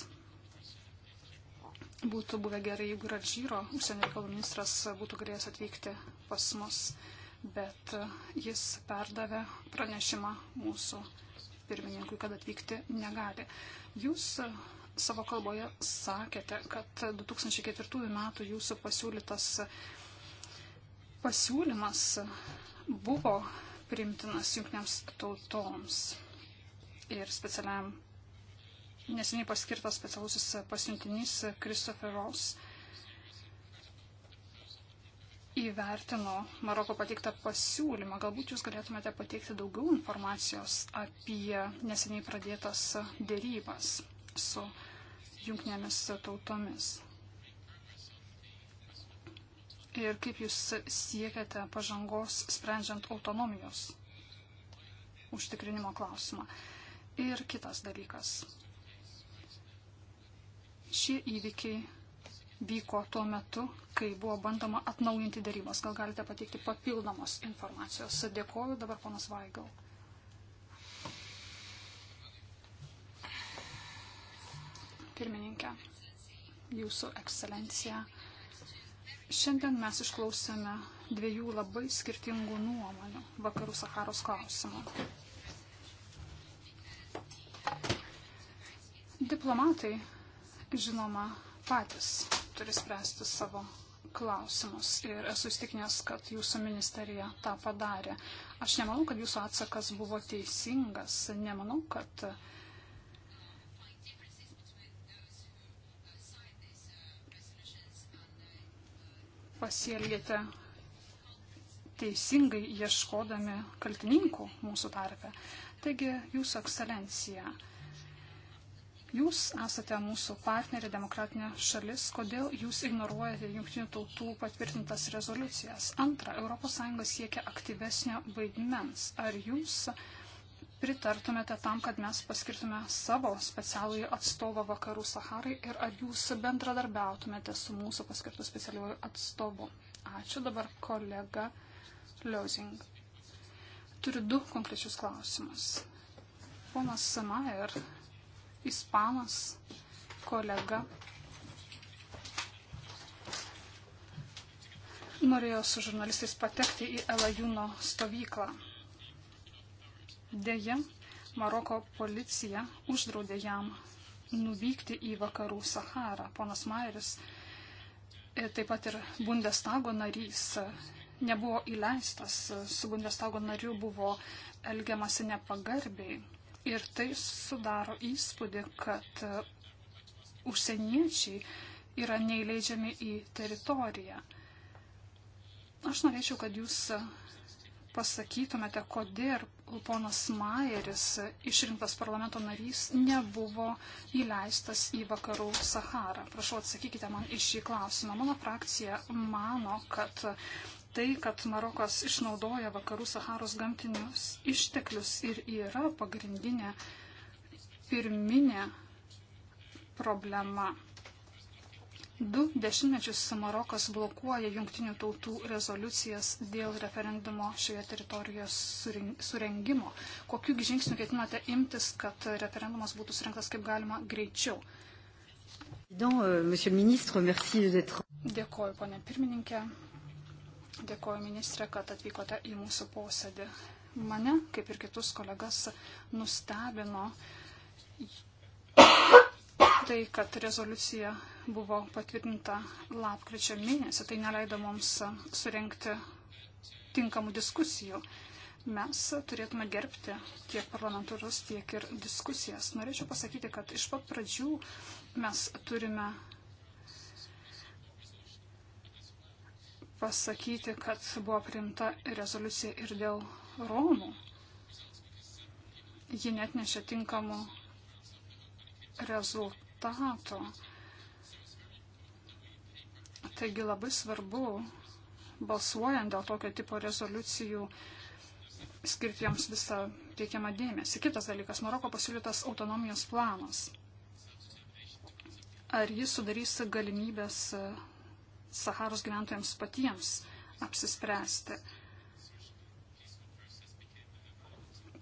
Būtų buvę gerai, jeigu ir Alžyro užsienio reikalų ministras e, būtų galėjęs atvykti pas mus, bet e, jis perdavė pranešimą mūsų pirmininkui, kad atvykti negali. Jūs savo kalboje sakėte, kad 2004 metų jūsų pasiūlytas pasiūlymas buvo priimtinas jungtinėms tautoms ir specialiam neseniai paskirtas specialusis pasiuntinys Christopher Ross įvertino Maroko pateiktą pasiūlymą. Galbūt jūs galėtumėte pateikti daugiau informacijos apie neseniai pradėtas dėrybas su jungtinėmis tautomis. Ir kaip jūs siekiate pažangos sprendžiant autonomijos užtikrinimo klausimą. Ir kitas dalykas. Šie įvykiai vyko tuo metu, kai buvo bandoma atnaujinti darybos. Gal galite pateikti papildomos informacijos. Dėkoju dabar ponas Vaigal. Pirmininkė, jūsų ekscelencija. Šiandien mes išklausėme dviejų labai skirtingų nuomonių vakarų Saharos klausimu. Diplomatai, žinoma, patys turi spręsti savo klausimus ir esu įstikinęs, kad jūsų ministerija tą padarė. Aš nemanau, kad jūsų atsakas buvo teisingas. Nemanau, kad pasielgėte teisingai ieškodami kaltininkų mūsų tarpe. Taigi, Jūsų ekscelencija, Jūs esate mūsų partnerė demokratinė šalis, kodėl jūs ignoruojate jungtinių tautų patvirtintas rezoliucijas? Antra, ES siekia aktyvesnio vaidmens. Ar jūs pritartumėte tam, kad mes paskirtume savo specialųjį atstovą vakarų Saharai ir ar jūs bendradarbiautumėte su mūsų paskirtu specialiuoju atstovu? Ačiū dabar kolega Liozing. Turiu du konkrečius klausimus. Ponas Samayer, ispanas kolega, norėjo su žurnalistais patekti į Elajūno stovyklą. Deja, Maroko policija uždraudė jam nuvykti į vakarų Saharą. Ponas Maeris e, taip pat ir Bundestago narys nebuvo įleistas, su Bundestago nariu buvo elgiamasi nepagarbiai. Ir tai sudaro įspūdį, kad užsieniečiai yra neįleidžiami į teritoriją. Aš norėčiau, kad jūs pasakytumėte, kodėl ponas Maieris, išrinktas parlamento narys, nebuvo įleistas į vakarų Saharą. Prašau, atsakykite man iš šį klausimą. Mano frakcija mano, kad tai, kad Marokas išnaudoja vakarų Saharos gamtinius išteklius ir yra pagrindinė pirminė problema. Du dešimtmečius Marokas blokuoja jungtinių tautų rezoliucijas dėl referendumo šioje teritorijoje surengimo. Kokiu žingsniu ketinate imtis, kad referendumas būtų surinktas kaip galima greičiau? Euh, Dėkoju, ponė pirmininkė, Dėkoju ministrė, kad atvykote į mūsų posėdį. Mane, kaip ir kitus kolegas, nustebino tai, kad rezoliucija buvo patvirtinta lapkričio mėnesį. Tai neleido mums surenkti tinkamų diskusijų. Mes turėtume gerbti tiek parlamentarus, tiek ir diskusijas. Norėčiau pasakyti, kad iš pat pradžių mes turime pasakyti, kad buvo priimta rezoliucija ir dėl Romų. Ji net nešia tinkamų rezultato. Taigi labai svarbu, balsuojant dėl tokio tipo rezoliucijų, skirti joms visą teikiamą dėmesį. Kitas dalykas - Maroko pasiūlytas autonomijos planas. Ar jis sudarys galimybės Saharos gyventojams patiems apsispręsti.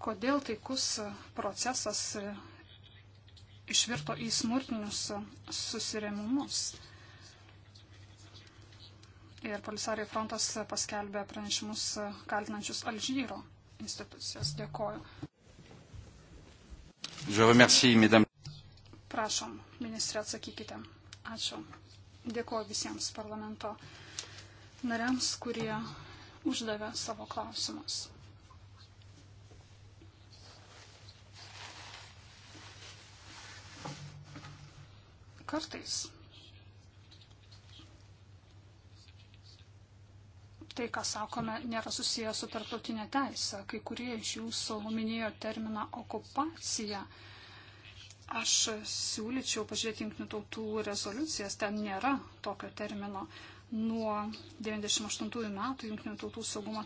Kodėl taikus procesas išvirto į smurtinius susiremimus? Ir polisario frontas paskelbė pranešimus kaltinančius Alžyro institucijas. Dėkoju. Remercie, Prašom, ministrė, atsakykite. Ačiū. Dėkuoju visiems parlamento nariams, kurie uždavė savo klausimus. Kartais tai, ką sakome, nėra susijęs su tarptautinė teisė. Kai kurie iš jūsų minėjo terminą okupacija. Aš siūlyčiau pažiūrėti jungtinių tautų rezoliucijas, ten nėra tokio termino. Nuo 1998 metų jungtinių tautų saugumo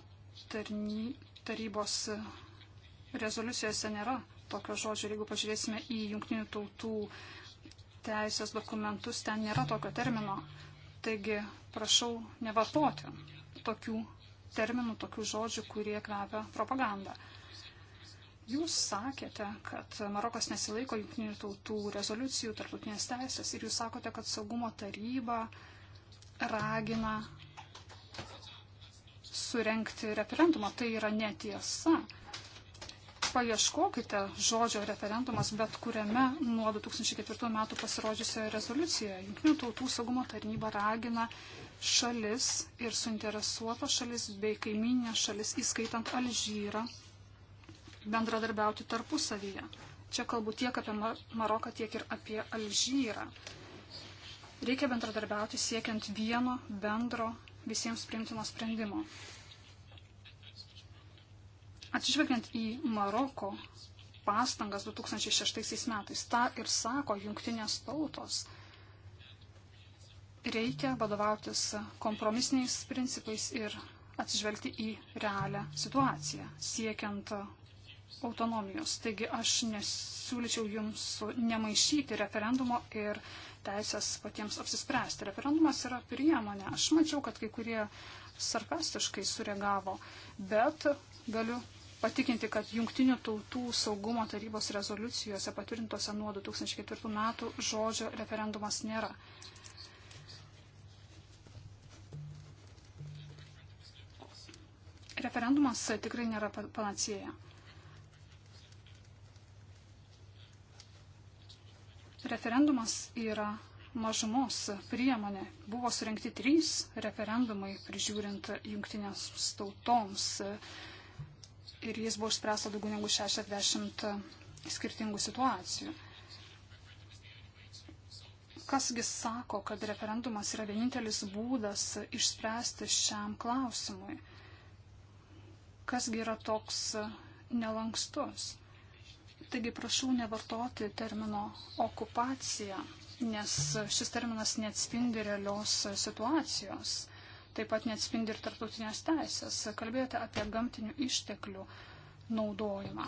tarybos rezoliucijose nėra tokio žodžio. Jeigu pažiūrėsime į jungtinių tautų teisės dokumentus, ten nėra tokio termino. Taigi prašau nevartoti tokių terminų, tokių žodžių, kurie kvepia propagandą. Jūs sakėte, kad Marokas nesilaiko jungtinių tautų rezoliucijų, tarptautinės teisės ir jūs sakote, kad saugumo taryba ragina surenkti referendumą. Tai yra netiesa. Paieškokite žodžio referendumas bet kuriame nuo 2004 metų pasirodžiusioje rezoliucijoje. Junktinių tautų saugumo tarnyba ragina šalis ir suinteresuotas šalis bei kaiminė šalis, įskaitant Alžyrą, bendradarbiauti tarpusavyje. Čia kalbu tiek apie Maroką, tiek ir apie Alžyrą. Reikia bendradarbiauti siekiant vieno bendro visiems priimtino sprendimo. Atsižvelgiant į Maroko pastangas 2006 metais, tą ir sako jungtinės tautos, reikia vadovautis kompromisiniais principais ir atsižvelgti į realią situaciją, siekiant autonomijos. Taigi aš nesiūlyčiau jums nemaišyti referendumo ir teisės patiems apsispręsti. Referendumas yra priemonė. Aš mačiau, kad kai kurie sarkastiškai sureagavo, bet galiu patikinti, kad Junktinių tautų saugumo tarybos rezoliucijose patvirtintose nuo 2004 metų žodžio referendumas nėra. Referendumas tikrai nėra panacėja. Referendumas yra mažumos priemonė. Buvo surinkti trys referendumai prižiūrint jungtinės tautoms ir jis buvo išspręsta daugiau negu 60 skirtingų situacijų. Kasgi sako, kad referendumas yra vienintelis būdas išspręsti šiam klausimui? Kasgi yra toks nelankstus? Taigi prašau nevartoti termino okupacija, nes šis terminas neatspindi realios situacijos. Taip pat neatspindi ir tarptautinės teisės. Kalbėjote apie gamtinių išteklių naudojimą.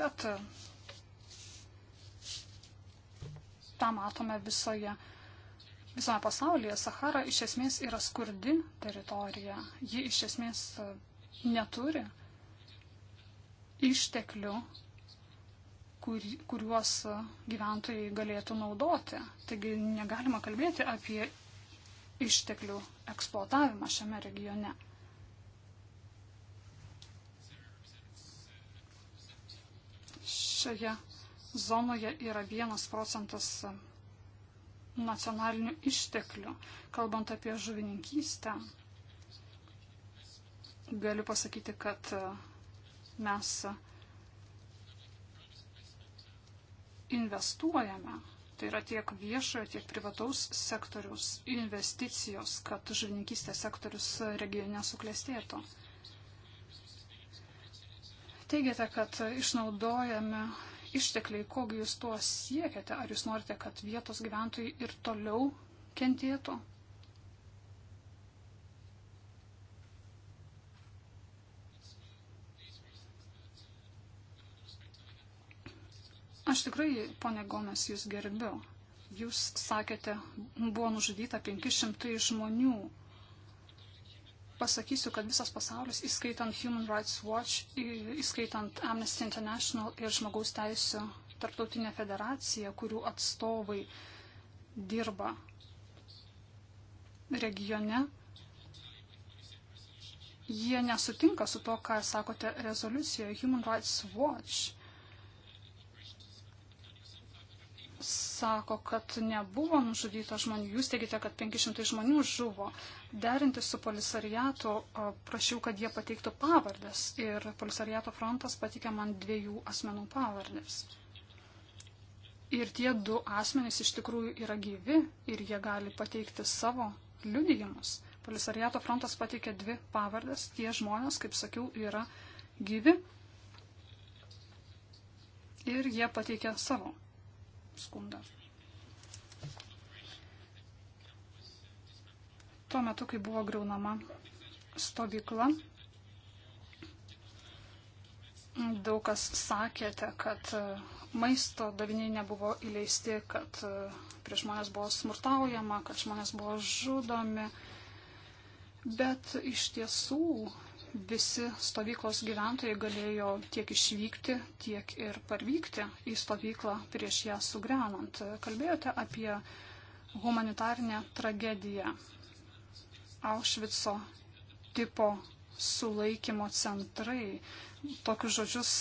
Bet tą matome visoje, visoje pasaulyje. Sahara iš esmės yra skurdi teritorija. Ji iš esmės e, neturi išteklių, kur, kuriuos gyventojai galėtų naudoti. Taigi negalima kalbėti apie išteklių eksploatavimą šiame regione. Šioje zonoje yra vienas procentas nacionalinių išteklių. Kalbant apie žuvininkystę, galiu pasakyti, kad Mes investuojame, tai yra tiek viešojo, tiek privataus sektoriaus investicijos, kad žuvininkystės sektorius regione suklestėtų. Teigiate, kad išnaudojame ištekliai, kogi jūs tuo siekiate, ar jūs norite, kad vietos gyventojai ir toliau kentėtų? Aš tikrai, ponė Gomes, jūs gerbiu. Jūs sakėte, buvo nužudyta 500 žmonių. Pasakysiu, kad visas pasaulis, įskaitant Human Rights Watch, įskaitant Amnesty International ir žmogaus teisų tarptautinė federacija, kurių atstovai dirba regione, jie nesutinka su to, ką sakote rezoliucijoje Human Rights Watch sako, kad nebuvo nužudyta žmonių. Jūs teigite, kad 500 žmonių žuvo. Derinti su polisariatu prašiau, kad jie pateiktų pavardės ir polisariato frontas patikė man dviejų asmenų pavardės. Ir tie du asmenys iš tikrųjų yra gyvi ir jie gali pateikti savo liudijimus. Polisariato frontas pateikė dvi pavardės. Tie žmonės, kaip sakiau, yra gyvi ir jie pateikė savo skundą. Tuo metu, kai buvo greunama stovykla, daug kas sakėte, kad e, maisto daviniai nebuvo įleisti, kad e, prieš žmonės buvo smurtaujama, kad žmonės buvo žudomi. Bet iš tiesų visi stovyklos gyventojai galėjo tiek išvykti, tiek ir parvykti į stovyklą prieš ją sugriaunant. Kalbėjote apie humanitarinę tragediją Aušvico tipo sulaikymo centrai. Tokius žodžius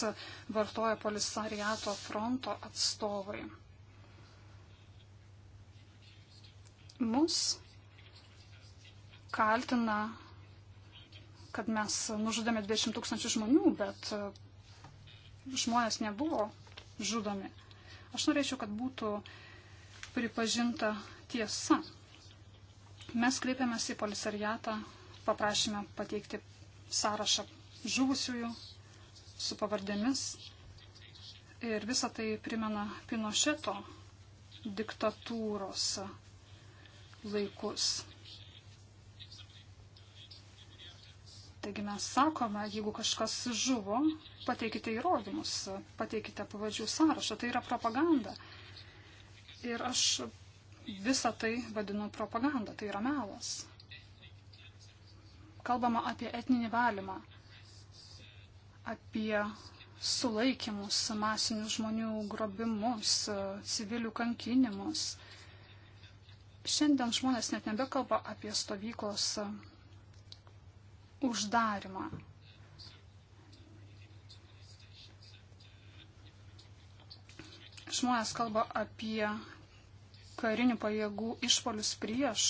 vartoja polisariato fronto atstovai. Mus kaltina kad mes nužudėme 20 tūkstančių žmonių, bet e, žmonės nebuvo žudomi. Aš norėčiau, kad būtų pripažinta tiesa. Mes kreipėmės į polisariatą, paprašėme pateikti sąrašą žuvusiųjų su pavardėmis. Ir visa tai primena Pinošeto diktatūros laikus. Taigi mes sakome, jeigu kažkas žuvo, pateikite įrodymus, pateikite pavadžių sąrašą. Tai yra propaganda. Ir aš visą tai vadinu propaganda, tai yra melas. Kalbama apie etninį valymą, apie sulaikimus, masinius žmonių grobimus, civilių kankinimus. Šiandien žmonės net nebekalba apie stovyklos uždarimą. Žmonės kalba apie karinių pajėgų išpolius prieš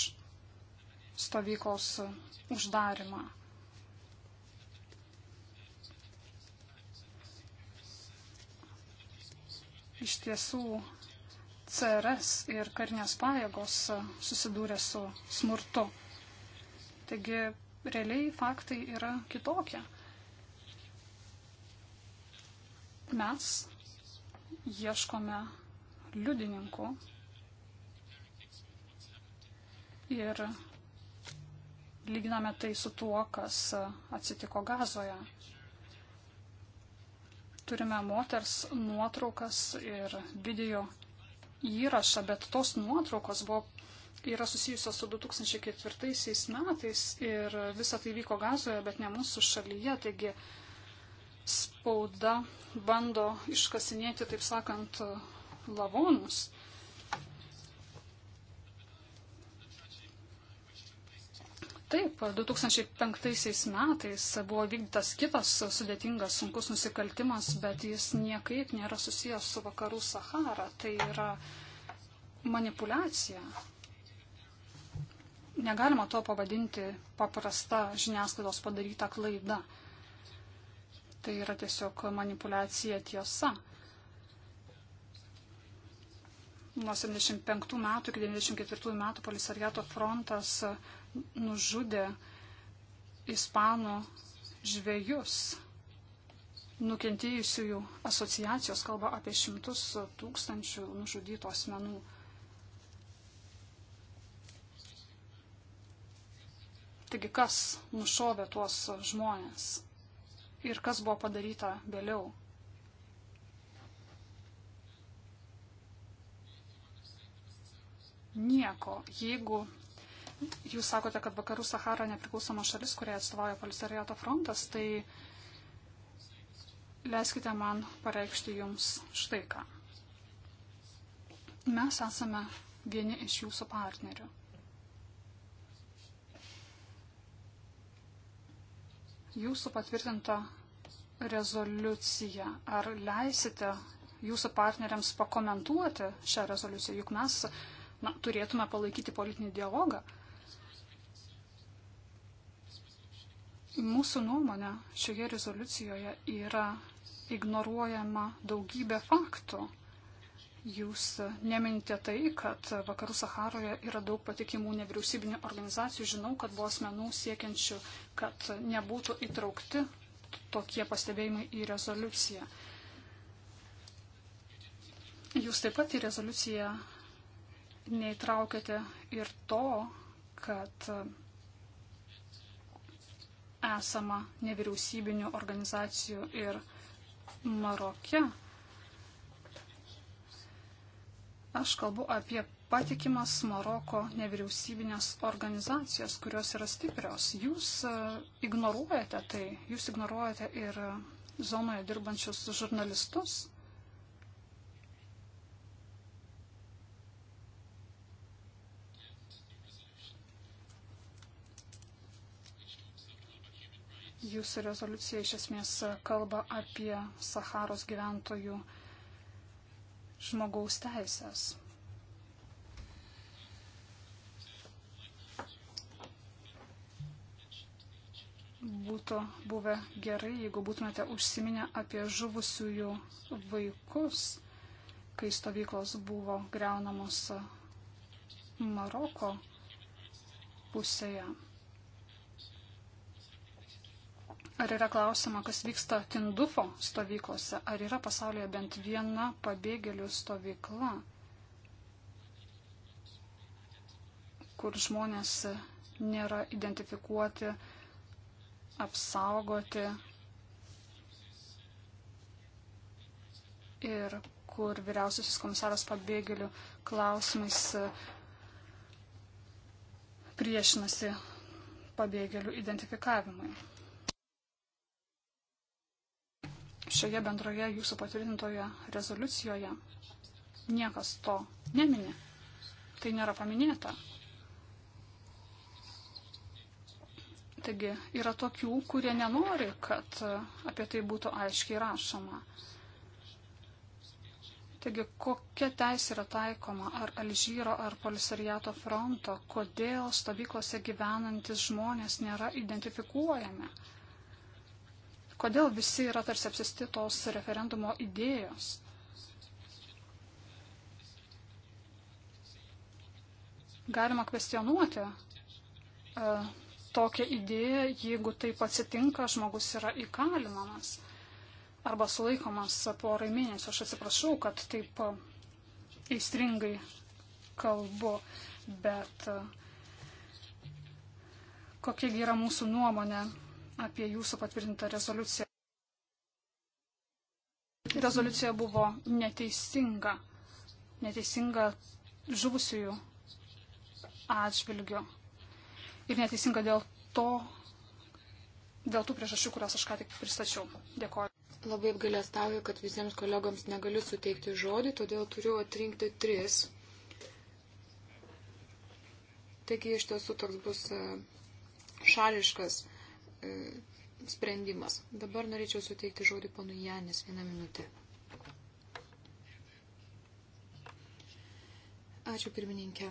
stovyklos uždarimą. Iš tiesų, CRS ir karinės pajėgos susidūrė su smurtu. Taigi realiai faktai yra kitokie. Mes ieškome liudininkų ir lyginame tai su tuo, kas atsitiko gazoje. Turime moters nuotraukas ir video įrašą, bet tos nuotraukos buvo yra susijusios su 2004 metais ir visa tai vyko gazoje, bet ne mūsų šalyje. Taigi spauda bando iškasinėti, taip sakant, lavonus. Taip, 2005 metais buvo vykdytas kitas sudėtingas, sunkus nusikaltimas, bet jis niekaip nėra susijęs su vakarų Sahara. Tai yra manipulacija negalima to pavadinti paprasta žiniasklaidos padaryta klaida. Tai yra tiesiog manipulacija tiesa. Nuo 75 metų iki 94 metų polisariato frontas nužudė ispanų žvėjus. Nukentėjusiųjų asociacijos kalba apie šimtus tūkstančių nužudytų asmenų. Taigi kas nušovė tuos žmonės ir kas buvo padaryta vėliau. Nieko, jeigu jūs sakote, kad Vakarų Sahara nepriklausoma šalis, kuriai atstovauja Polisariato frontas, tai leiskite man pareikšti jums štai ką. Mes esame vieni iš jūsų partnerių. jūsų patvirtintą rezoliuciją. Ar leisite jūsų partneriams pakomentuoti šią rezoliuciją? Juk mes na, turėtume palaikyti politinį dialogą. Mūsų nuomonė šioje rezoliucijoje yra ignoruojama daugybė faktų. Jūs neminite tai, kad Vakarų Saharoje yra daug patikimų nevyriausybinių organizacijų. Žinau, kad buvo asmenų siekiančių, kad nebūtų įtraukti tokie pastebėjimai į rezoliuciją. Jūs taip pat į rezoliuciją neįtraukėte ir to, kad esama nevyriausybinių organizacijų ir Maroke Aš kalbu apie patikimas Maroko nevyriausybinės organizacijas, kurios yra stiprios. Jūs e, ignoruojate tai, jūs ignoruojate ir zonoje dirbančius žurnalistus. Jūsų rezoliucija iš esmės kalba apie Saharos gyventojų teisės žmogaus teisės. Būtų buvę gerai, jeigu būtumėte užsiminę apie žuvusiųjų vaikus, kai stovyklos buvo greunamos Maroko pusėje. Ar yra klausima, kas vyksta Tindufo stovyklose? Ar yra pasaulyje bent viena pabėgėlių stovykla, kur žmonės nėra identifikuoti, apsaugoti ir kur vyriausiasis komisaras pabėgėlių klausimais priešinasi pabėgėlių identifikavimui. šioje bendroje jūsų patvirtintoje rezoliucijoje niekas to nemini. Tai nėra paminėta. Taigi yra tokių, kurie nenori, kad apie tai būtų aiškiai rašoma. Taigi, kokia teisė yra taikoma ar Alžyro ar Polisariato fronto, kodėl stovyklose gyvenantis žmonės nėra identifikuojami? Kodėl visi yra tarsi apsisti tos referendumo idėjos? Galima kvestionuoti e, tokią idėją, jeigu taip atsitinka, žmogus yra įkalinamas arba sulaikomas porai mėnesių. Aš atsiprašau, kad taip eistringai kalbu, bet e, kokiagi yra mūsų nuomonė apie jūsų patvirtintą rezoliuciją. Rezoliucija buvo neteisinga, neteisinga žuvusiųjų atžvilgių ir neteisinga dėl to, dėl tų priežasčių, kurias aš ką tik pristačiau. Dėkoju. Labai apgailestauju, kad visiems kolegoms negaliu suteikti žodį, todėl turiu atrinkti tris. Taigi iš tiesų toks bus e, šališkas E, sprendimas. Dabar norėčiau suteikti žodį ponui Janis vieną minutę. Ačiū pirmininkė.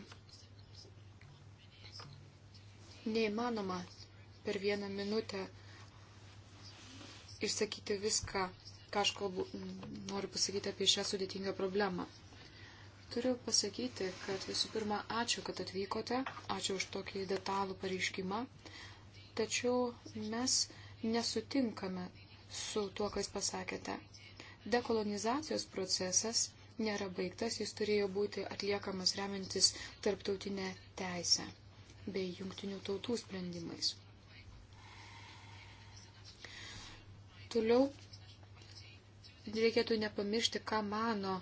Neįmanoma per vieną minutę išsakyti viską, ką aš kalbu, noriu pasakyti apie šią sudėtingą problemą. Turiu pasakyti, kad visų pirma, ačiū, kad atvykote, ačiū už tokį detalų pareiškimą tačiau mes nesutinkame su tuo, kas pasakėte. Dekolonizacijos procesas nėra baigtas, jis turėjo būti atliekamas remiantis tarptautinę teisę bei jungtinių tautų sprendimais. Toliau reikėtų nepamiršti, ką mano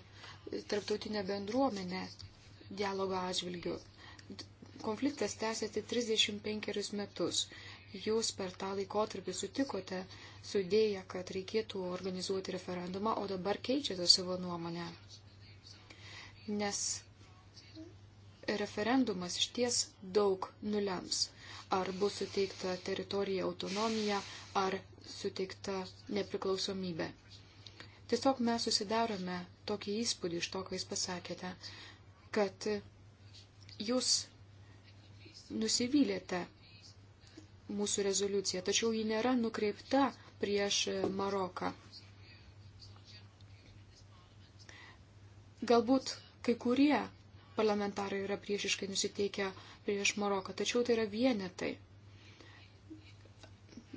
tarptautinė bendruomenė dialogo atžvilgiu. Konfliktas tęsiasi 35 metus jūs per tą laikotarpį sutikote su idėja, kad reikėtų organizuoti referendumą, o dabar keičiate savo nuomonę. Nes referendumas iš ties daug nulems. Ar bus suteikta teritorija autonomija, ar suteikta nepriklausomybė. Tiesiog mes susidarome tokį įspūdį iš to, ką jūs pasakėte, kad jūs nusivylėte mūsų rezoliucija, tačiau ji nėra nukreipta prieš Maroką. Galbūt kai kurie parlamentarai yra priešiškai nusiteikę prieš Maroką, tačiau tai yra vienetai.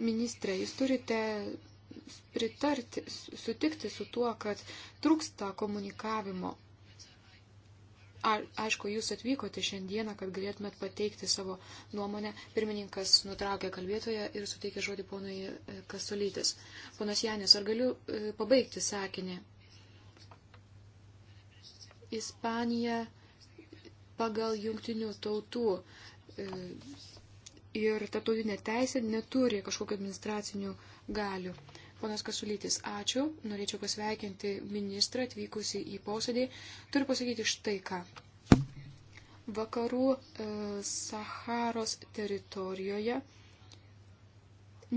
Ministrė, jūs turite pritarti, sutikti su tuo, kad trūksta komunikavimo Aišku, jūs atvykote šiandieną, kad galėtumėt pateikti savo nuomonę. Pirmininkas nutraukė kalbėtoją ir suteikė žodį ponui e, Kasulytis. Ponas Janis, ar galiu e, pabaigti sakinį? Ispanija pagal jungtinių tautų e, ir tarptautinė teisė neturi kažkokio administracinių galių. Ponas Kasulytis, ačiū. Norėčiau pasveikinti ministrą atvykusi į posėdį. Turiu pasakyti štai ką. Vakarų e, Saharos teritorijoje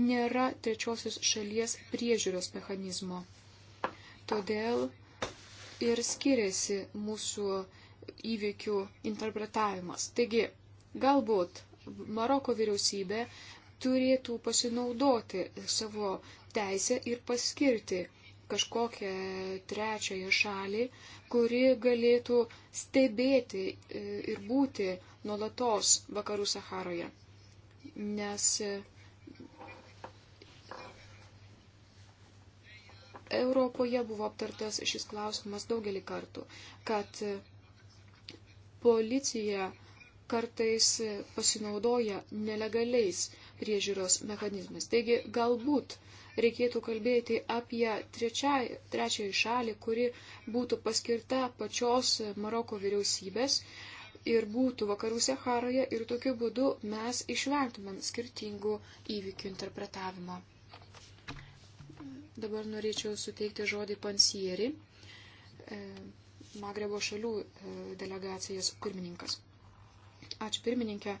nėra trečiosios šalies priežiūros mechanizmo. Todėl ir skiriasi mūsų įvykių interpretavimas. Taigi, galbūt Maroko vyriausybė turėtų pasinaudoti savo teisę ir paskirti kažkokią trečiąją šalį, kuri galėtų stebėti e, ir būti nuolatos vakarų Saharoje. Nes e, Europoje buvo aptartas šis klausimas daugelį kartų, kad e, policija kartais pasinaudoja nelegaliais priežiūros mechanizmais. Taigi galbūt reikėtų kalbėti apie trečiąją šalį, kuri būtų paskirta pačios Maroko vyriausybės ir būtų vakarų Seharoje ir tokiu būdu mes išvengtumėm skirtingų įvykių interpretavimo. Dabar norėčiau suteikti žodį pansieri, e, Magrebo šalių e, delegacijos pirmininkas. Ačiū pirmininkė.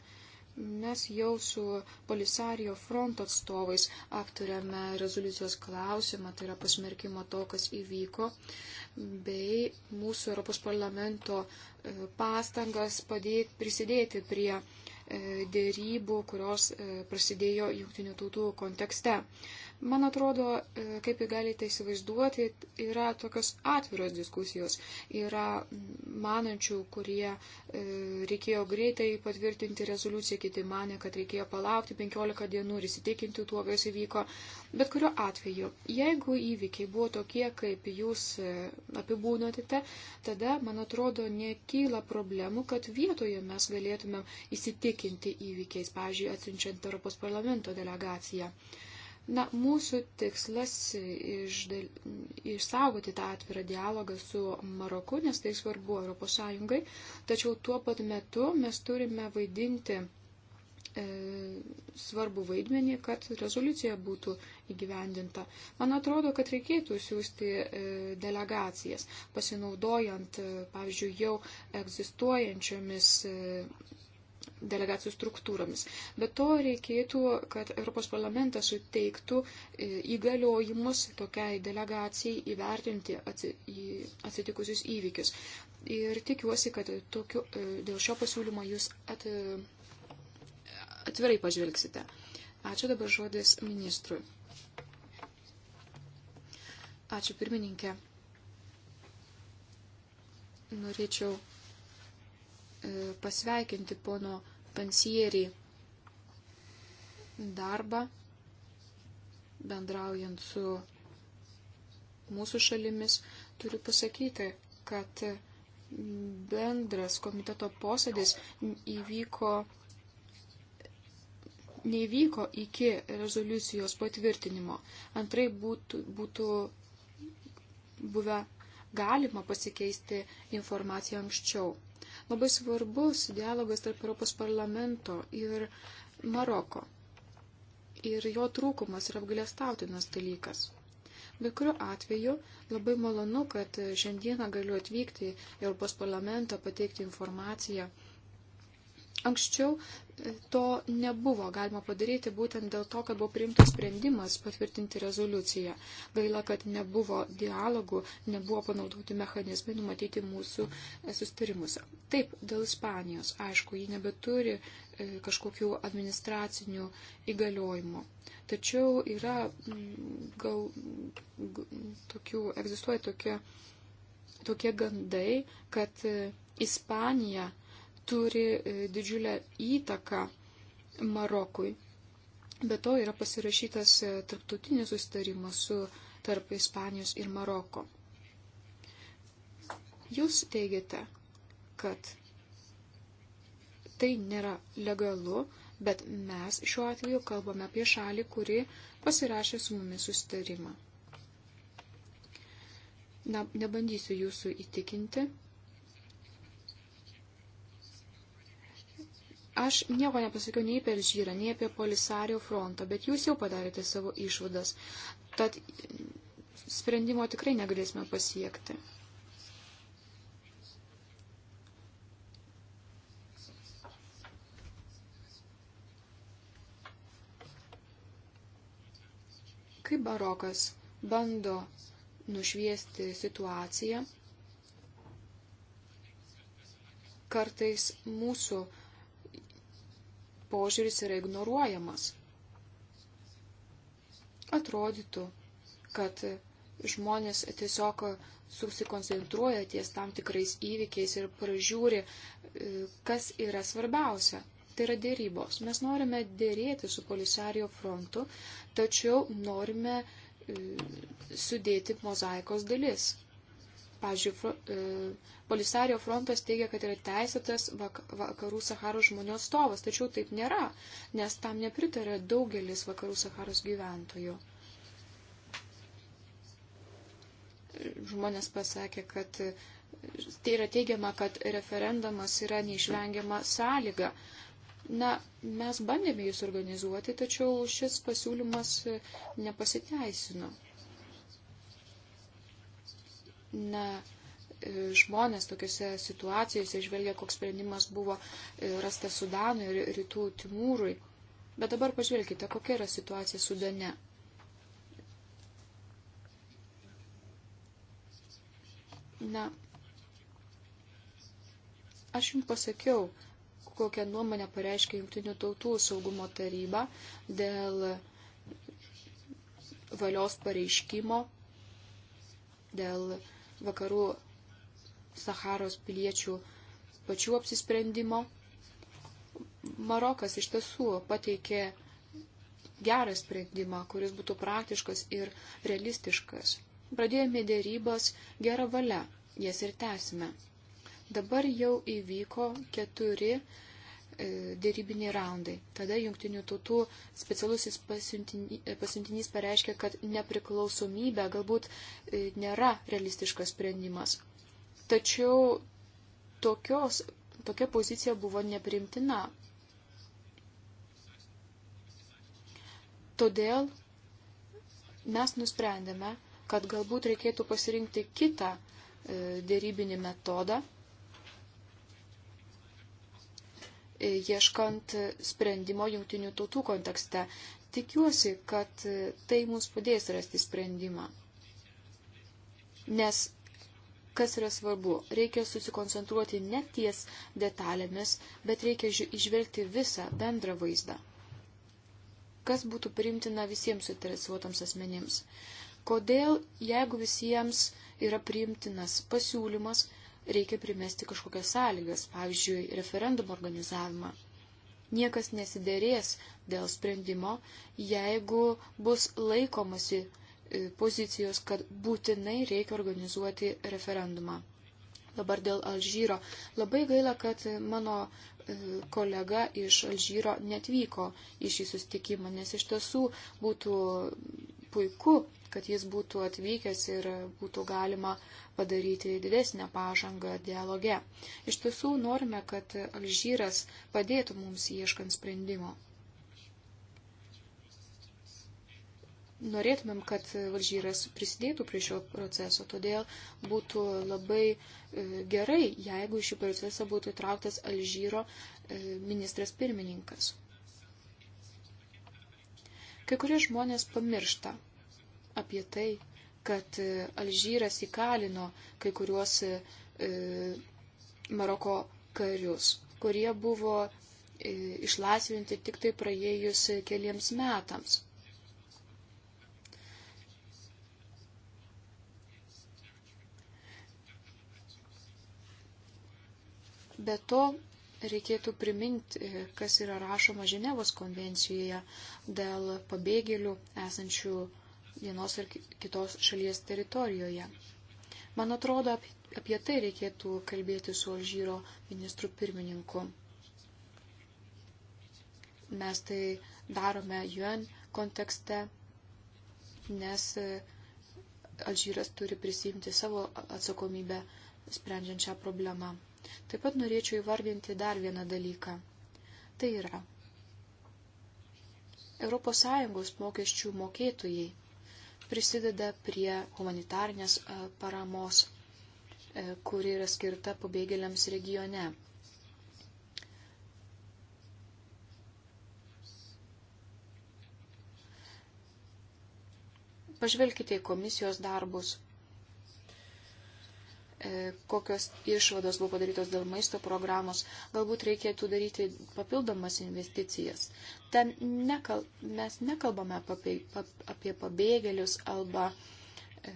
Mes jau su Polisario fronto atstovais aptarėme rezoliucijos klausimą, tai yra pasmerkimo to, kas įvyko, bei mūsų Europos parlamento e, pastangas padėti, prisidėti prie e, dėrybų, kurios e, prasidėjo jungtinių tautų kontekste. Man atrodo, e, kaip jūs galite įsivaizduoti, yra tokios atviros diskusijos. Yra manančių, kurie e, reikėjo greitai patvirtinti rezoliuciją, kiti mane, kad reikėjo palaukti 15 dienų ir įsitikinti tuo, kas įvyko. Bet kuriuo atveju, jeigu įvykiai buvo tokie, kaip jūs e, apibūnote, tada, man atrodo, nekyla problemų, kad vietoje mes galėtumėm įsitikinti įvykiais, pavyzdžiui, atsiunčiant Europos parlamento delegaciją. Na, mūsų tikslas išdal... išsaugoti tą atvirą dialogą su Maroku, nes tai svarbu Europos Sąjungai, tačiau tuo pat metu mes turime vaidinti e, svarbu vaidmenį, kad rezoliucija būtų įgyvendinta. Man atrodo, kad reikėtų siūsti e, delegacijas, pasinaudojant, e, pavyzdžiui, jau egzistuojančiomis. E, delegacijų struktūromis. Bet to reikėtų, kad Europos parlamentas suteiktų e, įgaliojimus tokiai delegacijai įvertinti atsitikusius įvykius. Ir tikiuosi, kad tokiu, e, dėl šio pasiūlymo jūs at, e, atvirai pažvelgsite. Ačiū dabar žodis ministrui. Ačiū pirmininkė. Norėčiau pasveikinti pono pensieriai darbą, bendraujant su mūsų šalimis, turiu pasakyti, kad bendras komiteto posėdis įvyko, neįvyko iki rezoliucijos patvirtinimo. Antrai būtų, būtų buvę galima pasikeisti informaciją anksčiau labai svarbus dialogas tarp Europos parlamento ir Maroko. Ir jo trūkumas yra apgalėstautinas dalykas. Bet kuriuo atveju labai malonu, kad šiandieną galiu atvykti į Europos parlamentą, pateikti informaciją Anksčiau e, to nebuvo galima padaryti būtent dėl to, kad buvo priimtas sprendimas patvirtinti rezoliuciją. Gaila, kad nebuvo dialogų, nebuvo panaudoti mechanizmai numatyti mūsų e, sustarimuose. Taip, dėl Ispanijos, aišku, ji nebeturi e, kažkokių administracinių įgaliojimų. Tačiau yra, gal, tokių, egzistuoja tokie, tokie gandai, kad Ispanija turi e, didžiulę įtaką Marokui. Be to yra pasirašytas e, tarptautinis sustarimas su tarp Ispanijos ir Maroko. Jūs teigiate, kad tai nėra legalu, bet mes šiuo atveju kalbame apie šalį, kuri pasirašė su mumis sustarimą. Na, nebandysiu jūsų įtikinti, Aš nieko nepasakiau nei per žyrą, nei apie polisario frontą, bet jūs jau padarėte savo išvadas. Tad sprendimo tikrai negalėsime pasiekti. Kaip barokas bando nušviesti situaciją, kartais mūsų požiūris yra ignoruojamas. Atrodytų, kad žmonės tiesiog susikoncentruoja ties tam tikrais įvykiais ir pražiūri, e, kas yra svarbiausia. Tai yra dėrybos. Mes norime dėrėti su polisario frontu, tačiau norime e, sudėti mozaikos dalis. Pavyzdžiui, e, Polisario frontas teigia, kad yra teisėtas vakarų Saharos žmonių atstovas, tačiau taip nėra, nes tam nepritarė daugelis vakarų Saharos gyventojų. Žmonės pasakė, kad tai yra teigiama, kad referendumas yra neišvengiama sąlyga. Na, mes bandėme jūs organizuoti, tačiau šis pasiūlymas nepasiteisino na, e, žmonės tokiuose situacijose žvelgia, koks sprendimas buvo e, rastas Sudanui ir rytų Timūrui. Bet dabar pažvelkite, kokia yra situacija Sudane. Na, aš jums pasakiau, kokią nuomonę pareiškia Junktinių tautų saugumo taryba dėl valios pareiškimo, dėl vakarų Saharos piliečių pačių apsisprendimo. Marokas iš tiesų pateikė gerą sprendimą, kuris būtų praktiškas ir realistiškas. Pradėjome dėrybas gerą valią, jas ir tęsime. Dabar jau įvyko keturi E, dėrybiniai raundai. Tada jungtinių tautų specialusis e, pasiuntinys pareiškė, kad nepriklausomybė galbūt e, nėra realistiškas sprendimas. Tačiau tokios, tokia pozicija buvo neprimtina. Todėl mes nusprendėme, kad galbūt reikėtų pasirinkti kitą dėrybinį metodą ieškant sprendimo jungtinių tautų kontekste. Tikiuosi, kad tai mums padės rasti sprendimą. Nes kas yra svarbu, reikia susikoncentruoti ne ties detalėmis, bet reikia išvelgti visą bendrą vaizdą. Kas būtų priimtina visiems suinteresuotams asmenims? Kodėl, jeigu visiems yra priimtinas pasiūlymas, reikia primesti kažkokias sąlygas, pavyzdžiui, referendumo organizavimą. Niekas nesiderės dėl sprendimo, jeigu bus laikomasi e, pozicijos, kad būtinai reikia organizuoti referendumą. Dabar dėl Alžyro. Labai gaila, kad mano e, kolega iš Alžyro netvyko į šį sustikimą, nes iš tiesų būtų puiku, kad jis būtų atvykęs ir būtų galima padaryti didesnę pažangą dialoge. Iš tiesų norime, kad Alžyras padėtų mums ieškant sprendimo. norėtumėm, kad Alžyras prisidėtų prie šio proceso, todėl būtų labai e, gerai, jeigu šį procesą būtų įtrauktas Alžyro e, ministras pirmininkas. Kai kurie žmonės pamiršta apie tai, kad e, Alžyras įkalino kai kuriuos e, e, Maroko karius, kurie buvo e, išlaisvinti tik tai praėjus keliems metams. Be to, reikėtų priminti, kas yra rašoma Ženevos konvencijoje dėl pabėgėlių esančių vienos ar kitos šalies teritorijoje. Man atrodo, apie tai reikėtų kalbėti su Alžyro ministru pirmininku. Mes tai darome UN kontekste, nes e, Alžyras turi prisimti savo atsakomybę sprendžiant šią problemą. Taip pat norėčiau įvardinti dar vieną dalyką. Tai yra ES mokesčių mokėtojai prisideda prie humanitarnės e, paramos, e, kuri yra skirta pabėgėliams regione. Pažvelkite į komisijos darbus. E, kokios išvados buvo padarytos dėl maisto programos, galbūt reikėtų daryti papildomas investicijas. Ten nekal, mes nekalbame apie, apie pabėgėlius arba e,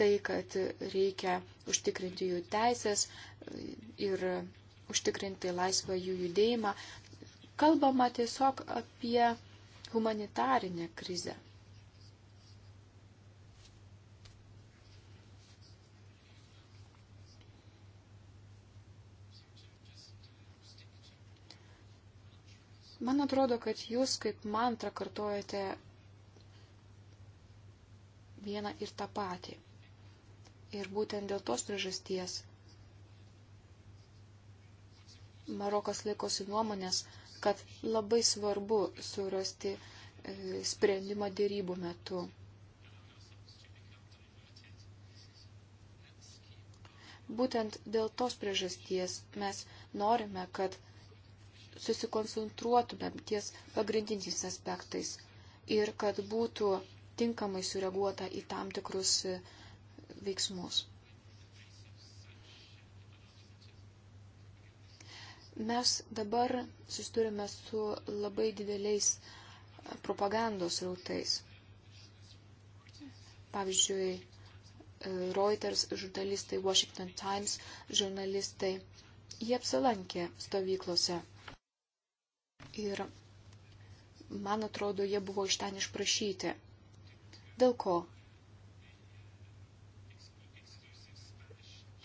tai, kad reikia užtikrinti jų teisės e, ir užtikrinti laisvą jų judėjimą. Kalbama tiesiog apie humanitarinę krizę. Man atrodo, kad jūs kaip mantrą kartojate vieną ir tą patį. Ir būtent dėl tos priežasties Marokas laikosi nuomonės, kad labai svarbu surasti e, sprendimą dėrybų metu. Būtent dėl tos priežasties mes norime, kad susikoncentruotumėm ties pagrindiniais aspektais ir kad būtų tinkamai sureaguota į tam tikrus e, veiksmus. Mes dabar susidurime su labai dideliais e, propagandos rautais. Pavyzdžiui, e, Reuters žurnalistai, Washington Times žurnalistai, jie apsilankė stovyklose ir, man atrodo, jie buvo iš ten išprašyti. Dėl ko?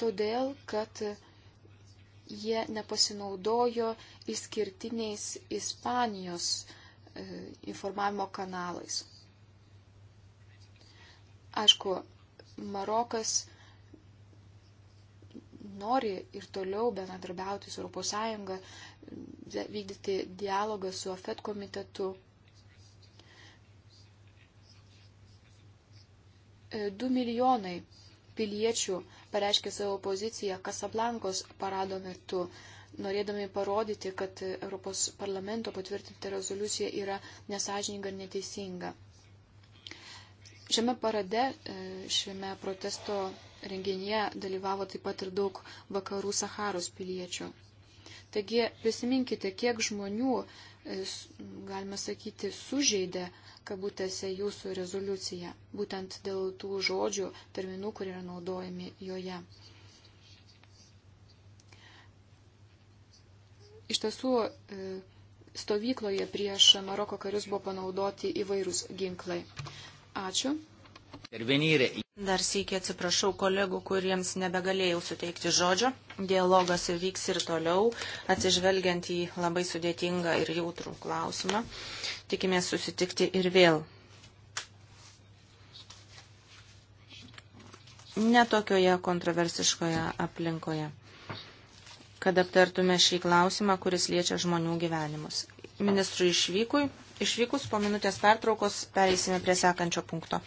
Todėl, kad jie nepasinaudojo išskirtiniais Ispanijos e, informavimo kanalais. Aišku, Marokas nori ir toliau bendradarbiauti su ES, vykdyti dialogą su AFET komitetu. E, du milijonai piliečių pareiškė savo poziciją Kasablankos parado metu, norėdami parodyti, kad Europos parlamento patvirtinta rezoliucija yra nesažininga ir neteisinga. Šiame parade, e, šiame protesto renginyje dalyvavo taip pat ir daug vakarų Saharos piliečių. Taigi prisiminkite, kiek žmonių, e, galima sakyti, sužeidė, kabutėse, jūsų rezoliuciją, būtent dėl tų žodžių, terminų, kurie yra naudojami joje. Iš tiesų, e, stovykloje prieš Maroko karius buvo panaudoti įvairūs ginklai. Ačiū. Intervenire Dar sėkiai atsiprašau kolegų, kuriems nebegalėjau suteikti žodžio. Dialogas vyks ir toliau, atsižvelgiant į labai sudėtingą ir jautrų klausimą. Tikimės susitikti ir vėl. Netokioje kontroversiškoje aplinkoje, kad aptartume šį klausimą, kuris liečia žmonių gyvenimus. Ministrui išvykui, išvykus po minutės pertraukos pereisime prie sekančio punkto.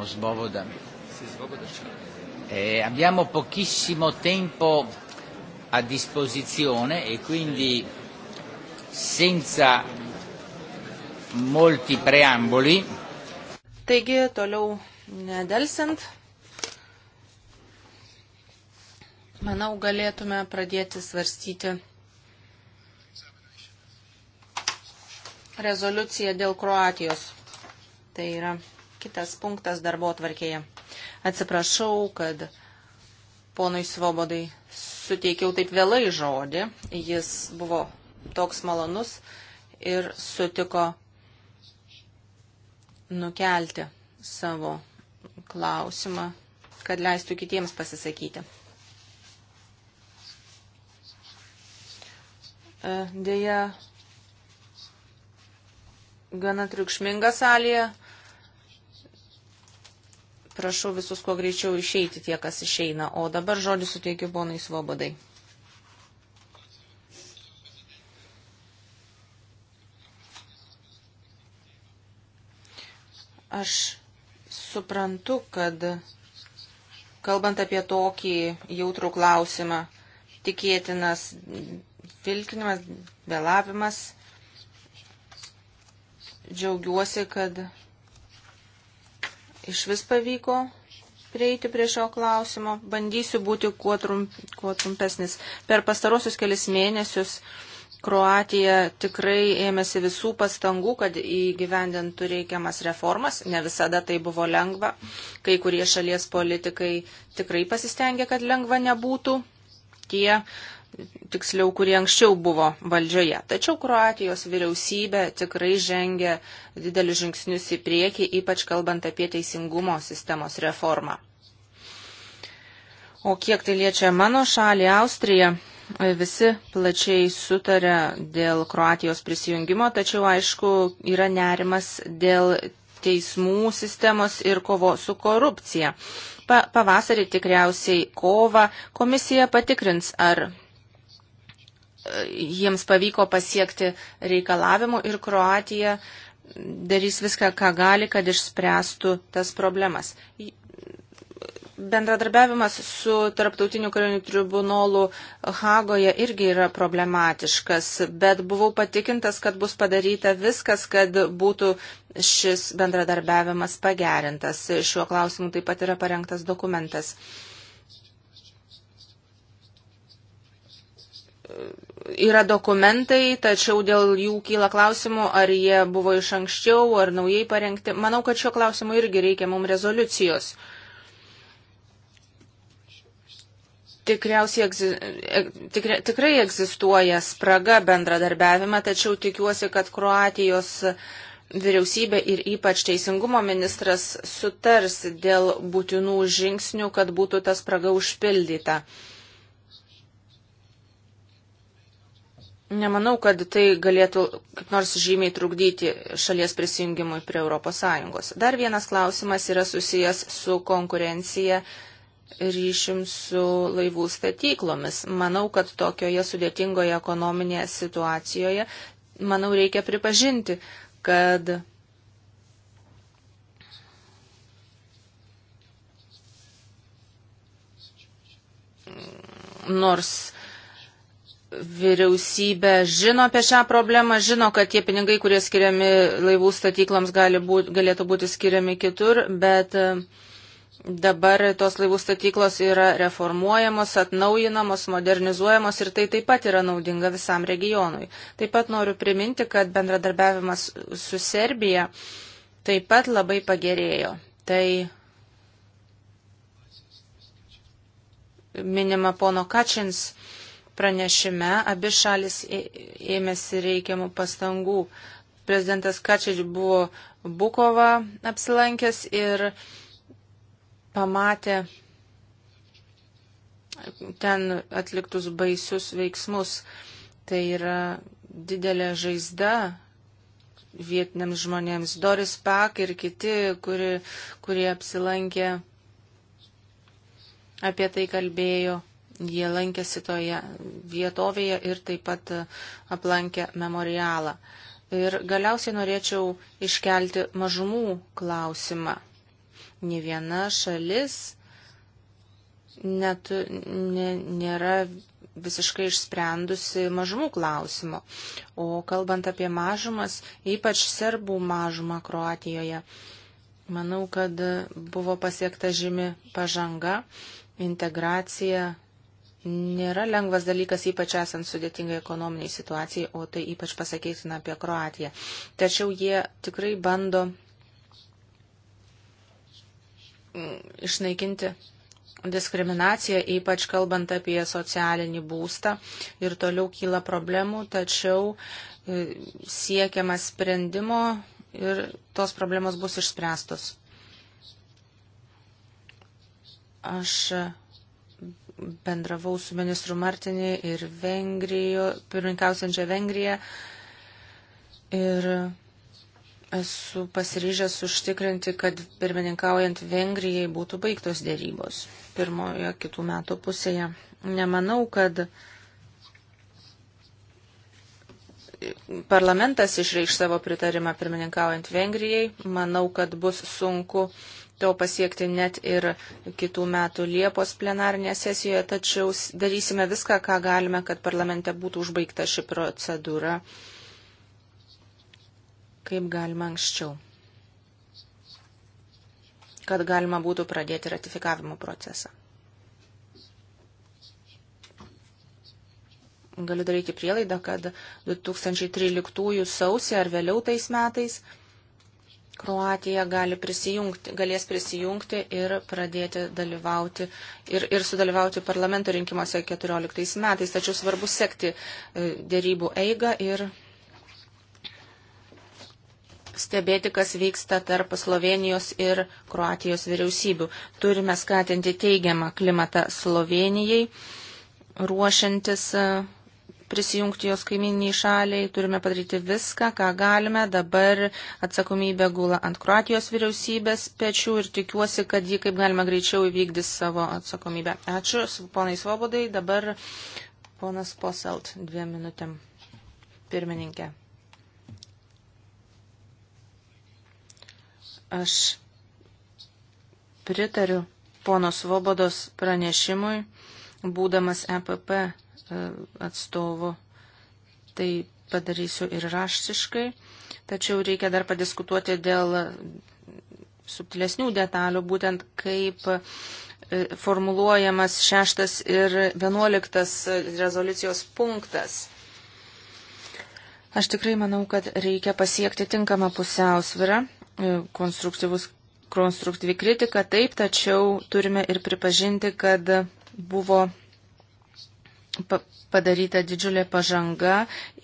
abbiamo Svoboda. Eh, abbiamo pochissimo tempo a disposizione e quindi senza molti preamboli. Taigi toliau nedelsant, manau, galėtume pradėti svarstyti rezoliuciją dėl Kroatijos. Tai yra kitas punktas darbo atvarkėje. Atsiprašau, kad ponui Svobodai suteikiau taip vėlai žodį. Jis buvo toks malonus ir sutiko nukelti savo klausimą, kad leistų kitiems pasisakyti. E, Deja, gana triukšminga salėje, Prašau visus kuo greičiau išeiti tie, kas išeina. O dabar žodį suteikiu ponai Svobodai. Aš suprantu, kad kalbant apie tokį jautrų klausimą, tikėtinas vilkinimas, vėlavimas, džiaugiuosi, kad iš vis pavyko prieiti prie šio klausimo. Bandysiu būti kuo, trump, kuo trumpesnis. Per pastarosius kelis mėnesius Kroatija tikrai ėmėsi visų pastangų, kad įgyvendintų reikiamas reformas. Ne visada tai buvo lengva. Kai kurie šalies politikai tikrai pasistengė, kad lengva nebūtų. Tie tiksliau, kurie anksčiau buvo valdžioje. Tačiau Kroatijos vyriausybė tikrai žengia didelius žingsnius į priekį, ypač kalbant apie teisingumo sistemos reformą. O kiek tai liečia mano šalį, Austriją, visi plačiai sutarė dėl Kroatijos prisijungimo, tačiau aišku yra nerimas dėl teismų sistemos ir kovo su korupcija. Pa, pavasarį tikriausiai kova komisija patikrins, ar jiems pavyko pasiekti reikalavimų ir Kroatija darys viską, ką gali, kad išspręstų tas problemas. Bendradarbiavimas su Tarptautiniu kariniu tribunolu Hagoje irgi yra problematiškas, bet buvau patikintas, kad bus padaryta viskas, kad būtų šis bendradarbiavimas pagerintas. Šiuo klausimu taip pat yra parengtas dokumentas yra dokumentai, tačiau dėl jų kyla klausimų, ar jie buvo iš anksčiau, ar naujai parengti. Manau, kad šio klausimu irgi reikia mums rezoliucijos. Tikriausiai, e, tikri, tikrai egzistuoja spraga bendradarbiavime, tačiau tikiuosi, kad Kroatijos vyriausybė ir ypač teisingumo ministras sutars dėl būtinų žingsnių, kad būtų ta spraga užpildyta. Nemanau, kad tai galėtų kaip nors žymiai trukdyti šalies prisijungimui prie ES. Dar vienas klausimas yra susijęs su konkurencija ryšim su laivų statyklomis. Manau, kad tokioje sudėtingoje ekonominėje situacijoje, manau, reikia pripažinti, kad nors vyriausybė žino apie šią problemą, žino, kad tie pinigai, kurie skiriami laivų statyklams, būt, galėtų būti skiriami kitur, bet e, dabar tos laivų statyklos yra reformuojamos, atnaujinamos, modernizuojamos ir tai taip pat yra naudinga visam regionui. Taip pat noriu priminti, kad bendradarbiavimas su Serbija taip pat labai pagerėjo. Tai minima pono Kačins pranešime abi šalis ėmėsi reikiamų pastangų. Prezidentas Kačič buvo Bukova apsilankęs ir pamatė ten atliktus baisius veiksmus. Tai yra didelė žaizda vietiniams žmonėms. Doris Pak ir kiti, kuri, kurie apsilankė, apie tai kalbėjo. Jie lankėsi toje vietovėje ir taip pat aplankė memorialą. Ir galiausiai norėčiau iškelti mažumų klausimą. Ne viena šalis net, ne, nėra visiškai išsprendusi mažumų klausimo. O kalbant apie mažumas, ypač serbų mažumą Kroatijoje, manau, kad buvo pasiekta žymi pažanga, integracija nėra lengvas dalykas, ypač esant sudėtingai ekonominiai situacijai, o tai ypač pasakytina apie Kroatiją. Tačiau jie tikrai bando mm, išnaikinti diskriminacija, ypač kalbant apie socialinį būstą. Ir toliau kyla problemų, tačiau e, siekiama sprendimo ir tos problemos bus išspręstos. Aš bendravau su ministru Martinį ir Vengrijo, pirmininkausiančią Vengriją. Ir esu pasiryžęs užtikrinti, kad pirmininkaujant Vengrijai būtų baigtos dėrybos pirmojo kitų metų pusėje. Nemanau, kad parlamentas išreikš savo pritarimą pirmininkaujant Vengrijai. Manau, kad bus sunku uh, to pasiekti net ir kitų metų Liepos plenarnėje sesijoje, tačiau darysime viską, ką galime, kad parlamente būtų užbaigta ši procedūra kaip galima anksčiau, kad galima būtų pradėti ratifikavimo procesą. Galiu daryti prielaidą, kad 2013 sausį ar vėliau tais metais Kroatija gali prisijungti, galės prisijungti ir pradėti dalyvauti ir, ir sudalyvauti parlamento rinkimuose 14 metais. Tačiau svarbu sekti e, dėrybų eigą ir stebėti, kas vyksta tarp Slovenijos ir Kroatijos vyriausybių. Turime skatinti teigiamą klimatą Slovenijai, ruošiantis e, prisijungti jos kaiminiai šaliai, turime padaryti viską, ką galime. Dabar atsakomybė gula ant Kroatijos vyriausybės pečių ir tikiuosi, kad ji kaip galima greičiau įvykdys savo atsakomybę. Ačiū, ponai Svobodai. Dabar ponas Poselt dviem minutėm. Pirmininkė. Aš pritariu pono Svobodos pranešimui, būdamas EPP E, atstovų. Tai padarysiu ir raštiškai, tačiau reikia dar padiskutuoti dėl subtilesnių detalių, būtent kaip e, formuluojamas šeštas ir vienuoliktas rezoliucijos punktas. Aš tikrai manau, kad reikia pasiekti tinkamą pusiausvirą, e, konstruktyvus, konstruktyvi kritika, taip, tačiau turime ir pripažinti, kad buvo padaryta didžiulė pažanga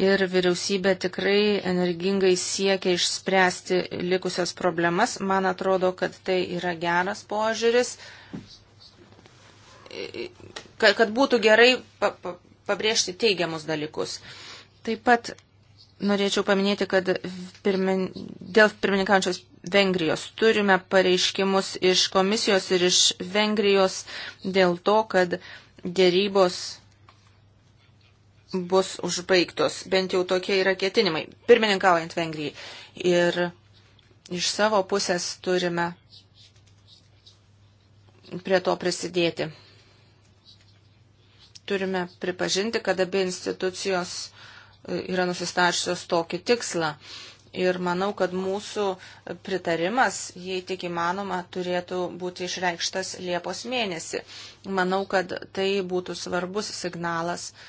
ir vyriausybė tikrai energingai siekia išspręsti likusias problemas. Man atrodo, kad tai yra geras požiūris, kad būtų gerai pabrėžti teigiamus dalykus. Taip pat norėčiau paminėti, kad pirmin, dėl pirmininkančios Vengrijos turime pareiškimus iš komisijos ir iš Vengrijos dėl to, kad dėrybos bus užbaigtos, bent jau tokie yra ketinimai, pirmininkaujant Vengrijai. Ir iš savo pusės turime prie to prisidėti. Turime pripažinti, kad abi institucijos e, yra nusistačiusios tokį tikslą. Ir manau, kad mūsų pritarimas, jei tik įmanoma, turėtų būti išreikštas Liepos mėnesį. Manau, kad tai būtų svarbus signalas uh,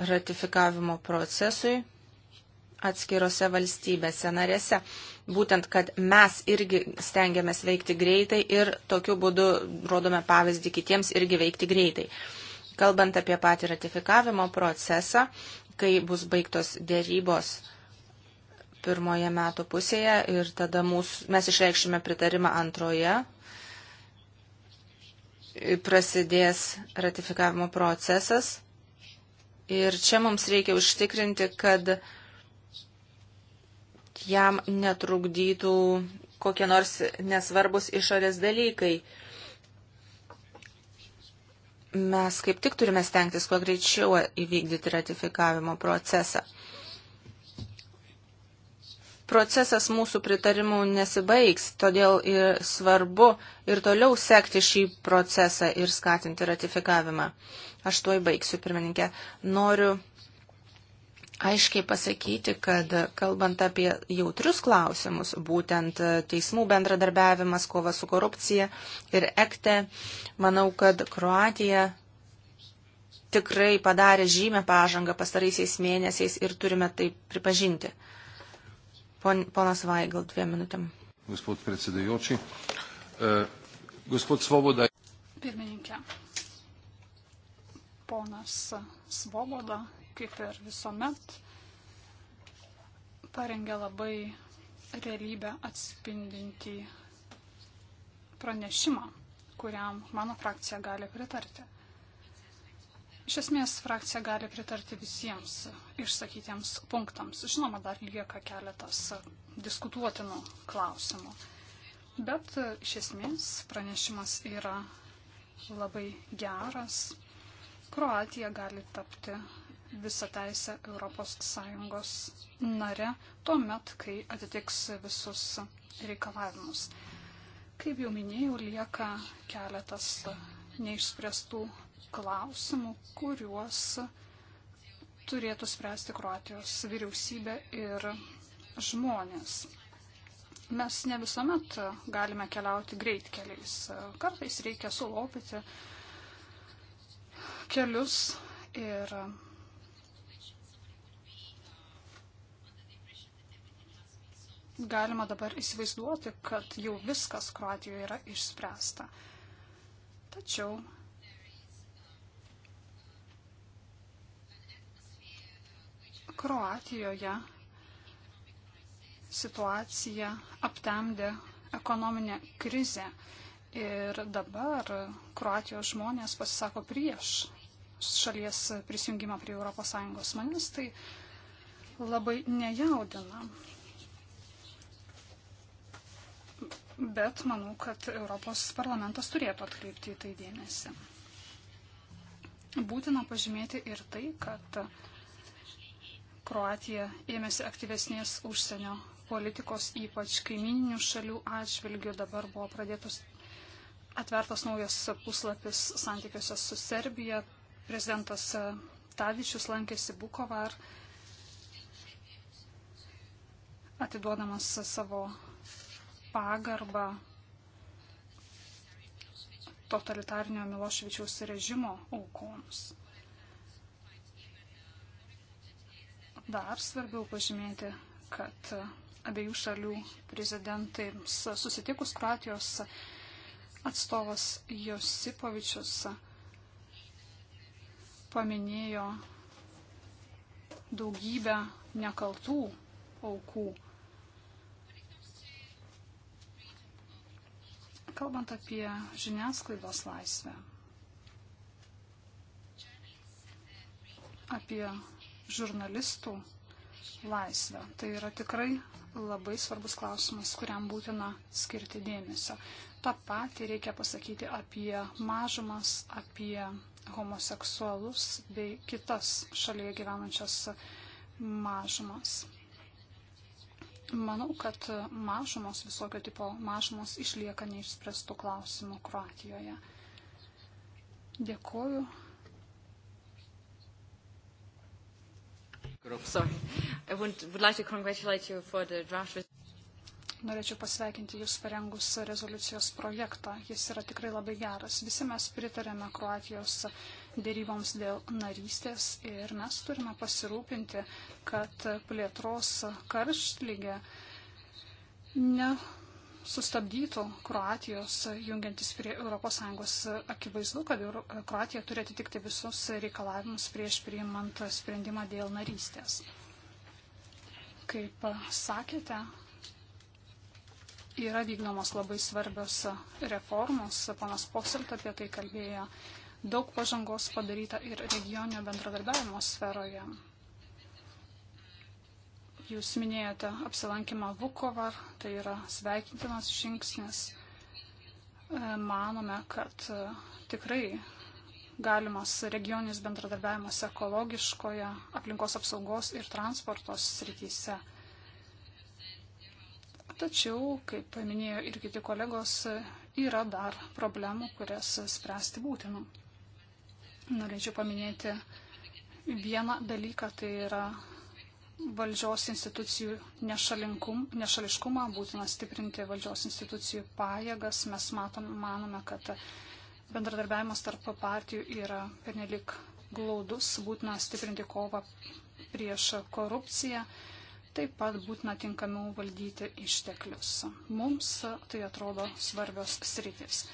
ratifikavimo procesui atskirose valstybėse narėse. Būtent, kad mes irgi stengiamės veikti greitai ir tokiu būdu rodome pavyzdį kitiems irgi veikti greitai. Kalbant apie patį ratifikavimo procesą, kai bus baigtos dėrybos pirmoje metų pusėje ir tada mūsų, mes išreikšime pritarimą antroje, prasidės ratifikavimo procesas Ir čia mums reikia užtikrinti, kad jam netrukdytų kokie nors nesvarbus išorės dalykai. Mes kaip tik turime stengtis kuo greičiau įvykdyti ratifikavimo procesą procesas mūsų pritarimų nesibaigs, todėl ir svarbu ir toliau sekti šį procesą ir skatinti ratifikavimą. Aš tuoj baigsiu, pirmininkė. Noriu aiškiai pasakyti, kad kalbant apie jautrius klausimus, būtent teismų bendradarbiavimas, kova su korupcija ir ekte, manau, kad Kroatija tikrai padarė žymę pažangą pastaraisiais mėnesiais ir turime tai pripažinti. Pon, ponas Vaigal, dviem minutėm. Gospod predsedajoči. E, gospod Svoboda. Pirmininkė. Ponas Svoboda, kaip ir visuomet, parengė labai realybę atspindintį pranešimą, kuriam mano frakcija gali pritarti. Iš esmės frakcija gali pritarti visiems išsakytiems punktams. Žinoma, dar lieka keletas diskutuotinų klausimų. Bet iš esmės pranešimas yra labai geras. Kroatija gali tapti visą teisę ES nare tuo met, kai atitiks visus reikalavimus. Kaip jau minėjau, lieka keletas neišspręstų klausimų, kuriuos turėtų spręsti Kroatijos vyriausybė ir žmonės. Mes ne visuomet galime keliauti greitkeliais. Kartais reikia sulopyti kelius ir galima dabar įsivaizduoti, kad jau viskas Kroatijoje yra išspręsta. Tačiau Kroatijoje situacija aptemdė ekonominę krizę ir dabar Kroatijos žmonės pasisako prieš šalies prisijungimą prie ES. Manęs tai labai nejaudina. Bet manau, kad Europos parlamentas turėtų atkreipti į tai dėmesį. Būtina pažymėti ir tai, kad Kroatija ėmėsi aktyvesnės užsienio politikos, ypač kaimininių šalių atžvilgių. Dabar buvo pradėtos atvertas naujas puslapis santykiuose su Serbija. Prezidentas e, Tavičius lankėsi Bukovar, atiduodamas savo pagarbą totalitarnio Miloševičiaus režimo aukoms. Dar svarbiau pažymėti, kad abiejų šalių prezidentams susitikus Kroatijos atstovas Josipovičius paminėjo daugybę nekaltų aukų. Kalbant apie žiniasklaidos laisvę, apie žurnalistų laisvę. Tai yra tikrai labai svarbus klausimas, kuriam būtina skirti dėmesio. Ta pati reikia pasakyti apie mažumas, apie homoseksualus bei kitas šalyje gyvenančias mažumas. Manau, kad mažumos, visokio tipo mažumos išlieka neišspręstų klausimų Kroatijoje. Dėkuoju Group, sorry. I would, would like to congratulate you for the draft. Norėčiau pasveikinti Jūs parengus rezoliucijos projektą. Jis yra tikrai labai geras. Visi mes pritarėme Kroatijos dėryboms dėl narystės ir mes turime pasirūpinti, kad plėtros karštlygė ne sustabdytų Kroatijos jungiantis prie ES. Akivaizdu, kad Kroatija turi atitikti visus reikalavimus prieš priimant sprendimą dėl narystės. Kaip sakėte, yra vykdomos labai svarbios reformos. Panas Poselt apie tai kalbėjo. Daug pažangos padaryta ir regioninio bendradarbiavimo sferoje. Jūs minėjote apsilankimą Vukovar, tai yra sveikintinas žingsnis. E, manome, kad e, tikrai galimas regioninis bendradarbiavimas ekologiškoje, aplinkos apsaugos ir transportos srityse. Tačiau, kaip minėjo ir kiti kolegos, yra dar problemų, kurias spręsti būtina. Norėčiau paminėti vieną dalyką, tai yra valdžios institucijų nešališkumą, būtina stiprinti valdžios institucijų pajėgas. Mes matom, manome, kad bendradarbiavimas tarp partijų yra pernelik glaudus, būtina stiprinti kovą prieš korupciją, taip pat būtina tinkamiau valdyti išteklius. Mums tai atrodo svarbios sritis.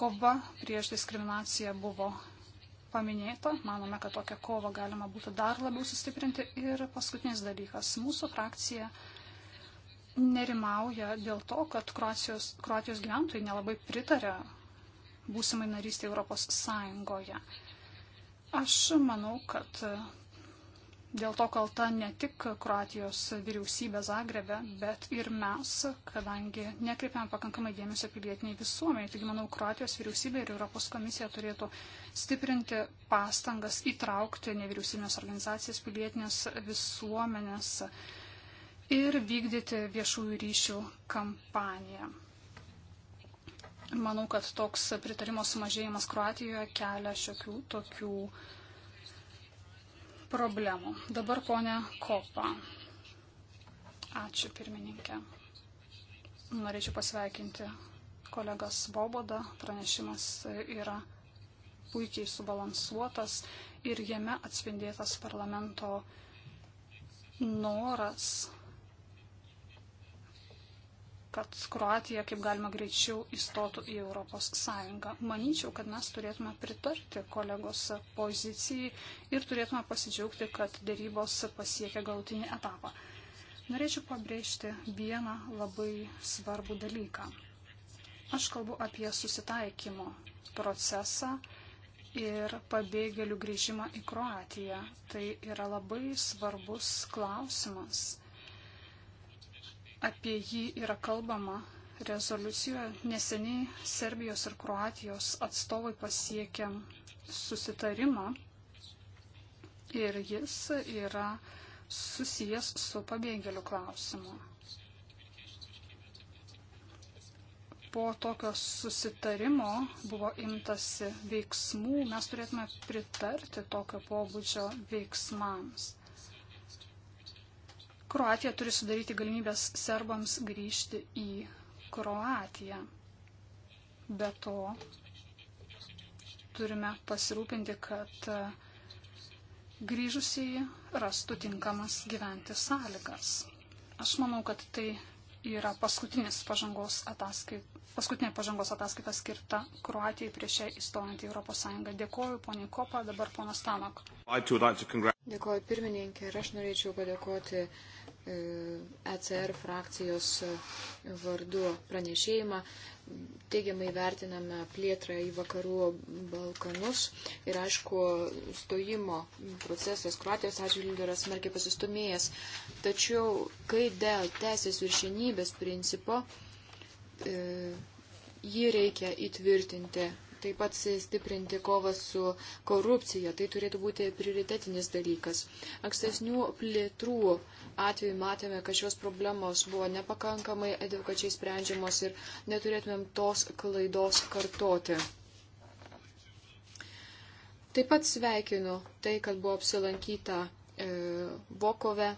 Kova prieš diskriminaciją buvo paminėta. Manome, kad tokią kovą galima būtų dar labiau sustiprinti. Ir paskutinis dalykas. Mūsų frakcija nerimauja dėl to, kad Kroatijos, Kroatijos gyventojai nelabai pritarė būsimai narystė Europos Sąjungoje. Aš manau, kad Dėl to kalta ne tik Kroatijos vyriausybė Zagrebe, bet ir mes, kadangi nekreipiam pakankamai dėmesio pilietiniai visuomeniai. Taigi, manau, Kroatijos vyriausybė ir Europos komisija turėtų stiprinti pastangas įtraukti nevyriausybinės organizacijas, pilietinės visuomenės ir vykdyti viešųjų ryšių kampaniją. Manau, kad toks pritarimo sumažėjimas Kroatijoje kelia šiokių tokių uh, problemų. Dabar ponia Kopa. Ačiū pirmininkė. Norėčiau pasveikinti kolegas Boboda. Pranešimas yra puikiai subalansuotas ir jame atspindėtas parlamento noras kad Kroatija kaip galima greičiau įstotų į Europos Sąjungą. Manyčiau, kad mes turėtume pritarti kolegos pozicijai ir turėtume pasidžiaugti, kad dėrybos pasiekia galutinį etapą. Norėčiau pabrėžti vieną labai svarbų dalyką. Aš kalbu apie susitaikymo procesą ir pabėgėlių grįžimą į Kroatiją. Tai yra labai svarbus klausimas apie jį yra kalbama rezoliucijoje. Neseniai Serbijos ir Kroatijos atstovai pasiekė susitarimą ir jis yra susijęs su pabėgėlių klausimu. Po tokio susitarimo buvo imtasi veiksmų, mes turėtume pritarti tokio pobūdžio veiksmams. Kroatija turi sudaryti galimybės serbams grįžti į Kroatiją. Be to, turime pasirūpinti, kad e, grįžusieji rastų tinkamas gyventi sąlygas. Aš manau, kad tai yra paskutinis pažangos ataskait, paskutinė pažangos ataskaita skirta Kroatijai prieš ją įstojant į ES. Dėkoju, poniai Kopa, dabar ponas Tanok. Dėkoju pirmininkė ir aš norėčiau padėkoti uh, ECR e frakcijos e, vardu pranešėjimą. Teigiamai vertiname plėtrą į vakarų Balkanus ir aišku, stojimo procesas Kroatijos atžvilgiu yra smarkiai pasistumėjęs. Tačiau, kai dėl teisės viršenybės principo, e, jį reikia įtvirtinti taip pat stiprinti kovą su korupcija. Tai turėtų būti prioritetinis dalykas. Ankstesnių plėtrų atveju matėme, kad šios problemos buvo nepakankamai adekvačiai sprendžiamos ir neturėtumėm tos klaidos kartoti. Taip pat sveikinu tai, kad buvo apsilankyta e, Vokove,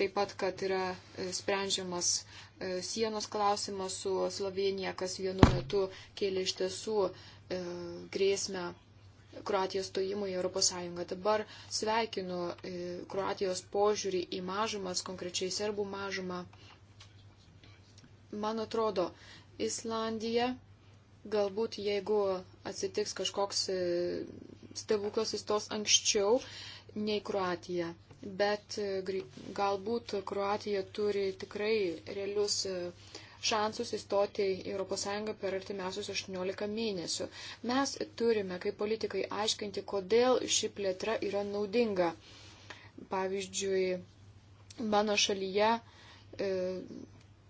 taip pat, kad yra e, sprendžiamas e, sienos klausimas su Slovenija, kas vienu metu kėlė iš tiesų e, grėsmę Kroatijos stojimo į ES. Dabar sveikinu e, Kroatijos požiūrį į mažumas, konkrečiai serbų mažumą. Man atrodo, Islandija, galbūt jeigu atsitiks kažkoks e, stebuklas, įstos anksčiau nei Kroatija. Bet e, galbūt Kroatija turi tikrai realius uh, šansus įstoti į ES per artimiausius 18 mėnesių. Mes turime, kaip politikai, aiškinti, kodėl ši plėtra yra naudinga. Pavyzdžiui, mano šalyje e,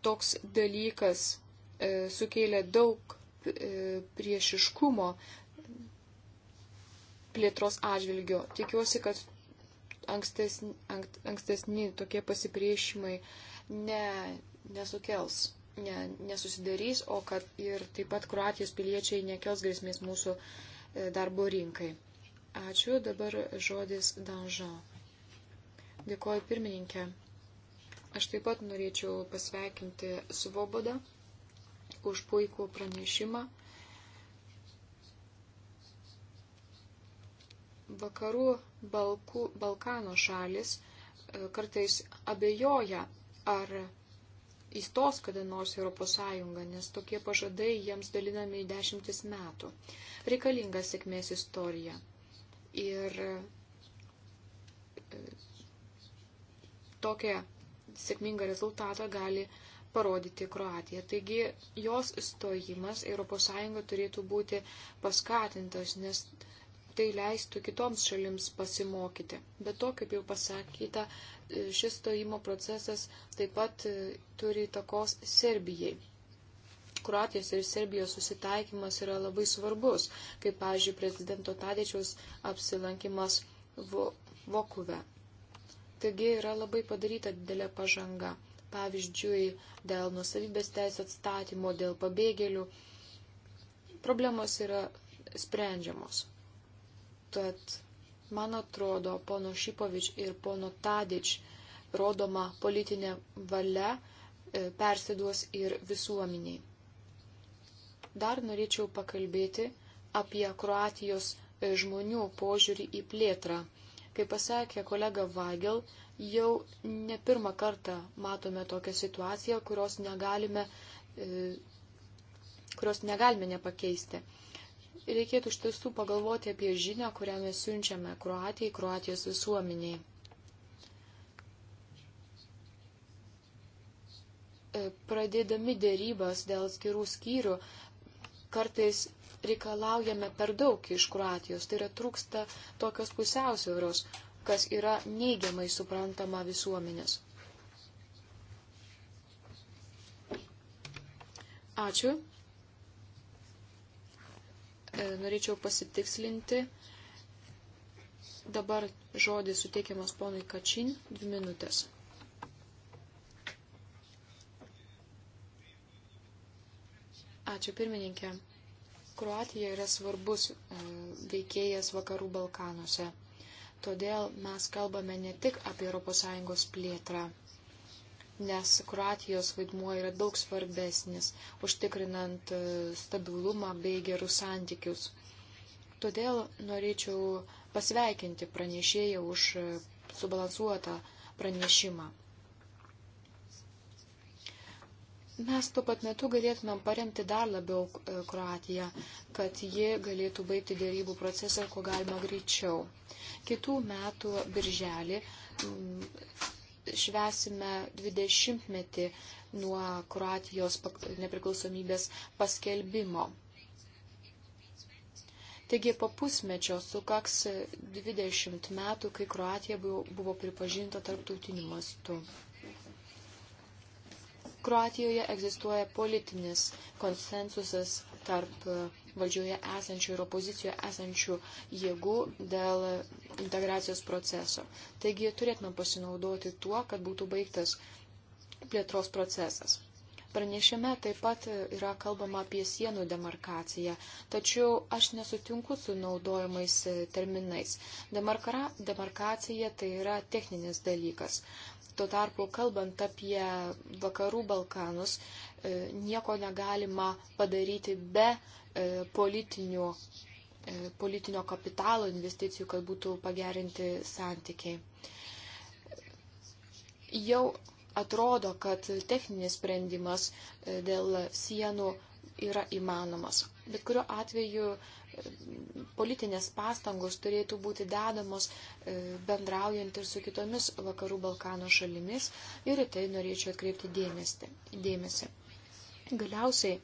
toks dalykas e, sukėlė daug e, priešiškumo plėtros atžvilgio. Tikiuosi, kad ankstesni, ankstesni tokie pasipriešimai ne, nesukels ne, nesusidarys, o kad ir taip pat Kroatijos piliečiai nekels grėsmės mūsų e, darbo rinkai. Ačiū, dabar žodis Danžan. Dėkoju pirmininkė. Aš taip pat norėčiau pasveikinti Svobodą už puikų pranešimą. Vakarų Balkų, Balkano šalis e, kartais abejoja, ar įstos kada nors Europos Sąjungą, nes tokie pažadai jiems dalinami dešimtis metų. Reikalinga sėkmės istorija. Ir e, tokią sėkmingą rezultatą gali parodyti Kroatija. Taigi jos stojimas Europos Sąjunga turėtų būti paskatintas, nes tai leistų kitoms šalims pasimokyti. Bet to, kaip jau pasakyta, šis stojimo procesas taip pat e, turi takos Serbijai. Kroatijos ir Serbijos susitaikymas yra labai svarbus, kaip, pavyzdžiui, prezidento Tadečiaus apsilankimas vo, Vokuve. Taigi yra labai padaryta didelė pažanga, pavyzdžiui, dėl nusavybės teisės atstatymo, dėl pabėgėlių. Problemos yra sprendžiamos. Tad, man atrodo, pono Šipovič ir pono Tadič rodoma politinė valia e, persiduos ir visuomeniai. Dar norėčiau pakalbėti apie Kroatijos e, žmonių požiūrį į plėtrą. Kaip pasakė kolega Vagel, jau ne pirmą kartą matome tokią situaciją, kurios negalime, e, kurios negalime nepakeisti reikėtų iš tiesų pagalvoti apie žinę, kurią mes siunčiame Kroatijai, Kroatijos visuomeniai. E, pradėdami dėrybas dėl skirų skyrių, kartais reikalaujame per daug iš Kroatijos, tai yra trūksta tokios pusiausvėros, kas yra neigiamai suprantama visuomenės. Ačiū. E, norėčiau pasitikslinti. Dabar žodis suteikiamas ponui Kačin, dvi minutės. Ačiū pirmininkė. Kroatija yra svarbus e, veikėjas vakarų Balkanuose. Todėl mes kalbame ne tik apie ES plėtrą, nes Kroatijos vaidmuo yra daug svarbesnis, užtikrinant e, stabilumą bei gerus santykius. Todėl norėčiau pasveikinti pranešėją už e, subalansuotą pranešimą. Mes tuo pat metu galėtumėm paremti dar labiau e, Kroatiją, kad ji galėtų baigti dėrybų procesą, kuo galima greičiau. Kitų metų birželį švesime 20-metį nuo Kroatijos nepriklausomybės paskelbimo. Taigi po pusmečio sukaks 20 metų, kai Kroatija buvo pripažinta tarptautiniu mastu. Kroatijoje egzistuoja politinis konsensusas tarp valdžioje esančių ir opozicijoje esančių jėgų dėl integracijos proceso. Taigi turėtume pasinaudoti tuo, kad būtų baigtas plėtros procesas. Pranešime taip pat yra kalbama apie sienų demarkaciją, tačiau aš nesutinku su naudojimais terminais. Demarkara, demarkacija tai yra techninis dalykas. Tuo tarpu, kalbant apie vakarų Balkanus, e, nieko negalima padaryti be E, politinių, e, politinio kapitalo investicijų, kad būtų pagerinti santykiai. Jau atrodo, kad techninis sprendimas e, dėl sienų yra įmanomas. Bet kuriuo atveju politinės pastangos turėtų būti dedamos bendraujant ir su kitomis vakarų Balkano šalimis ir į tai norėčiau atkreipti dėmesį. dėmesį. Galiausiai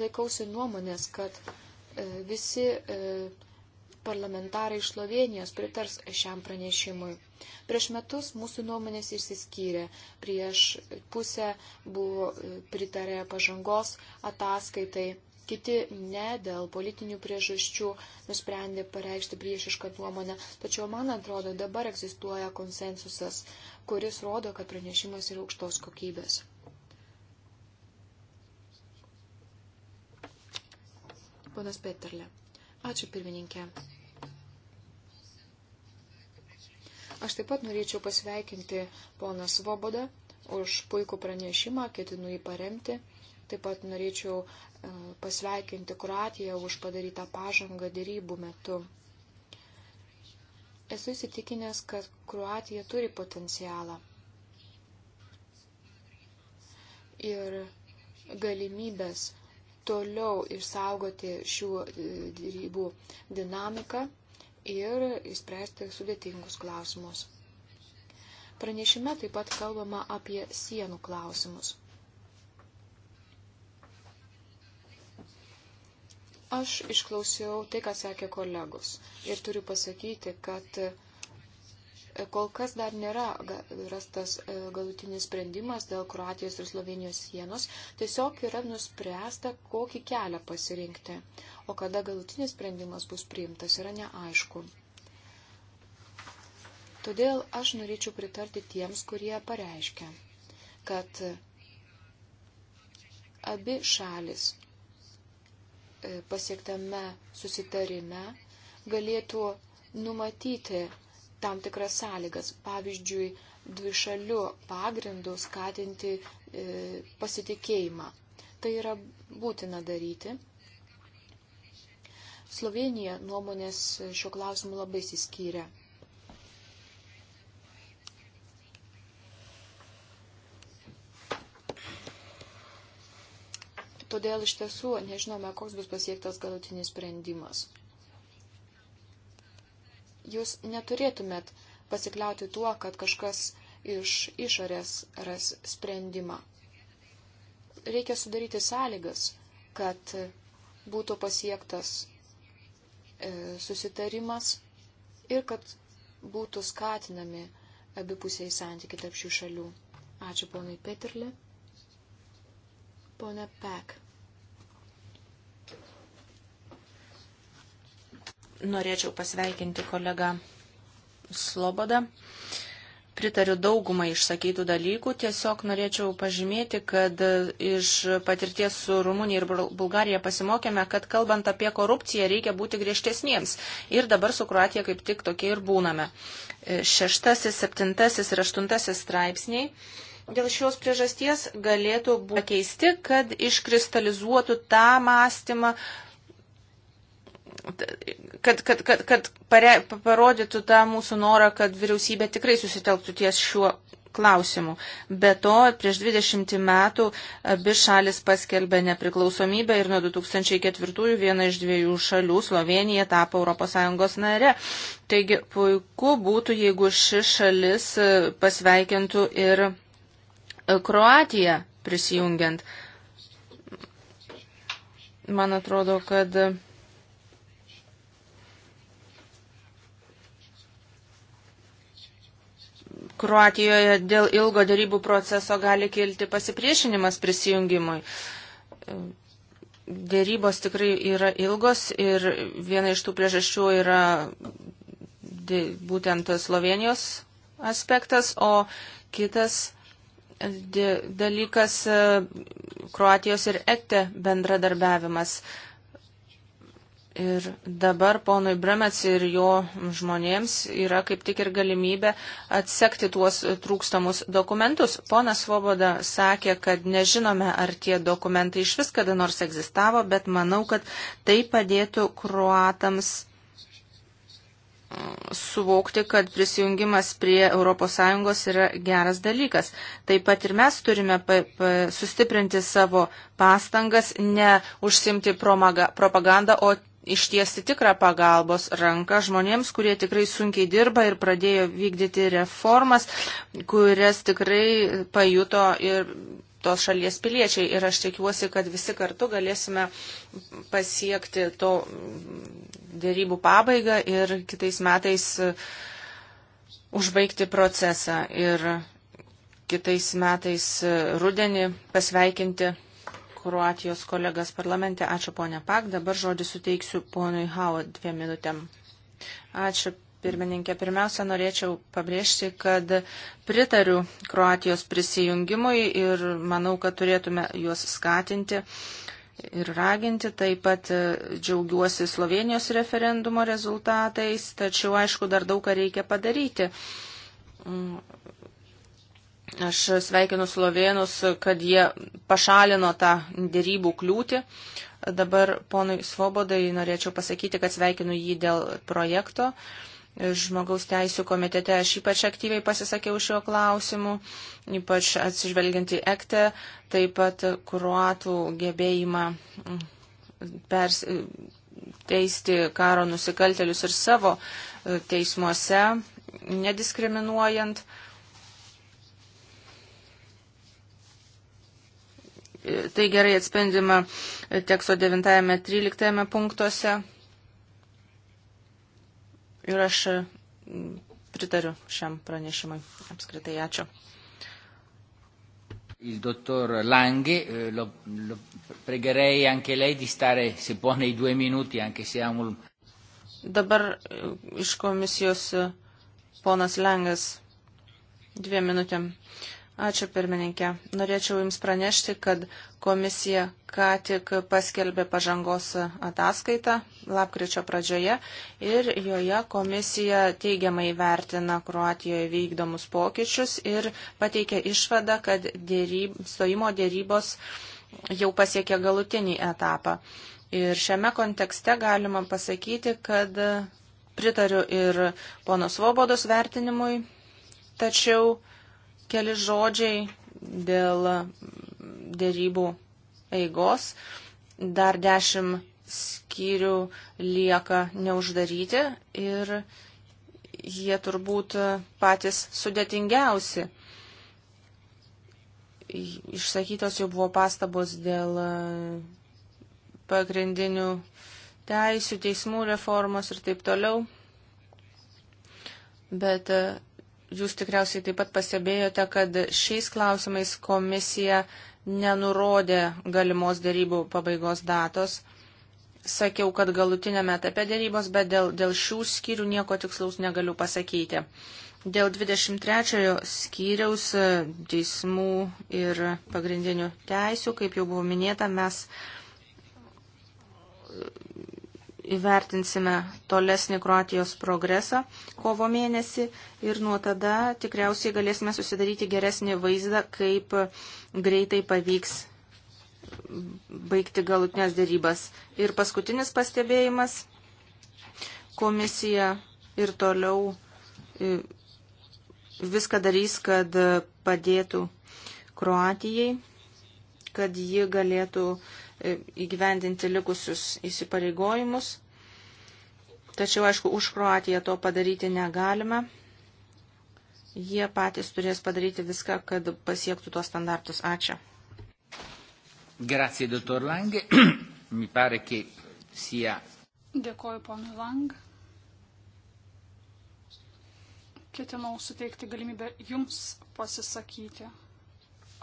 laikausi nuomonės, kad e, visi e, parlamentarai iš Slovenijos pritars šiam pranešimui. Prieš metus mūsų nuomonės išsiskyrė. Prieš pusę buvo e, pritarė pažangos ataskaitai, kiti ne dėl politinių priežasčių nusprendė pareikšti priešišką nuomonę. Tačiau man atrodo, dabar egzistuoja konsensusas, kuris rodo, kad pranešimas yra aukštos kokybės. Ponas Peterle. Ačiū pirmininkė. Aš taip pat norėčiau pasveikinti poną Svobodą už puikų pranešimą, ketinu jį paremti. Taip pat norėčiau e, pasveikinti Kroatiją už padarytą pažangą dėrybų metu. Esu įsitikinęs, kad Kroatija turi potencialą ir galimybės toliau išsaugoti šių dėrybų e, dinamiką ir įspręsti sudėtingus klausimus. Pranešime taip pat kalbama apie sienų klausimus. Aš išklausiau tai, ką sakė kolegos ir turiu pasakyti, kad Kol kas dar nėra rastas e, galutinis sprendimas dėl Kroatijos ir Slovenijos sienos, tiesiog yra nuspręsta, kokį kelią pasirinkti, o kada galutinis sprendimas bus priimtas yra neaišku. Todėl aš norėčiau pritarti tiems, kurie pareiškia, kad abi šalis e, pasiektame susitarime galėtų numatyti tam tikras sąlygas. Pavyzdžiui, dvišalių pagrindų skatinti e, pasitikėjimą. Tai yra būtina daryti. Slovenija nuomonės šiuo klausimu labai įsiskyrė. Todėl iš tiesų nežinome, koks bus pasiektas galutinis sprendimas jūs neturėtumėt pasikliauti tuo, kad kažkas iš išorės ras sprendimą. Reikia sudaryti sąlygas, kad būtų pasiektas e, susitarimas ir kad būtų skatinami abipusiai santykiai tarp šių šalių. Ačiū ponui Peterle. Pone Pek. norėčiau pasveikinti kolegą Slobodą. Pritariu daugumą išsakytų dalykų, tiesiog norėčiau pažymėti, kad iš patirties su Rumunija ir Bulgarija pasimokėme, kad kalbant apie korupciją reikia būti griežtesniems. Ir dabar su Kroatija kaip tik tokie ir būname. E, šeštasis, septintasis ir aštuntasis straipsniai dėl šios priežasties galėtų būti keisti, kad iškristalizuotų tą mąstymą, kad, kad, kad, kad pare, parodytų tą mūsų norą, kad vyriausybė tikrai susitelktų ties šiuo klausimu. Be to, prieš 20 metų abi šalis paskelbė nepriklausomybę ir nuo 2004 viena iš dviejų šalių, Slovenija, tapo ES nare. Taigi puiku būtų, jeigu ši šalis e, pasveikintų ir e, Kroatiją prisijungiant. Man atrodo, kad Kroatijoje dėl ilgo darybų proceso gali kilti pasipriešinimas prisijungimui. Dėrybos tikrai yra ilgos ir viena iš tų priežasčių yra būtent Slovenijos aspektas, o kitas dalykas e, Kroatijos ir ETE bendradarbiavimas. Ir dabar ponui Bremets ir jo žmonėms yra kaip tik ir galimybė atsekti tuos trūkstamus dokumentus. Ponas Svoboda sakė, kad nežinome, ar tie dokumentai iš vis kada nors egzistavo, bet manau, kad tai padėtų kruatams mm, suvokti, kad prisijungimas prie ES yra geras dalykas. Taip pat ir mes turime pa, pa, sustiprinti savo pastangas, ne užsimti promaga, propagandą, o ištiesti tikrą pagalbos ranką žmonėms, kurie tikrai sunkiai dirba ir pradėjo vykdyti reformas, kurias tikrai pajuto ir tos šalies piliečiai. Ir aš tikiuosi, kad visi kartu galėsime pasiekti to dėrybų pabaigą ir kitais metais e, užbaigti procesą ir kitais metais e, rudenį pasveikinti Kroatijos kolegas parlamente. Ačiū ponė Pak. Dabar žodį suteiksiu ponui Howard dviem minutėm. Ačiū pirmininkė. Pirmiausia, norėčiau pabrėžti, kad pritariu Kroatijos prisijungimui ir manau, kad turėtume juos skatinti ir raginti. Taip pat e, džiaugiuosi Slovenijos referendumo rezultatais, tačiau aišku, dar daug ką reikia padaryti. Mm, Aš sveikinu slovėnus, kad jie pašalino tą dėrybų kliūtį. Dabar ponui Svobodai norėčiau pasakyti, kad sveikinu jį dėl projekto. Žmogaus teisų komitete aš ypač aktyviai pasisakiau šiuo klausimu, ypač atsižvelgiant į ektę, taip pat kruatų gebėjimą mm, pers, teisti karo nusikaltelius ir savo e, teismuose, nediskriminuojant. Uh, tai gerai atspendima teksto 9-13 punktuose. Ir aš mm, pritariu šiam pranešimui. Apskritai, ačiū. Il dottor Langhe, eh, lo, lo pregherei anche lei di stare, se può, nei due minuti, anche se ha un... Dabar eh, iš komisijos eh, ponas Lengas dviem minutėm. Uh, Ačiū pirmininkė. Norėčiau Jums pranešti, kad komisija ką tik paskelbė pažangos ataskaitą lapkričio pradžioje ir joje komisija teigiamai vertina Kroatijoje vykdomus pokyčius ir pateikė išvadą, kad dėryb, stojimo dėrybos jau pasiekė galutinį etapą. Ir šiame kontekste galima pasakyti, kad pritariu ir pono Svobodos vertinimui, tačiau Keli žodžiai dėl dėrybų eigos. Dar dešimt skyrių lieka neuždaryti ir jie turbūt patys sudėtingiausi. Išsakytos jau buvo pastabos dėl pagrindinių teisių, teismų reformos ir taip toliau. Bet Jūs tikriausiai taip pat pastebėjote, kad šiais klausimais komisija nenurodė galimos dėrybų pabaigos datos. Sakiau, kad galutinėme etape dėrybos, bet dėl, dėl šių skyrių nieko tikslaus negaliu pasakyti. Dėl 23 skyriaus e, teismų ir pagrindinių teisių, kaip jau buvo minėta, mes įvertinsime tolesnį Kroatijos progresą kovo mėnesį ir nuo tada tikriausiai galėsime susidaryti geresnį vaizdą, kaip greitai pavyks baigti galutinės dėrybas. Ir paskutinis pastebėjimas. Komisija ir toliau e, viską darys, kad padėtų Kroatijai, kad ji galėtų uh, įgyvendinti likusius įsipareigojimus. Tačiau, aišku, už Kroatiją to padaryti negalime. Jie patys turės padaryti viską, kad pasiektų tuos standartus. Ačiū. Grazie, dottor Lange. <clears throat> Mi pare che sia. Dėkoju, ponui Lang. Ketinau suteikti galimybę jums pasisakyti.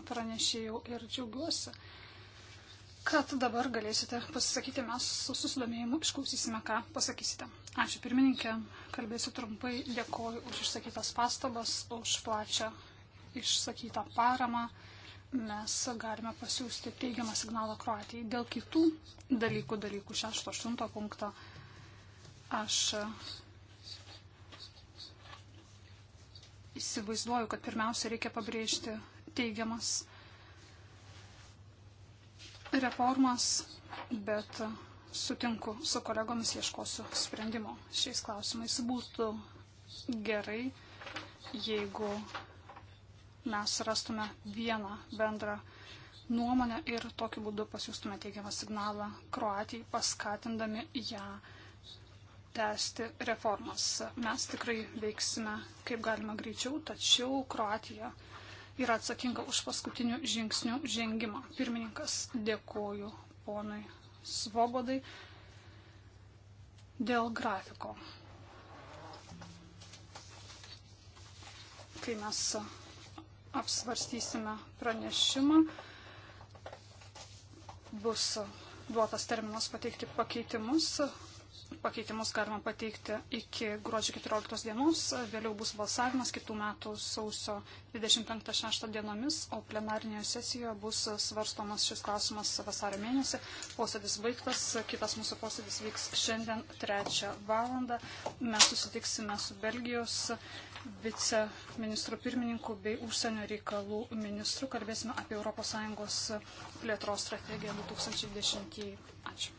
Pranešėjau ir džiaugiuosi, kad dabar galėsite pasisakyti, mes su susidomėjimu išklausysime, ką pasakysite. Ačiū pirmininkė, kalbėsiu trumpai, dėkoju už išsakytas pastabas, už plačią išsakytą paramą. Mes galime pasiūsti teigiamą signalą Kroatijai. Dėl kitų dalykų, dalykų 6-8 punkto, aš įsivaizduoju, kad pirmiausia reikia pabrėžti teigiamas reformas, bet sutinku su kolegomis ieškosiu sprendimo. Šiais klausimais būtų gerai, jeigu mes rastume vieną bendrą nuomonę ir tokiu būdu pasiūstume teigiamą signalą Kroatijai, paskatindami ją tęsti reformas. Mes tikrai veiksime kaip galima greičiau, tačiau Kroatija yra atsakinga už paskutinių žingsnių žengimą. Pirmininkas, dėkoju ponui Svobodai dėl grafiko. Kai mes apsvarstysime pranešimą, bus duotas terminas pateikti pakeitimus Pakeitimus galima pateikti iki gruodžio 14 dienos, vėliau bus balsavimas kitų metų sausio 25-6 dienomis, o plenarinėje sesijoje bus svarstomas šis klausimas vasario mėnesį. Posėdis baigtas, kitas mūsų posėdis vyks šiandien 3 valandą. Mes susitiksime su Belgijos viceministru pirmininku bei užsienio reikalų ministru. Kalbėsime apie ES plėtros strategiją 2010. Ačiū.